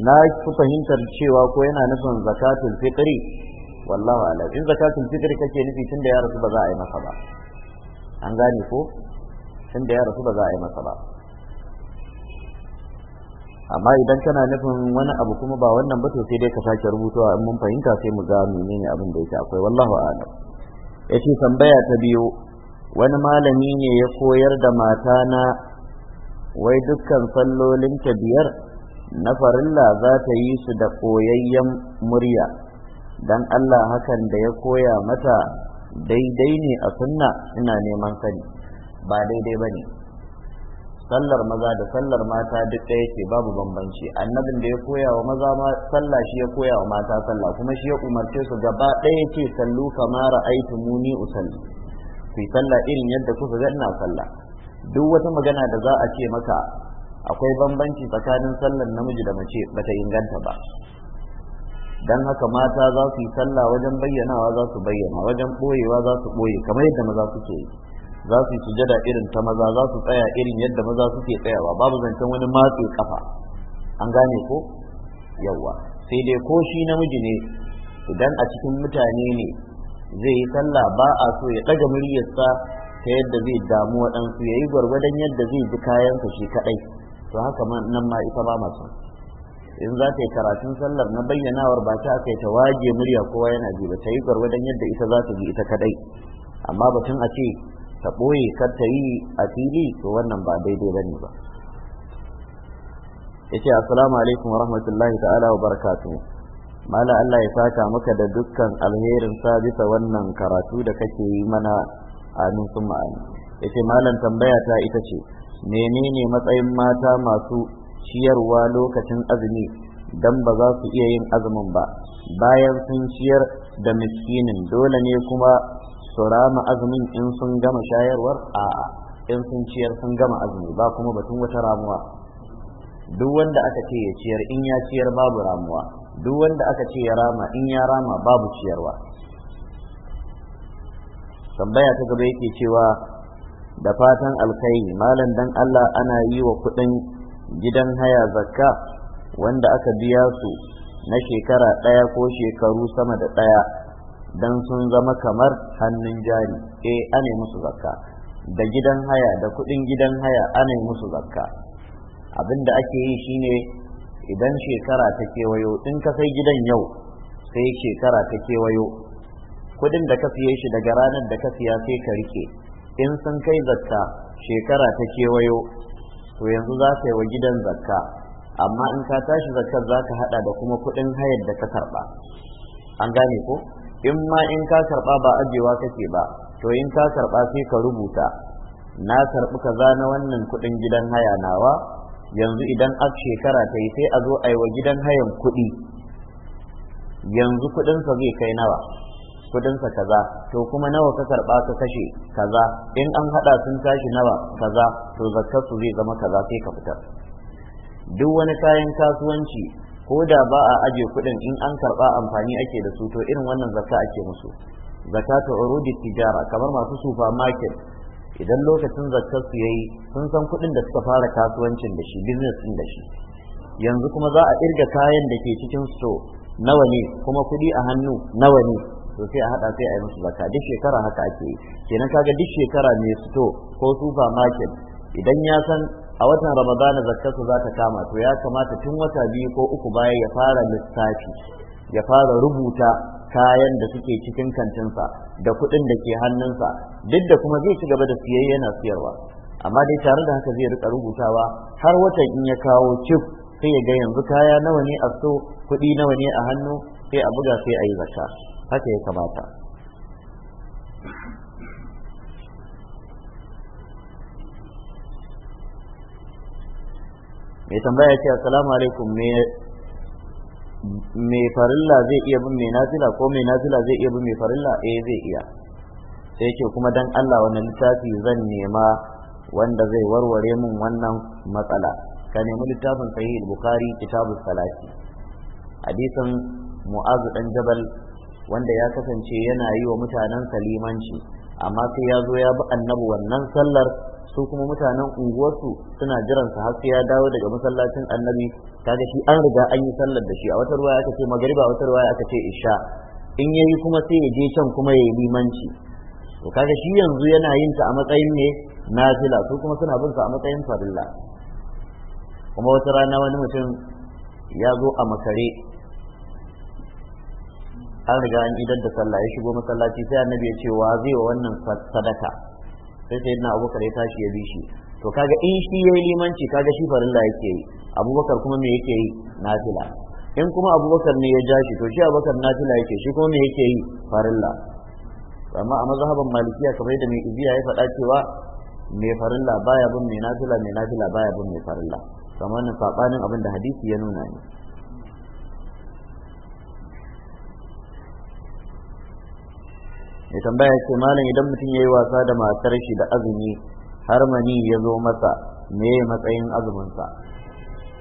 C: na fi fahimtar cewa ko yana nufin zakatul fitri wallahu ala in zakatul fitri kake nufi tunda ya rasu ba za a yi masa ba an gane ko tunda ya rasu ba za a yi masa ba amma idan kana nufin wani abu kuma ba wannan ba to sai dai ka sake rubutu a mun fahimta sai mu ga menene abin da yake akwai wallahu alam yace tambaya ta biyu wani malami ne ya koyar da mata na wai dukkan sallolinta biyar na farilla za ta yi su da koyayyen murya don allah hakan da ya koya mata daidai ne a sunna ina neman sani ba daidai ba ne sallar maza da sallar mata duk ɗaya ce babu bambanci annabin da ya koya wa maza ma sallah shi ya koya wa mata sallah kuma shi ya umarce su gaba ɗaya ce sallu kamar aitu muni usalli ku yi sallah irin yadda kuka ga ina sallah duk wata magana da za a ce maka akwai bambanci tsakanin sallar namiji da mace bata inganta ba dan haka mata za su yi sallah wajen bayyanawa za su bayyana wajen ɓoyewa za su ɓoye kamar yadda maza suke yi za su yi sujada irin ta maza za su tsaya irin yadda maza suke tsayawa babu zancen wani matse kafa an gane ko yawa sai dai ko shi namiji ne idan a cikin mutane ne zai yi sallah ba a so ya ɗaga muryarsa ta yadda zai damu waɗansu ya yi gwargwadon yadda zai ji kayansa shi kaɗai to haka nan ma ita ba masu in za ta yi karatun sallar na bayyanawar ba ta aka ta wage murya kowa yana ji ba ta yi gwargwadon yadda ita za ta ji ita kaɗai amma batun a ce ta ɓoye kar ta yi a fili to wannan ba daidai ba ne ba ya ce assalamu alaikum wa rahmatullahi ta'ala wa barakatu mala Allah ya saka maka da dukkan alherin sa bisa wannan karatu da kake yi mana amin sun ma'ani ya ce malam tambaya ta ita ce menene matsayin mata masu ciyarwa lokacin azumi dan ba za su iya yin azumin ba bayan sun ciyar da miskinin dole ne kuma su rama azumin in sun gama shayarwar a'a in sun ciyar sun gama azumi ba kuma batun wata ramuwa duk wanda aka ce ya ciyar in ya ciyar babu ramuwa duk wanda aka ce ya rama in ya rama babu ciyarwa tambaya ta gaba yake cewa da fatan alkhairi malam dan Allah ana yi wa kudin gidan haya zakka wanda aka biya su na shekara ɗaya ko shekaru sama da ɗaya dan sun zama kamar hannun jari eh ane musu zakka da gidan haya da kuɗin gidan haya ane musu zakka abinda ake yi shine idan shekara ta kewayo in ka sai gidan yau sai shekara ta kewayo kuɗin da ka siye shi daga ranar da ka siya sai ka rike in sun kai zakka shekara ta kewayo to yanzu za ka yi wa gidan zakka amma in ka tashi zakkar za ka hada da kuma kuɗin hayar da ka karɓa an gane ko in ma in ka karɓa ba ajewa kake ba to in ka karɓa sai ka rubuta na karɓi kaza na wannan kuɗin gidan haya nawa yanzu idan a shekara ta yi sai a zo a yi wa gidan hayan kuɗi yanzu kuɗinsa zai kai nawa kuɗinsa kaza to kuma nawa ka karba ka kashe kaza in an haɗa sun tashi nawa kaza to zakkarsu zai zama kaza sai ka fitar duk wani kayan kasuwanci ko da ba a aje kuɗin in an karɓa amfani ake da su to irin wannan zakka ake musu zakatu urudi tijara kamar masu supe-market idan lokacin zakkar su yayi sun san kuɗin da suka fara kasuwancin da shi business din da shi yanzu kuma za a irga kayan da ke cikin su nawa ne kuma kuɗi a hannu nawa ne to sai a hada sai a yi musu zakka duk shekara haka ake yi kenan kaga duk shekara ne to ko super-market idan ya san a watan ramadana zakkarsa za ta kama to ya kamata tun wata biyu ko uku baya ya fara lissafi ya fara rubuta kayan da suke cikin kantinsa da kuɗin da ke hannunsa duk da kuma zai ci gaba da siyayyana yana siyarwa amma dai tare da haka zai rika rubutawa har watan in ya kawo cif sai ya ga yanzu kaya nawa ne a so kuɗi nawa ne a hannu sai a buga sai a yi zakka haka ya kamata mai tambaya ya ce assalamu alaikum me farilla zai iya bin mai nafila ko mai nafila zai iya bin mai farilla eh zai iya sai ce kuma dan Allah wani littafi zan nema wanda zai warware min wannan matsala ka nemi littafin sahih bukhari kitabus salati hadisin mu'azu dan jabal wanda ya kasance yana yi wa mutanen salimanci amma sai ya zo ya bi annabi wannan sallar su kuma mutanen unguwarsu suna jiran sa har ya dawo daga masallacin annabi kaga shi an riga an yi sallar da shi a wata ruwaya aka ce magariba a wata ruwaya aka ce isha in yayi kuma sai ya je can kuma ya yi limanci to kaga shi yanzu yana yin ta a matsayin ne nafila su kuma suna bin sa a matsayin farilla kuma wata rana wani mutum ya zo a makare an riga an idar da sallah ya shigo masallaci sai annabi ya ce wa zai wa wannan sadaka sai sai na abubakar ya tashi ya bi shi to kaga in shi yayi limanci kaga shi da yake yi abubakar kuma me yake yi nafila in kuma abubakar ne ya ja shi to shi abubakar nafila yake shi kuma me yake yi farilla amma a mazhaban malikiya kamar da mai ibiya ya faɗa cewa mai farilla baya bin mai nafila mai nafila baya bin mai farilla kamar nan sabanin abin da hadisi ya nuna ne ya tambaya ce malam idan mutum ya yi wasa da matar shi da azumi har mani ya zo masa me matsayin azuminsa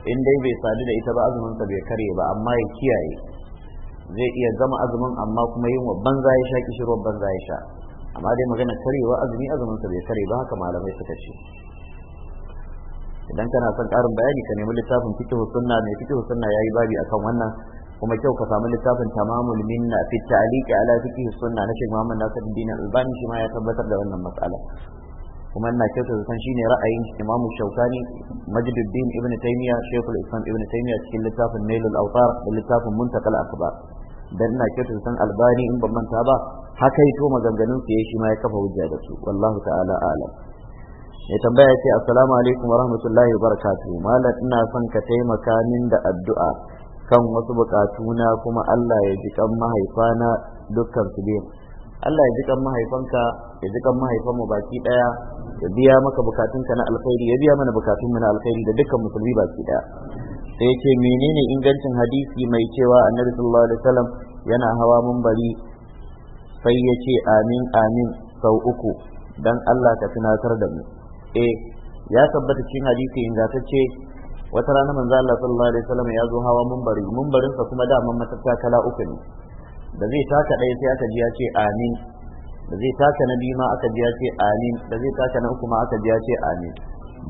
C: in dai bai sadu da ita ba azuminsa bai kare ba amma ya kiyaye zai iya zama azumin amma kuma yin wa banza ya sha kishirwar banza ya sha amma dai magana karewa azumi azuminsa bai kare ba haka malamai suka ce idan kana son karin bayani ka nemi littafin fikihu sunna mai fikihu sunna yayi babi akan wannan kuma kyau ka samu littafin tamamul minna fi ta'liqi ala fiqh sunna na Sheikh Muhammad Nasiruddin Albani shi ma ya tabbatar da wannan matsala kuma ina kyauta zaton shine ra'ayin Imam Shawkani Majduddin Ibn Taymiyyah Sheikhul Islam Ibn Taymiyyah cikin littafin Nailul Awtar da littafin Muntakal Akbar dan ina kyauta san Albani in ban manta ba haka yi to maganganun su yayi shi ma ya kafa hujja da su wallahu ta'ala a'lam ya tambaya ce assalamu alaikum wa rahmatullahi wa barakatuh malam ina son ka taimaka min da addu'a kan wasu bukatuna kuma Allah ya ji kan mahaifana dukkan su biyu Allah ya ji kan mahaifanka ya ji kan mahaifan mu baki daya ya biya maka bukatunka na alkhairi ya biya mana mu na alkhairi da dukkan musulmi baki daya sai yace menene ingancin hadisi mai cewa annabi sallallahu alaihi wasallam yana hawa munbari sai ya ce amin amin sau uku dan Allah ka tunatar da mu eh ya tabbata cikin hadisi ingantacce wata rana manzo Allah sallallahu alaihi wasallam ya zo hawa mumbari mumbarin sa kuma daman matakka kala uku ne da zai taka ɗaya sai aka ji ya ce amin da zai taka na biyu ma aka ji ya ce amin da zai taka na uku ma aka ji ya ce amin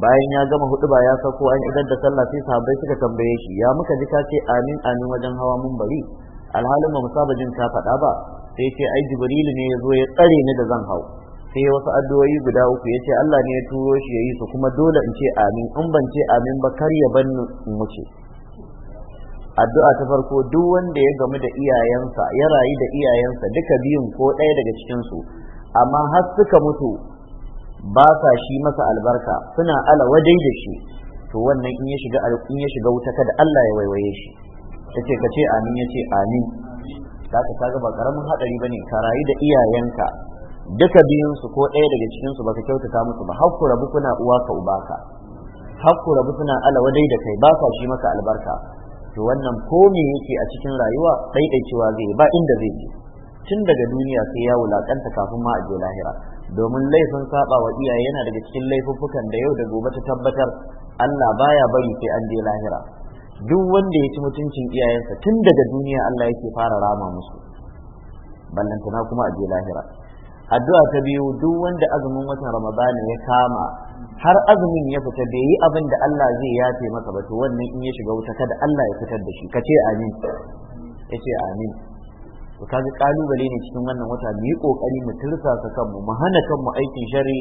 C: bayan ya gama huɗuba ya sauko an idar da sallah sai sahabbai suka tambaye shi ya muka ji ka ce amin amin wajen hawa mumbari alhalin ba mu saba jin ka faɗa ba sai ce ai jibrilu ne ya zo ya tsare ni da zan hau sai wasu addu'o'i guda uku ya ce Allah ne ya turo shi ya yi su kuma dole in ce amin in ban ce amin ba kar ya ban in wuce addu'a ta farko duk wanda ya gamu da iyayensa ya rayu da iyayensa duka biyun ko ɗaya daga cikin su amma har suka mutu ba sa shi masa albarka suna ala wajen da shi to wannan in ya shiga in ya shiga wuta kada Allah ya waiwaye shi ce ka ce amin ya ce amin ka ka ga ba karamin hadari bane ka rayu da iyayenka duka biyun su ko ɗaya daga cikin su baka kyautata musu ba hakku rabu kuna uwa ka uba ka hakku rabu suna alawa dai da kai ba sa shi maka albarka to wannan ko me yake a cikin rayuwa ɗaiɗaicewa zai ba inda zai je tun daga duniya sai ya wulakanta kafin ma a je lahira domin laifin saba wa iyaye yana daga cikin laifuffukan da yau da gobe ta tabbatar Allah baya bari sai an je lahira duk wanda ya ci mutuncin iyayensa tun daga duniya Allah yake fara rama musu ballantana kuma a je lahira addu'a ta biyu duk wanda azumin watan ramadana ya kama har azumin ya fita bai yi abin da Allah zai yafe masa ba to wannan in ya shiga wuta kada Allah ya fitar da shi ka ce amin ya ce amin to kaga kalubale ne cikin wannan wata mu yi kokari mu sa kanmu mu hana kanmu aikin shari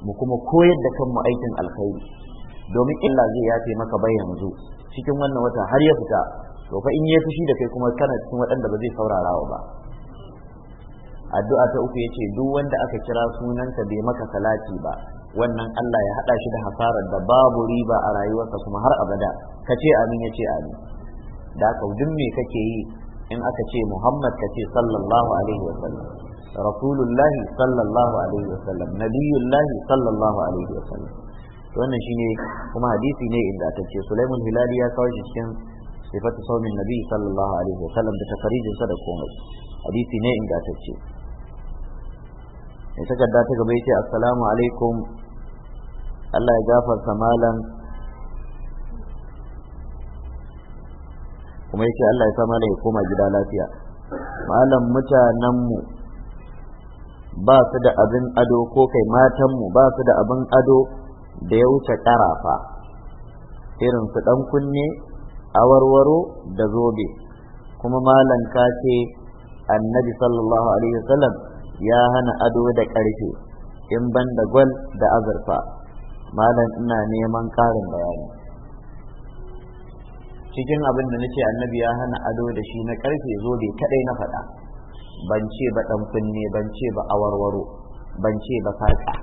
C: mu kuma koyar da kanmu aikin alkhairi domin Allah zai yafe maka bai yanzu cikin wannan wata har ya fita to fa in ya fushi da kai kuma kana cikin waɗanda ba zai saurara ba addu'a ta uku yace duk wanda aka kira sunanka bai maka salati ba wannan Allah ya hada shi da hasarar da babu riba a rayuwarsa kuma har abada kace amin yace amin da haka duk me kake yi in aka ce Muhammad kace sallallahu alaihi wasallam rasulullahi sallallahu alaihi wasallam nabiyullahi sallallahu alaihi wasallam to wannan shine kuma hadisi ne inda ta ce Sulaiman Hilali ya kawo shi cikin sifatu saumin nabi sallallahu alaihi wasallam da takarijin sa da komai hadisi ne inda ta ce mai takarda ta gaba ce assalamu alaikum Allah ya gafarta malam kuma yake Allah ya sa malam ya koma gida lafiya malam mutanen mu ba su da abin ado ko kai matan mu ba su da abin ado da ya wuce karafa irin su dan kunne awarwaro da zobe kuma malam ka ce annabi sallallahu alaihi wasallam ya hana ado da ƙarfe in ban da gwal da azurfa malam ina neman ƙarin bayani cikin abin da nace annabi ya hana ado da shi na ƙarfe zobe kadai na faɗa ban ce ba ɗan kunne ban ce ba awarwaro ban ce ba faƙa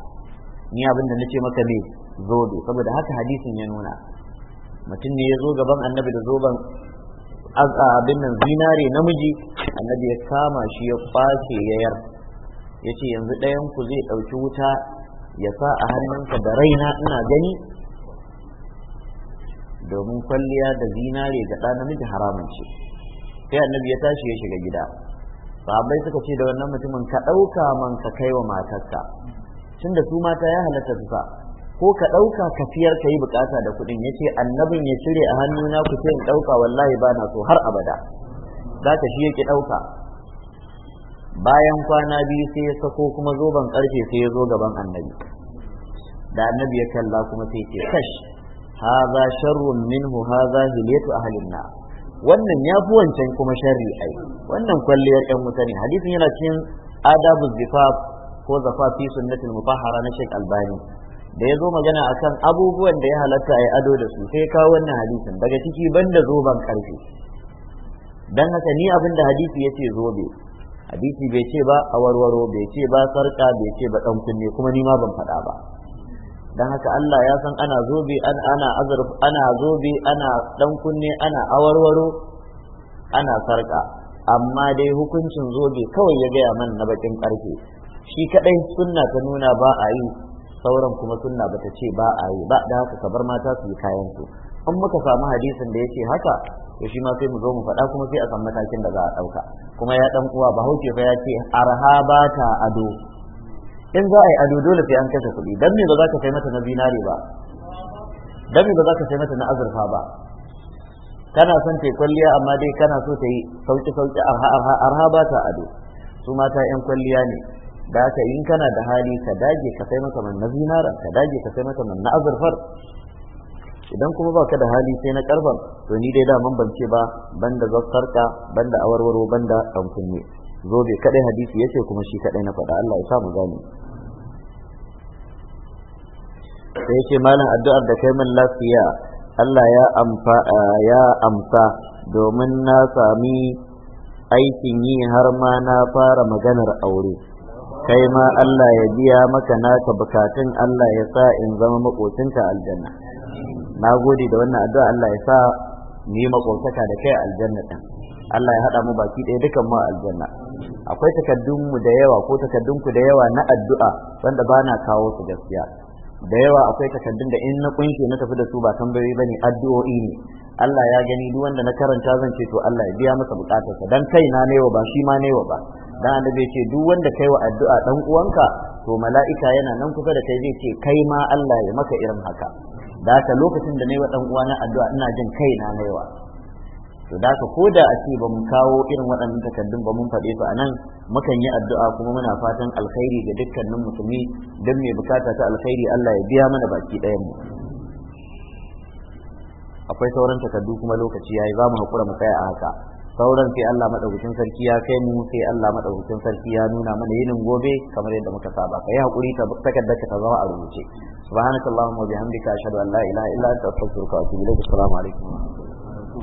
C: ni abin da nace maka ne zobe saboda haka hadisin ya nuna mutum ne ya zo gaban annabi da zoban abin nan zinare namiji annabi ya kama shi ya kwace ya yar yace yanzu ɗayan ku zai ɗauki wuta ya sa a hannunka da raina ina gani domin kwalliya da zinare ga ɗa namiji haramun ce sai annabi ya tashi ya shiga gida sahabbai suka ce da wannan mutumin ka ɗauka man ka kai wa matarka da su mata ya halatta su ko ka ɗauka ka fiyar ka yi bukata da kuɗin yace annabin ya cire a hannuna ku ce in ɗauka wallahi bana so har abada za ka shi yake ɗauka bayan kwana biyu sai ya sako kuma zoben karfe sai ya zo gaban annabi da annabi ya kalla kuma sai ce kash haza sharrun minhu haza hilatu ahlin na wannan ya fi wancan kuma sharri ai wannan kwalliyar yan wuta ne hadisin yana cikin adabu zifaf ko Zafafi, fi sunnatul mutahhara na Sheikh Albani da ya zo magana akan abubuwan da ya halatta yi ado da su sai kawo wannan hadisin daga ciki banda zoben karfe dan haka ni abinda da hadisi yace zobe hadisi bai ce ba a warwaro bai ce ba sarka bai ce ba dan kunne kuma ni ma ban faɗa ba dan haka Allah ya san ana zobe ana azurf ana zobe ana dan kunne ana awarwaro ana sarka amma dai hukuncin zobe kawai ya gaya man na bakin karfe shi kadai sunna ta nuna ba a yi sauran kuma sunna bata ce ba a yi ba da haka kabar mata su yi kayan su in muka samu hadisin da yake haka to shi ma sai mu zo mu faɗa kuma sai a san matakin da za a ɗauka kuma ya ɗan uwa bahaushe fa ya ce arha ba ta ado in za a yi ado dole sai an kashe kuɗi dan me ba za ka sai mata na zinare ba dan me ba za ka sai mata na azurfa ba kana son ta kwalliya amma dai kana so ta yi sauki sauki arha arha arha ba ta ado su mata yan kwalliya ne da haka in kana da hali ka dage ka sai mata man na zinaren ka dage ka sai mata man na azurfar idan kuma baka da hali sai na karban to ni dai daman ban ce ba banda zassarka banda awarwaro banda dan kunne zo bai kadai hadisi yace kuma shi kadai na faɗa Allah ya sa mu gane sai yace malam addu'ar da kai min lafiya Allah ya amfa ya amsa domin na sami aikin yi har ma na fara maganar aure kai ma Allah ya biya maka naka bukatun Allah ya sa in zama makocinka aljanna na gode da wannan addu'a Allah ya sa mu yi makwautaka da kai aljanna din Allah ya haɗa mu baki ɗaya dukan mu aljanna akwai takaddun mu da yawa ko takaddun ku da yawa na addu'a wanda ba na kawo su gaskiya da yawa akwai takaddun da in na kunshe na tafi da su ba tambayoyi bane addu'o'i ne Allah ya gani duk wanda na karanta zan ce to Allah ya biya masa bukatarsa dan kai na wa ba shi ma wa ba dan annabi ce duk wanda kai wa addu'a dan uwanka to mala'ika yana nan kusa da kai zai ce kai ma Allah ya maka irin haka da haka lokacin da na wa ɗan uwana addu'a ina jin kai na yawa to da haka ko da a ce ba mu kawo irin waɗannan takardun ba mun faɗe su a nan mukan yi addu'a kuma muna fatan alkhairi ga dukkanin musulmi don mai bukata ta alkhairi Allah ya biya mana baki ɗayan mu akwai sauran takardu kuma lokaci yayi za mu haƙura mu kai a haka sauran sai Allah madaukakin sarki ya kai mu sai Allah madaukakin sarki ya nuna mana yinin gobe kamar yadda muka saba kai hakuri ta takarda ka zama a rubuce subhanakallahumma wa bihamdika ashhadu an la ilaha illa anta astaghfiruka wa atubu ilaik assalamu alaikum